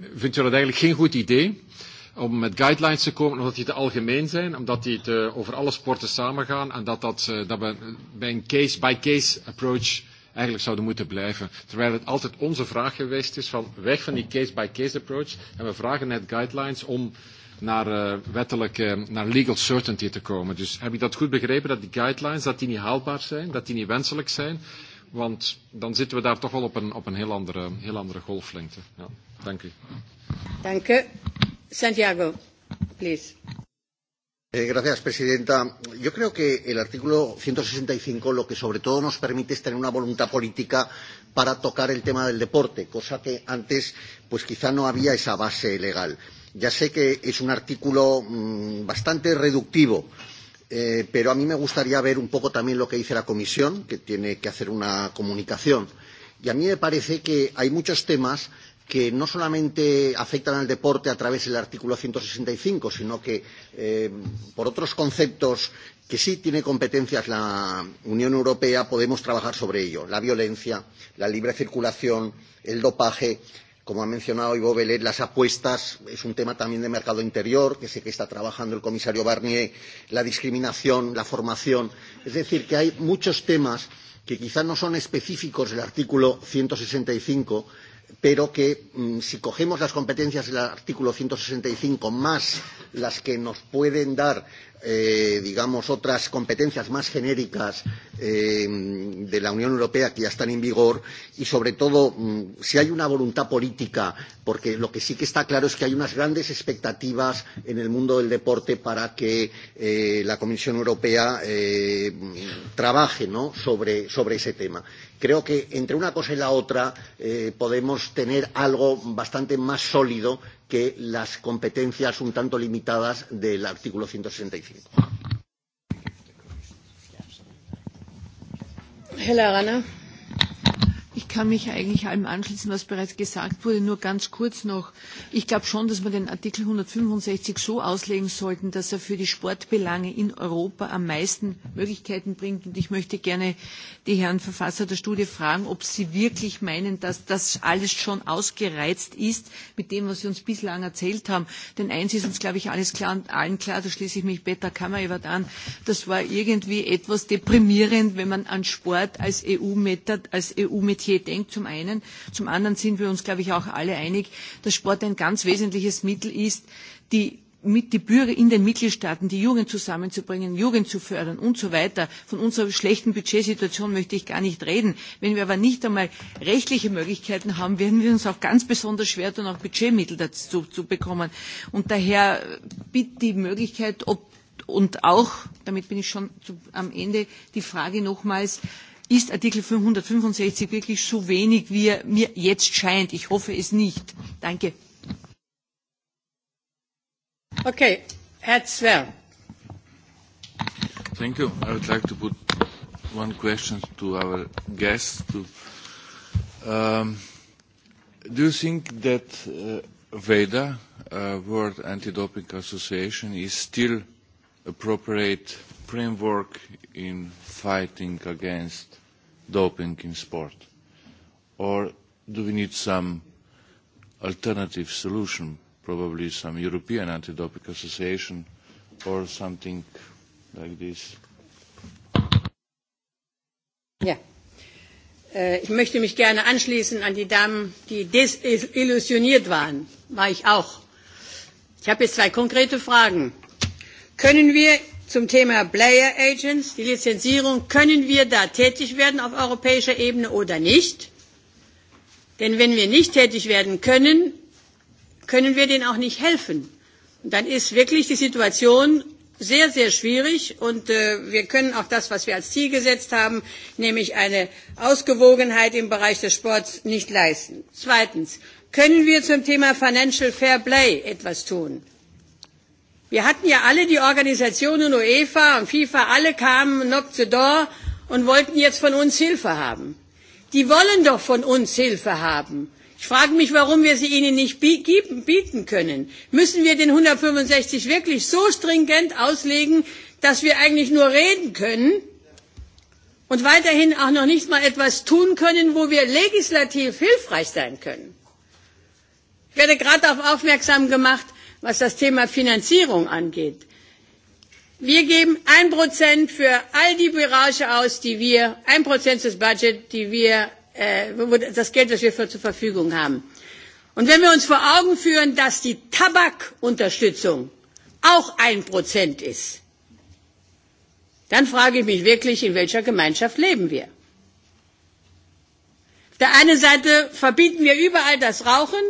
er, vindt u dat eigenlijk geen goed idee? Uh, om met guidelines te komen omdat die te algemeen zijn, omdat die te, over alle sporten samengaan en dat, dat, eh, dat we bij een case-by-case -case approach eigenlijk zouden moeten blijven. Terwijl het altijd onze vraag geweest is van weg van die case-by-case -case approach en we vragen net guidelines om naar uh, eh, wettelijke, uh, naar legal certainty te komen. Dus heb ik dat goed begrepen, dat die guidelines, dat die niet haalbaar zijn, dat die niet wenselijk zijn? Want dan zitten we daar toch wel op een, op een heel andere, heel andere golflengte. Ja, dank u. Dank u señora eh, presidenta. Yo creo que el artículo ciento sesenta y cinco lo que sobre todo nos permite es tener una voluntad política para tocar el tema del deporte, cosa que antes pues quizá no había esa base legal. Ya sé que es un artículo mmm, bastante reductivo, eh, pero a mí me gustaría ver un poco también lo que dice la Comisión, que tiene que hacer una comunicación. Y a mí me parece que hay muchos temas que no solamente afectan al deporte a través del artículo 165, sino que eh, por otros conceptos que sí tiene competencias la Unión Europea podemos trabajar sobre ello. La violencia, la libre circulación, el dopaje, como ha mencionado Ivo Belet, las apuestas es un tema también de mercado interior, que sé que está trabajando el comisario Barnier, la discriminación, la formación. Es decir, que hay muchos temas que quizás no son específicos del artículo 165 pero que mm, si cogemos las competencias del artículo 165 más las que nos pueden dar, eh, digamos, otras competencias más genéricas eh, de la Unión Europea que ya están en vigor y, sobre todo, mm, si hay una voluntad política, porque lo que sí que está claro es que hay unas grandes expectativas en el mundo del deporte para que eh, la Comisión Europea eh, trabaje ¿no? sobre, sobre ese tema creo que entre una cosa y la otra eh, podemos tener algo bastante más sólido que las competencias un tanto limitadas del artículo 165. Hello, Anna. Ich kann mich eigentlich allem anschließen, was bereits gesagt wurde. Nur ganz kurz noch. Ich glaube schon, dass wir den Artikel 165 so auslegen sollten, dass er für die Sportbelange in Europa am meisten Möglichkeiten bringt. Und ich möchte gerne die Herren Verfasser der Studie fragen, ob sie wirklich meinen, dass das alles schon ausgereizt ist mit dem, was sie uns bislang erzählt haben. Denn eins ist uns, glaube ich, alles klar und allen klar, da schließe ich mich Peter Kammerewert an, das war irgendwie etwas deprimierend, wenn man an Sport als EU-Methode EU Mobilität denkt, zum einen. Zum anderen sind wir uns, glaube ich, auch alle einig, dass Sport ein ganz wesentliches Mittel ist, die mit die Bürger in den Mitgliedstaaten, die Jugend zusammenzubringen, Jugend zu fördern und so weiter. Von unserer schlechten Budgetsituation möchte ich gar nicht reden. Wenn wir aber nicht einmal rechtliche Möglichkeiten haben, werden wir uns auch ganz besonders schwer tun, auch Budgetmittel dazu zu bekommen. Und daher äh, bitte die Möglichkeit, ob und auch, damit bin ich schon zu, am Ende, die Frage nochmals, ist Artikel 565 wirklich so wenig, wie er mir jetzt scheint? Ich hoffe es nicht. Danke. Okay, Herr Zwerg. Thank you. I would like to put one question to our guests. To, um, do you think that uh, VEDA, uh, World Anti-Doping Association, is still appropriate framework in fighting against doping in sport? Or do we need some alternative solution, probably some European Anti-Doping Association or something like this? Ja. Äh, ich möchte mich gerne anschließen an die Damen, die desillusioniert waren. War ich auch. Ich habe jetzt zwei konkrete Fragen. Können wir Zum Thema Player Agents, die Lizenzierung, können wir da tätig werden auf europäischer Ebene oder nicht? Denn wenn wir nicht tätig werden können, können wir denen auch nicht helfen. Und dann ist wirklich die Situation sehr, sehr schwierig und äh, wir können auch das, was wir als Ziel gesetzt haben, nämlich eine Ausgewogenheit im Bereich des Sports nicht leisten. Zweitens, können wir zum Thema Financial Fair Play etwas tun? Wir hatten ja alle die Organisationen UEFA und FIFA, alle kamen knock the door und wollten jetzt von uns Hilfe haben. Die wollen doch von uns Hilfe haben. Ich frage mich, warum wir sie ihnen nicht bieten können. Müssen wir den 165 wirklich so stringent auslegen, dass wir eigentlich nur reden können und weiterhin auch noch nicht mal etwas tun können, wo wir legislativ hilfreich sein können? Ich werde gerade darauf aufmerksam gemacht, was das Thema Finanzierung angeht. Wir geben ein Prozent für all die Bereiche aus, die wir, ein Prozent des Budgets, die wir, äh, das Geld, das wir für, zur Verfügung haben. Und wenn wir uns vor Augen führen, dass die Tabakunterstützung auch ein Prozent ist, dann frage ich mich wirklich, in welcher Gemeinschaft leben wir? Auf der einen Seite verbieten wir überall das Rauchen,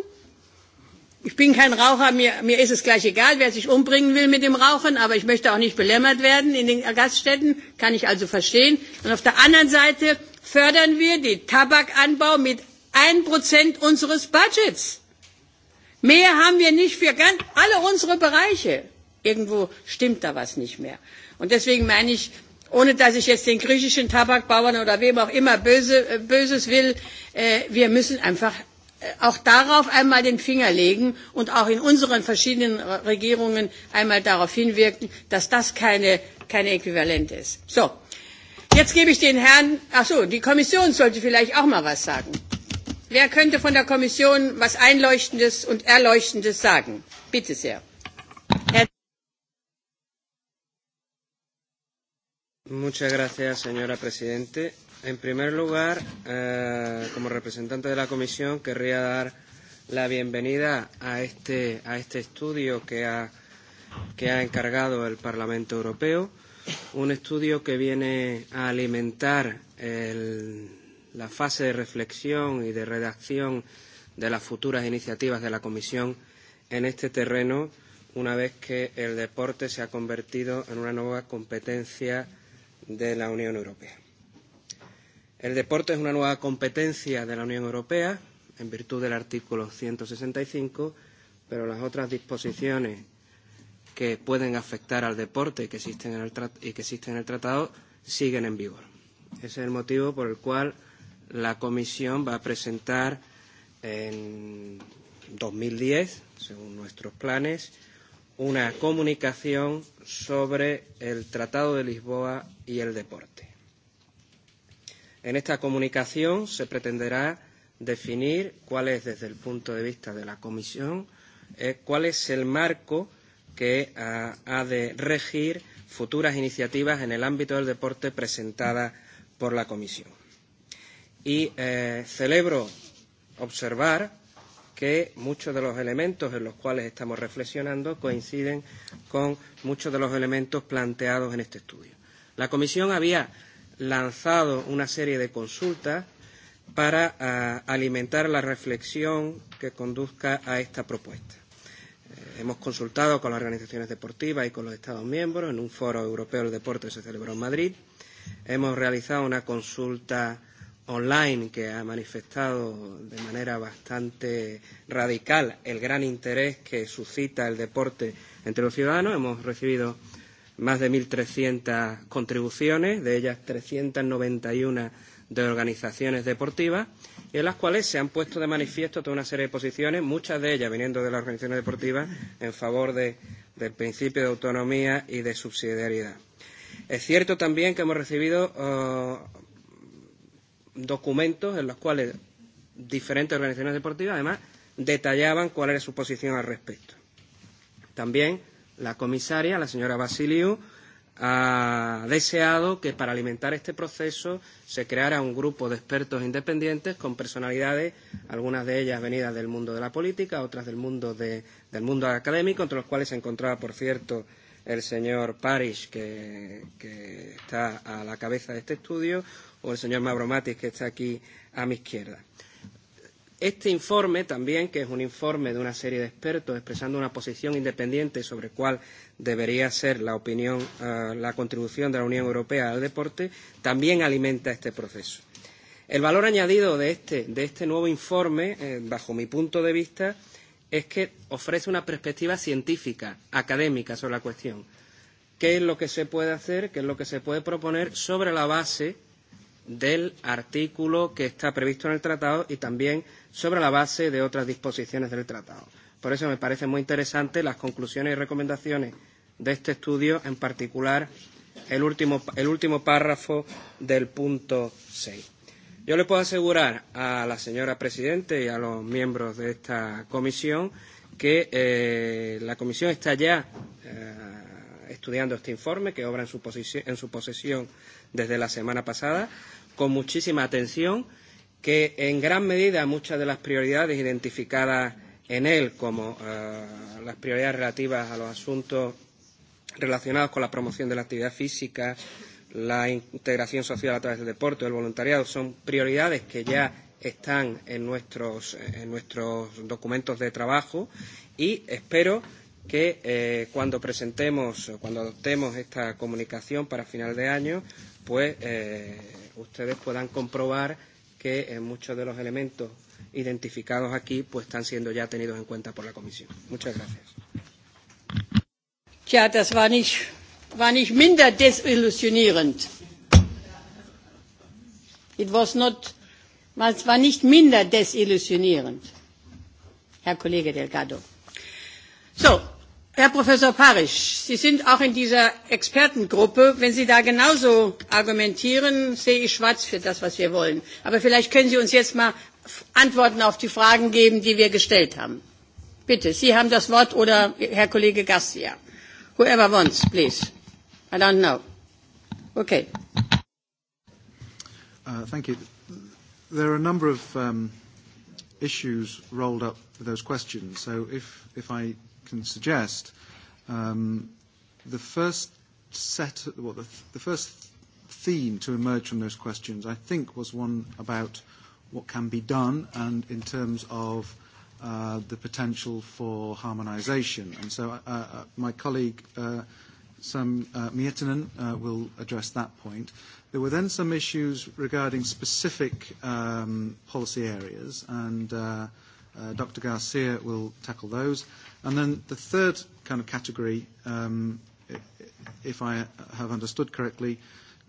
ich bin kein Raucher, mir, mir ist es gleich egal, wer sich umbringen will mit dem Rauchen, aber ich möchte auch nicht belämmert werden in den Gaststätten, kann ich also verstehen. Und auf der anderen Seite fördern wir den Tabakanbau mit 1% unseres Budgets. Mehr haben wir nicht für ganz, alle unsere Bereiche. Irgendwo stimmt da was nicht mehr. Und deswegen meine ich, ohne dass ich jetzt den griechischen Tabakbauern oder wem auch immer böse, äh, Böses will, äh, wir müssen einfach auch darauf einmal den Finger legen und auch in unseren verschiedenen Regierungen einmal darauf hinwirken, dass das keine, keine Äquivalent ist. So, jetzt gebe ich den Herrn, ach so, die Kommission sollte vielleicht auch mal was sagen. Wer könnte von der Kommission was Einleuchtendes und Erleuchtendes sagen? Bitte sehr. Herr Muchas gracias, señora Presidente. En primer lugar, eh, como representante de la Comisión, querría dar la bienvenida a este, a este estudio que ha, que ha encargado el Parlamento Europeo, un estudio que viene a alimentar el, la fase de reflexión y de redacción de las futuras iniciativas de la Comisión en este terreno, una vez que el deporte se ha convertido en una nueva competencia de la Unión Europea. El deporte es una nueva competencia de la Unión Europea en virtud del artículo 165, pero las otras disposiciones que pueden afectar al deporte que existen en el y que existen en el tratado siguen en vigor. Ese es el motivo por el cual la Comisión va a presentar en 2010, según nuestros planes, una comunicación sobre el Tratado de Lisboa y el deporte. En esta comunicación se pretenderá definir cuál es, desde el punto de vista de la Comisión, eh, cuál es el marco que ah, ha de regir futuras iniciativas en el ámbito del deporte presentadas por la Comisión. Y eh, celebro observar que muchos de los elementos en los cuales estamos reflexionando coinciden con muchos de los elementos planteados en este estudio. La Comisión había lanzado una serie de consultas para uh, alimentar la reflexión que conduzca a esta propuesta. Eh, hemos consultado con las organizaciones deportivas y con los Estados miembros en un foro europeo del deporte que se celebró en Madrid. Hemos realizado una consulta online que ha manifestado de manera bastante radical el gran interés que suscita el deporte entre los ciudadanos. Hemos recibido más de 1.300 contribuciones, de ellas 391 de organizaciones deportivas, en las cuales se han puesto de manifiesto toda una serie de posiciones, muchas de ellas viniendo de las organizaciones deportivas, en favor de, del principio de autonomía y de subsidiariedad. Es cierto también que hemos recibido uh, documentos en los cuales diferentes organizaciones deportivas, además, detallaban cuál era su posición al respecto. También La comisaria, la señora Basiliu, ha deseado que para alimentar este proceso se creara un grupo de expertos independientes con personalidades, algunas de ellas venidas del mundo de la política, otras del mundo, de, del mundo académico, entre los cuales se encontraba, por cierto, el señor Parish, que, que está a la cabeza de este estudio, o el señor Mavromatis, que está aquí a mi izquierda. Este informe también, que es un informe de una serie de expertos expresando una posición independiente sobre cuál debería ser la opinión, uh, la contribución de la Unión Europea al deporte, también alimenta este proceso. El valor añadido de este, de este nuevo informe, eh, bajo mi punto de vista, es que ofrece una perspectiva científica, académica sobre la cuestión. ¿Qué es lo que se puede hacer? ¿Qué es lo que se puede proponer sobre la base del artículo que está previsto en el tratado y también sobre la base de otras disposiciones del tratado. Por eso me parecen muy interesantes las conclusiones y recomendaciones de este estudio, en particular el último, el último párrafo del punto 6. Yo le puedo asegurar a la señora Presidente y a los miembros de esta comisión que eh, la comisión está ya eh, estudiando este informe que obra en su, en su posesión desde la semana pasada con muchísima atención que en gran medida muchas de las prioridades identificadas en él, como uh, las prioridades relativas a los asuntos relacionados con la promoción de la actividad física, la integración social a través del deporte, el voluntariado, son prioridades que ya están en nuestros, en nuestros documentos de trabajo y espero que eh, cuando presentemos, cuando adoptemos esta comunicación para final de año, pues eh, ustedes puedan comprobar que eh, muchos de los elementos identificados aquí pues están siendo ya tenidos en cuenta por la Comisión. Muchas gracias. Ja, das war nicht, war nicht minder desillusionierend. It was not, es war nicht minder desillusionierend, Herr Kollege Delgado. So, Herr Professor Parisch, Sie sind auch in dieser Expertengruppe. Wenn Sie da genauso argumentieren, sehe ich schwarz für das, was wir wollen. Aber vielleicht können Sie uns jetzt mal Antworten auf die Fragen geben, die wir gestellt haben. Bitte, Sie haben das Wort oder Herr Kollege Garcia. Whoever wants, please. I don't know. Okay. Uh, thank you. There are a number of um, issues rolled up with those questions. So if, if I can suggest. Um, the first set, well, the, the first theme to emerge from those questions, I think, was one about what can be done and in terms of uh, the potential for harmonization. And so uh, uh, my colleague uh, Sam uh, Mietinen uh, will address that point. There were then some issues regarding specific um, policy areas, and uh, uh, Dr. Garcia will tackle those. And then the third kind of category, um, if I have understood correctly,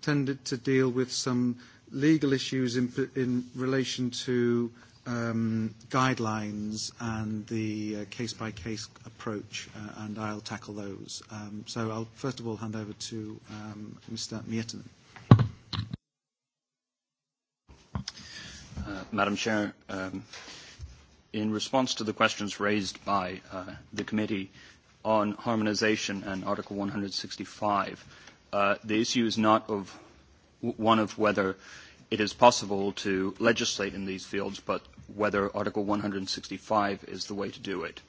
tended to deal with some legal issues in, in relation to um, guidelines and the uh, case-by-case uh, -case approach, uh, and I'll tackle those. Um, so I'll first of all hand over to um, Mr. Mietinen. Uh, Madam Chair, um, in response to the questions raised by uh, the committee on harmonization and Article 165, uh, the issue is not of one of whether it is possible to legislate in these fields, but whether Article 165 is the way to do it.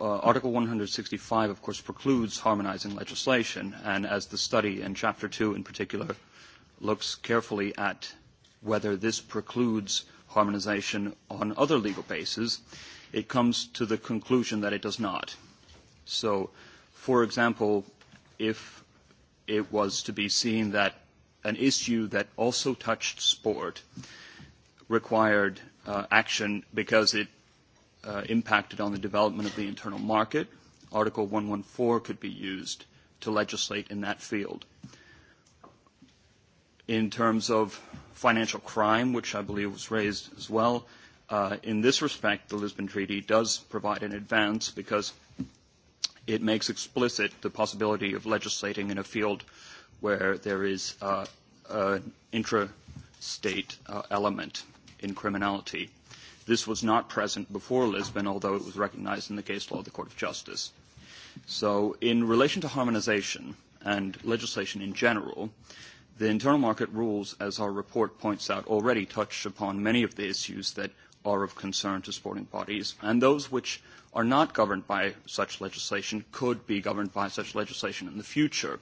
Uh, Article 165, of course, precludes harmonizing legislation, and as the study in Chapter 2 in particular looks carefully at whether this precludes harmonisation on other legal bases, it comes to the conclusion that it does not. So, for example, if it was to be seen that an issue that also touched sport required uh, action because it uh, impacted on the development of the internal market, Article 114 could be used to legislate in that field in terms of financial crime, which I believe was raised as well. Uh, in this respect, the Lisbon Treaty does provide an advance because it makes explicit the possibility of legislating in a field where there is uh, an intra-state uh, element in criminality. This was not present before Lisbon, although it was recognized in the case law of the Court of Justice. So in relation to harmonization and legislation in general, uh, The internal market rules, as our report points out, already touch upon many of the issues that are of concern to sporting bodies, and those which are not governed by such legislation could be governed by such legislation in the future.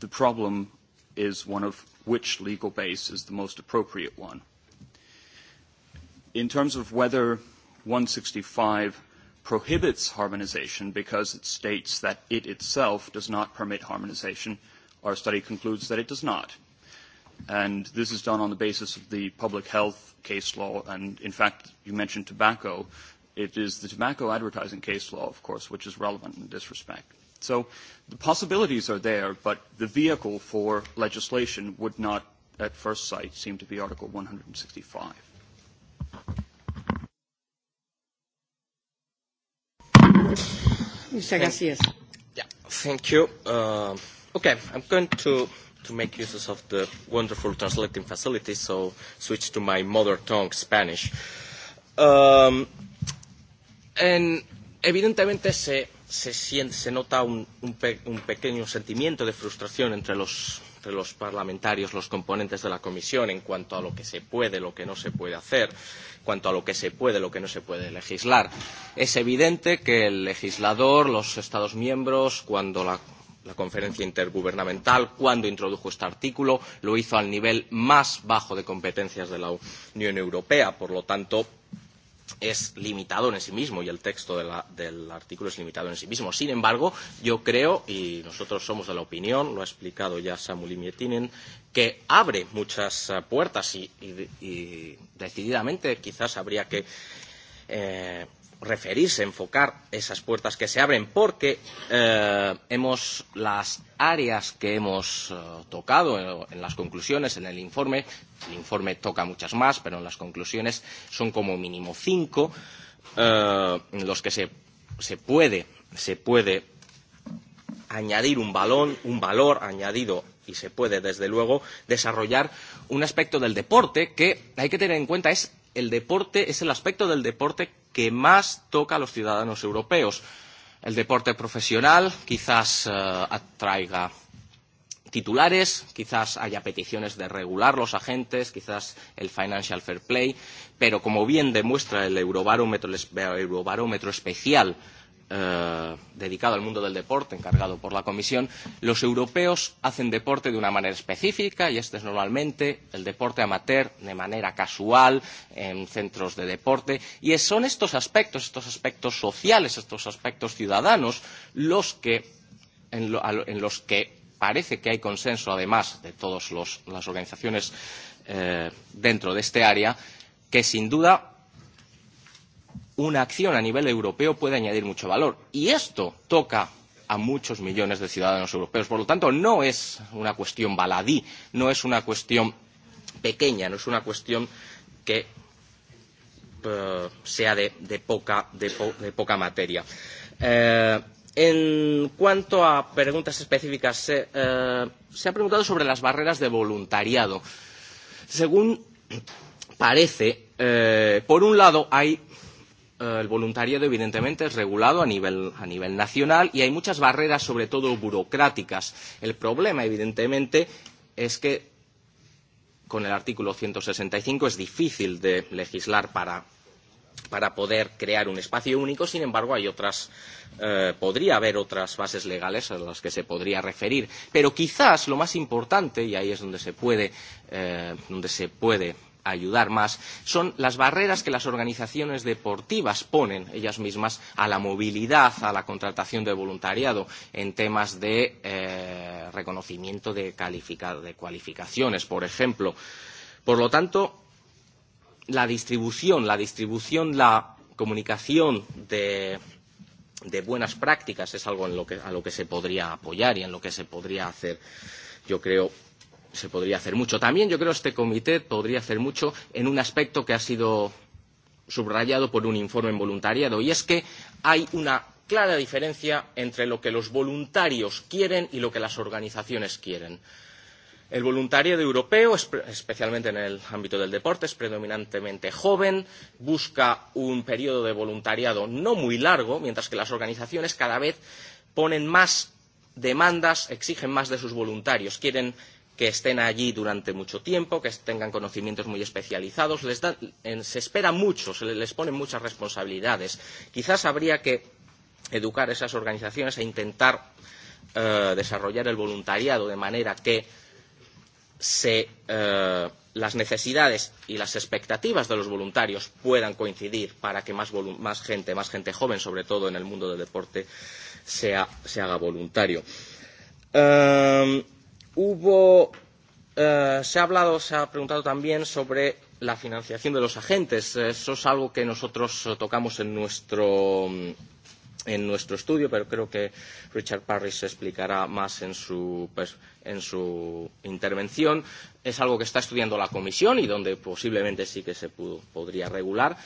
The problem is one of which legal base is the most appropriate one. In terms of whether 165 prohibits harmonization because it states that it itself does not permit harmonization, Our study concludes that it does not. And this is done on the basis of the public health case law. And in fact, you mentioned tobacco. It is the tobacco advertising case law, of course, which is relevant in this respect. So the possibilities are there, but the vehicle for legislation would not, at first sight, seem to be Article 165. Mr. Garcia. thank you. Uh, Okay, I'm going to, to make use of the wonderful translating facility, so switch to my mother tongue, Spanish. Um, and evidentemente se, se, siente, se nota un, un, pe, un pequeño sentimiento de frustración entre los, entre los parlamentarios, los componentes de la comisión, en cuanto a lo que se puede, lo que no se puede hacer, en cuanto a lo que se puede, lo que no se puede legislar. Es evidente que el legislador, los Estados miembros, cuando la la conferencia intergubernamental, cuando introdujo este artículo, lo hizo al nivel más bajo de competencias de la Unión Europea. Por lo tanto, es limitado en sí mismo y el texto de la, del artículo es limitado en sí mismo. Sin embargo, yo creo, y nosotros somos de la opinión, lo ha explicado ya Samuel Mietinen, que abre muchas uh, puertas y, y, y decididamente quizás habría que eh, referirse, enfocar esas puertas que se abren, porque eh, hemos, las áreas que hemos eh, tocado en, eh, en las conclusiones, en el informe, el informe toca muchas más, pero en las conclusiones son como mínimo cinco eh, en los que se, se puede, se puede añadir un, balón, un valor añadido y se puede, desde luego, desarrollar un aspecto del deporte que hay que tener en cuenta es el deporte es el aspecto del deporte que más toca a los ciudadanos europeos. El deporte profesional quizás uh, atraiga titulares, quizás haya peticiones de regular los agentes, quizás el financial fair play, pero como bien demuestra el Eurobarómetro, el Eurobarómetro especial uh, Eh, dedicado al mundo del deporte, encargado por la Comisión, los europeos hacen deporte de una manera específica y este es normalmente el deporte amateur de manera casual en centros de deporte y son estos aspectos, estos aspectos sociales, estos aspectos ciudadanos los que en, lo, en los que parece que hay consenso además de todas las organizaciones eh, dentro de este área que sin duda una acción a nivel europeo puede añadir mucho valor. Y esto toca a muchos millones de ciudadanos europeos. Por lo tanto, no es una cuestión baladí, no es una cuestión pequeña, no es una cuestión que eh, sea de, de, poca, de, po, de poca materia. Eh, en cuanto a preguntas específicas, eh, eh, se ha preguntado sobre las barreras de voluntariado. Según parece, eh, por un lado hay el voluntariado evidentemente es regulado a nivel, a nivel nacional y hay muchas barreras, sobre todo burocráticas. El problema, evidentemente, es que con el artículo 165 es difícil de legislar para, para poder crear un espacio único. Sin embargo, hay otras, eh, podría haber otras bases legales a las que se podría referir. Pero quizás lo más importante, y ahí es donde se puede, eh, donde se puede ayudar más son las barreras que las organizaciones deportivas ponen ellas mismas a la movilidad, a la contratación de voluntariado en temas de eh, reconocimiento de, de cualificaciones, por ejemplo. Por lo tanto, la distribución, la distribución, la comunicación de, de buenas prácticas es algo en lo que, a lo que se podría apoyar y en lo que se podría hacer, yo creo, se podría hacer mucho. También yo creo que este comité podría hacer mucho en un aspecto que ha sido subrayado por un informe en voluntariado, y es que hay una clara diferencia entre lo que los voluntarios quieren y lo que las organizaciones quieren. El voluntariado europeo, especialmente en el ámbito del deporte, es predominantemente joven, busca un periodo de voluntariado no muy largo, mientras que las organizaciones cada vez ponen más demandas, exigen más de sus voluntarios, quieren que estén allí durante mucho tiempo, que tengan conocimientos muy especializados. Les da, en, eh, se espera mucho, se les, les ponen muchas responsabilidades. Quizás habría que educar a esas organizaciones a e intentar eh, desarrollar el voluntariado de manera que se, eh, las necesidades y las expectativas de los voluntarios puedan coincidir para que más, más gente, más gente joven, sobre todo en el mundo del deporte, sea, se haga voluntario. Eh, Hubo, eh, se ha hablado, se ha preguntado también sobre la financiación de los agentes. Eso es algo que nosotros eh, tocamos en nuestro, mm, en nuestro estudio, pero creo que Richard Parrish se explicará más en su, pues, en su intervención. Es algo que está estudiando la Comisión y donde posiblemente sí que se pudo, podría regular.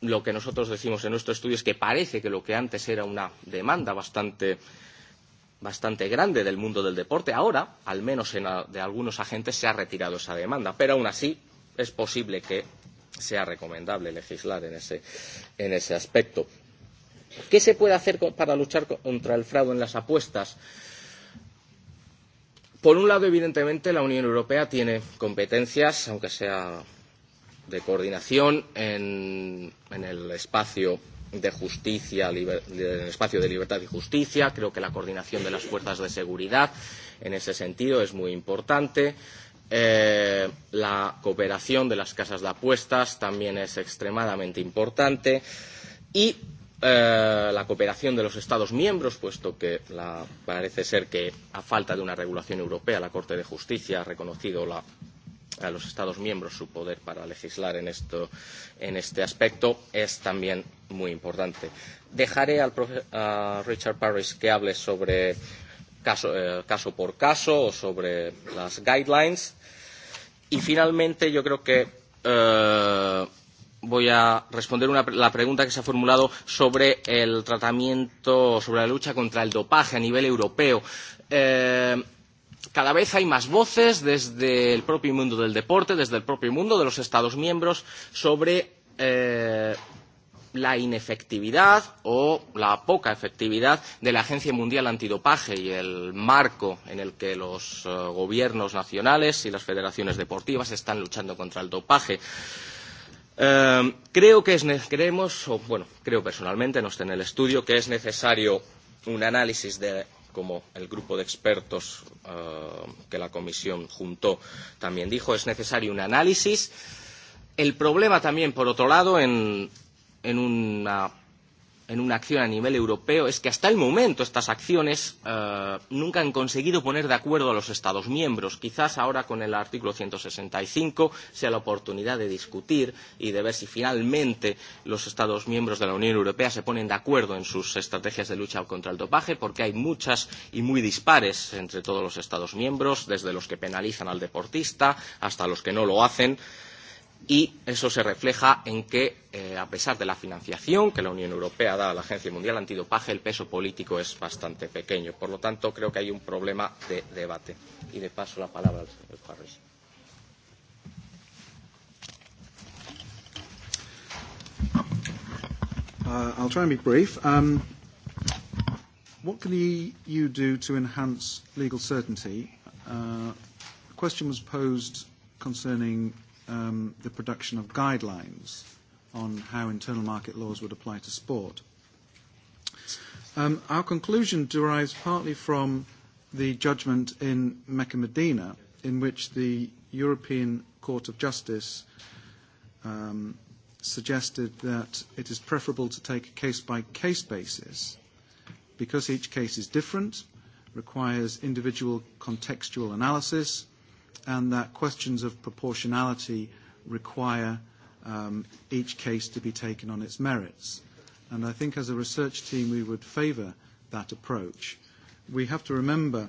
Lo que nosotros decimos en nuestro estudio es que parece que lo que antes era una demanda bastante bastante grande del mundo del deporte. Ahora, al menos en a, de algunos agentes, se ha retirado esa demanda, pero aún así es posible que sea recomendable legislar en ese, en ese aspecto. ¿Qué se puede hacer para luchar contra el fraude en las apuestas? Por un lado, evidentemente, la Unión Europea tiene competencias, aunque sea de coordinación, en, en el espacio de justicia, liber, de, el espacio de libertad y justicia. Creo que la coordinación de las fuerzas de seguridad en ese sentido es muy importante. Eh, la cooperación de las casas de apuestas también es extremadamente importante y eh, la cooperación de los Estados miembros, puesto que la, parece ser que a falta de una regulación europea la Corte de Justicia ha reconocido la a los Estados miembros su poder para legislar en, esto, en este aspecto es también muy importante. Dejaré al profe, a Richard Parrish que hable sobre caso, eh, caso por caso o sobre las guidelines. Y finalmente yo creo que eh, voy a responder una, la pregunta que se ha formulado sobre el tratamiento, sobre la lucha contra el dopaje a nivel europeo. Eh, cada vez hay más voces desde el propio mundo del deporte, desde el propio mundo de los Estados miembros, sobre eh, la inefectividad o la poca efectividad de la Agencia Mundial Antidopaje y el marco en el que los eh, gobiernos nacionales y las federaciones deportivas están luchando contra el dopaje. Eh, creo que es, creemos, o bueno, creo personalmente, no está en el estudio, que es necesario un análisis de como el grupo de expertos uh, que la Comisión juntó también dijo, es necesario un análisis. El problema también, por otro lado, en, en una en una acción a nivel europeo es que hasta el momento estas acciones eh, nunca han conseguido poner de acuerdo a los Estados miembros. Quizás ahora con el artículo 165 sea la oportunidad de discutir y de ver si finalmente los Estados miembros de la Unión Europea se ponen de acuerdo en sus estrategias de lucha contra el dopaje, porque hay muchas y muy dispares entre todos los Estados miembros, desde los que penalizan al deportista hasta los que no lo hacen y eso se refleja en que, eh, a pesar de la financiación que la Unión Europea da a la Agencia Mundial Antidopaje, el peso político es bastante pequeño. Por lo tanto, creo que hay un problema de debate. Y de paso la palabra al señor Harris. Uh, I'll try and be brief. Um, what can the EU do to enhance legal certainty? Uh, the question was posed concerning um, the production of guidelines on how internal market laws would apply to sport. Um, our conclusion derives partly from the judgment in Mecca Medina, in which the European Court of Justice um, suggested that it is preferable to take a case by case basis because each case is different, requires individual contextual analysis, and that questions of proportionality require um, each case to be taken on its merits. And I think as a research team, we would favour that approach. We have to remember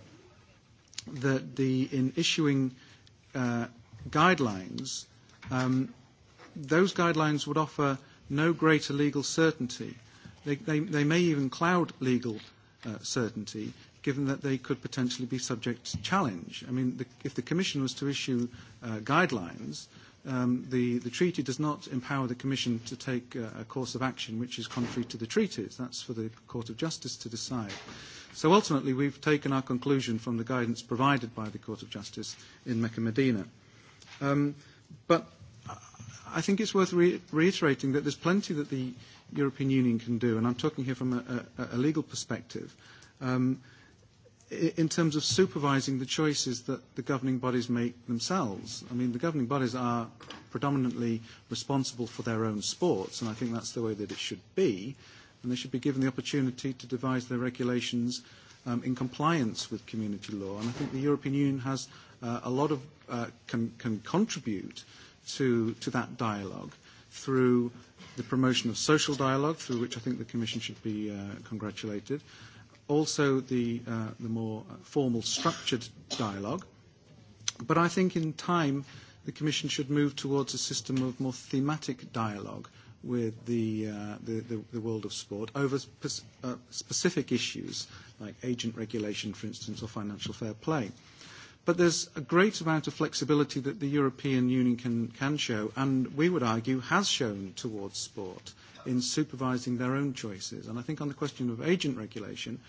that the, in issuing uh, guidelines, um, those guidelines would offer no greater legal certainty. They, they, they may even cloud legal uh, certainty given that they could potentially be subject to challenge. I mean, the, if the Commission was to issue uh, guidelines, um, the, the treaty does not empower the Commission to take uh, a course of action which is contrary to the treaties. That's for the Court of Justice to decide. So ultimately, we've taken our conclusion from the guidance provided by the Court of Justice in Mecca Medina. Um, but I think it's worth re- reiterating that there's plenty that the European Union can do, and I'm talking here from a, a, a legal perspective. Um, in terms of supervising the choices that the governing bodies make themselves. I mean, the governing bodies are predominantly responsible for their own sports, and I think that's the way that it should be. And they should be given the opportunity to devise their regulations um, in compliance with community law. And I think the European Union has uh, a lot of uh, can, can contribute to, to that dialogue through the promotion of social dialogue, through which I think the Commission should be uh, congratulated also the, uh, the more uh, formal structured dialogue. But I think in time, the Commission should move towards a system of more thematic dialogue with the, uh, the, the, the world of sport over spe- uh, specific issues like agent regulation, for instance, or financial fair play. But there's a great amount of flexibility that the European Union can, can show, and we would argue has shown towards sport in supervising their own choices. And I think on the question of agent regulation,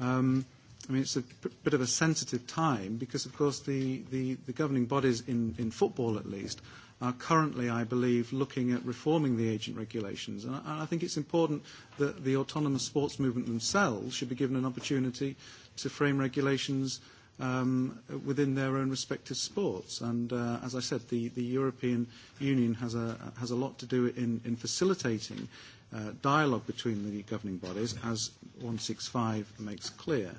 um, I mean, it's a bit of a sensitive time because, of course, the, the, the governing bodies in, in football, at least, are currently, I believe, looking at reforming the agent regulations. And I, I think it's important that the autonomous sports movement themselves should be given an opportunity to frame regulations – um, within their own respective sports. And uh, as I said, the, the European Union has a, has a lot to do in, in facilitating uh, dialogue between the governing bodies, as 165 makes clear,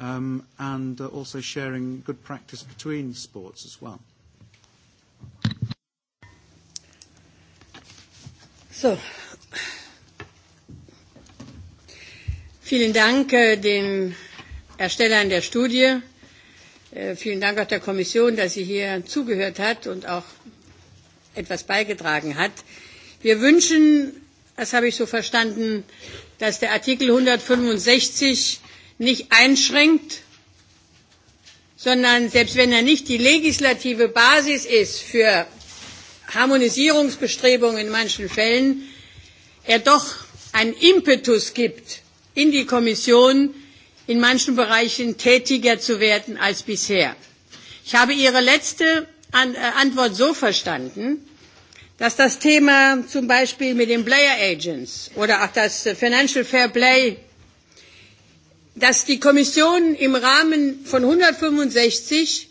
um, and uh, also sharing good practice between sports as well. So. Vielen Dank äh, den Erstellern der Studie. Äh, vielen Dank auch der Kommission, dass sie hier zugehört hat und auch etwas beigetragen hat. Wir wünschen, das habe ich so verstanden, dass der Artikel 165 nicht einschränkt, sondern selbst wenn er nicht die legislative Basis ist für Harmonisierungsbestrebungen in manchen Fällen, er doch einen Impetus gibt in die Kommission, in manchen Bereichen tätiger zu werden als bisher. Ich habe Ihre letzte äh, Antwort so verstanden, dass das Thema zum Beispiel mit den Player Agents oder auch das Financial Fair Play, dass die Kommission im Rahmen von 165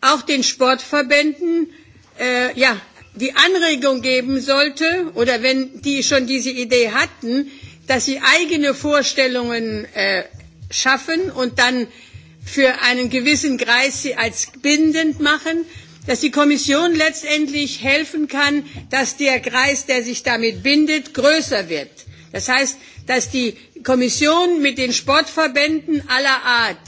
auch den Sportverbänden äh, ja, die Anregung geben sollte oder wenn die schon diese Idee hatten, dass sie eigene Vorstellungen äh, schaffen und dann für einen gewissen Kreis sie als bindend machen, dass die Kommission letztendlich helfen kann, dass der Kreis, der sich damit bindet, größer wird. Das heißt, dass die Kommission mit den Sportverbänden aller Art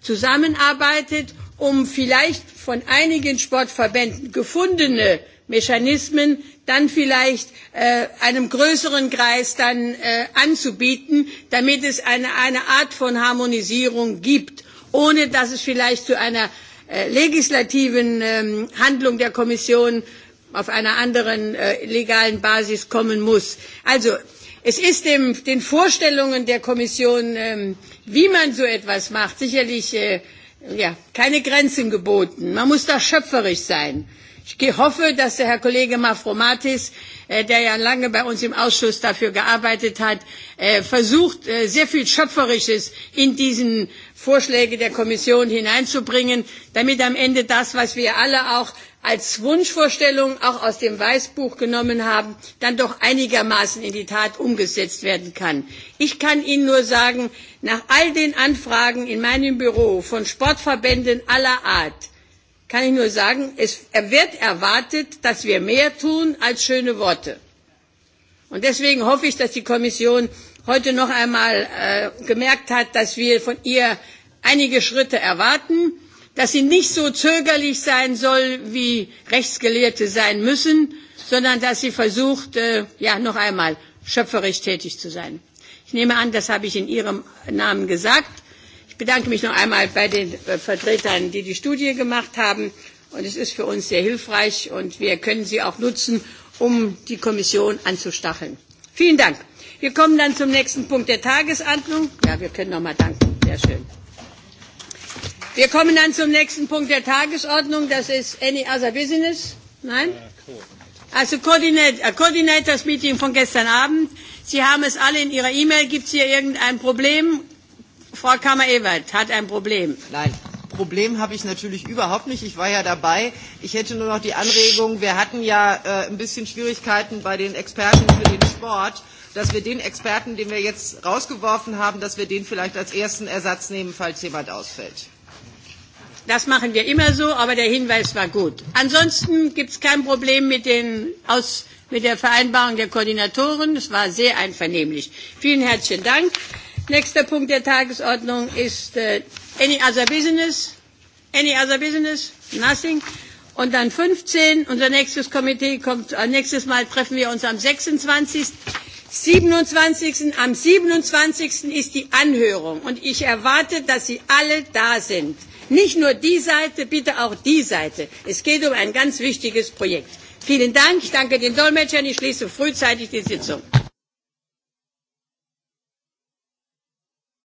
zusammenarbeitet, um vielleicht von einigen Sportverbänden gefundene Mechanismen dann vielleicht äh, einem größeren Kreis dann äh, anzubieten, damit es eine, eine Art von Harmonisierung gibt, ohne dass es vielleicht zu einer äh, legislativen ähm, Handlung der Kommission auf einer anderen äh, legalen Basis kommen muss. Also es ist dem, den Vorstellungen der Kommission, ähm, wie man so etwas macht, sicherlich äh, ja, keine Grenzen geboten. Man muss da schöpferisch sein. Ich hoffe, dass der Herr Kollege Mafromatis, äh, der ja lange bei uns im Ausschuss dafür gearbeitet hat, äh, versucht, äh, sehr viel Schöpferisches in diesen Vorschläge der Kommission hineinzubringen, damit am Ende das, was wir alle auch als Wunschvorstellung auch aus dem Weißbuch genommen haben, dann doch einigermaßen in die Tat umgesetzt werden kann. Ich kann Ihnen nur sagen, nach all den Anfragen in meinem Büro von Sportverbänden aller Art, kann ich nur sagen, es er wird erwartet, dass wir mehr tun als schöne Worte. Und deswegen hoffe ich, dass die Kommission heute noch einmal äh, gemerkt hat, dass wir von ihr einige Schritte erwarten, dass sie nicht so zögerlich sein soll, wie Rechtsgelehrte sein müssen, sondern dass sie versucht, äh, ja, noch einmal schöpferisch tätig zu sein. Ich nehme an, das habe ich in Ihrem Namen gesagt bedanke mich noch einmal bei den äh, Vertretern, die die Studie gemacht haben. Und es ist für uns sehr hilfreich und wir können sie auch nutzen, um die Kommission anzustacheln. Vielen Dank. Wir kommen dann zum nächsten Punkt der Tagesordnung. Ja, wir können noch mal danken. Sehr schön. Wir kommen dann zum nächsten Punkt der Tagesordnung. Das ist Any Other Business? Nein? Also äh, Coordinators Meeting von gestern Abend. Sie haben es alle in Ihrer E-Mail. Gibt es hier irgendein Problem? Frau Kammer-Ewald hat ein Problem. Nein. Problem habe ich natürlich überhaupt nicht. Ich war ja dabei. Ich hätte nur noch die Anregung, wir hatten ja äh, ein bisschen Schwierigkeiten bei den Experten für den Sport, dass wir den Experten, den wir jetzt rausgeworfen haben, dass wir den vielleicht als ersten Ersatz nehmen, falls jemand ausfällt. Das machen wir immer so, aber der Hinweis war gut. Ansonsten gibt es kein Problem mit, den Aus, mit der Vereinbarung der Koordinatoren. Es war sehr einvernehmlich. Vielen herzlichen Dank. Nächster Punkt der Tagesordnung ist äh, any other business? Any other business? Nothing. Und dann 15. Unser nächstes Komitee kommt, äh, nächstes Mal treffen wir uns am 26. 27. Am 27. ist die Anhörung und ich erwarte, dass Sie alle da sind. Nicht nur die Seite, bitte auch die Seite. Es geht um ein ganz wichtiges Projekt. Vielen Dank. Ich danke den Dolmetschern. Ich schließe frühzeitig die Sitzung.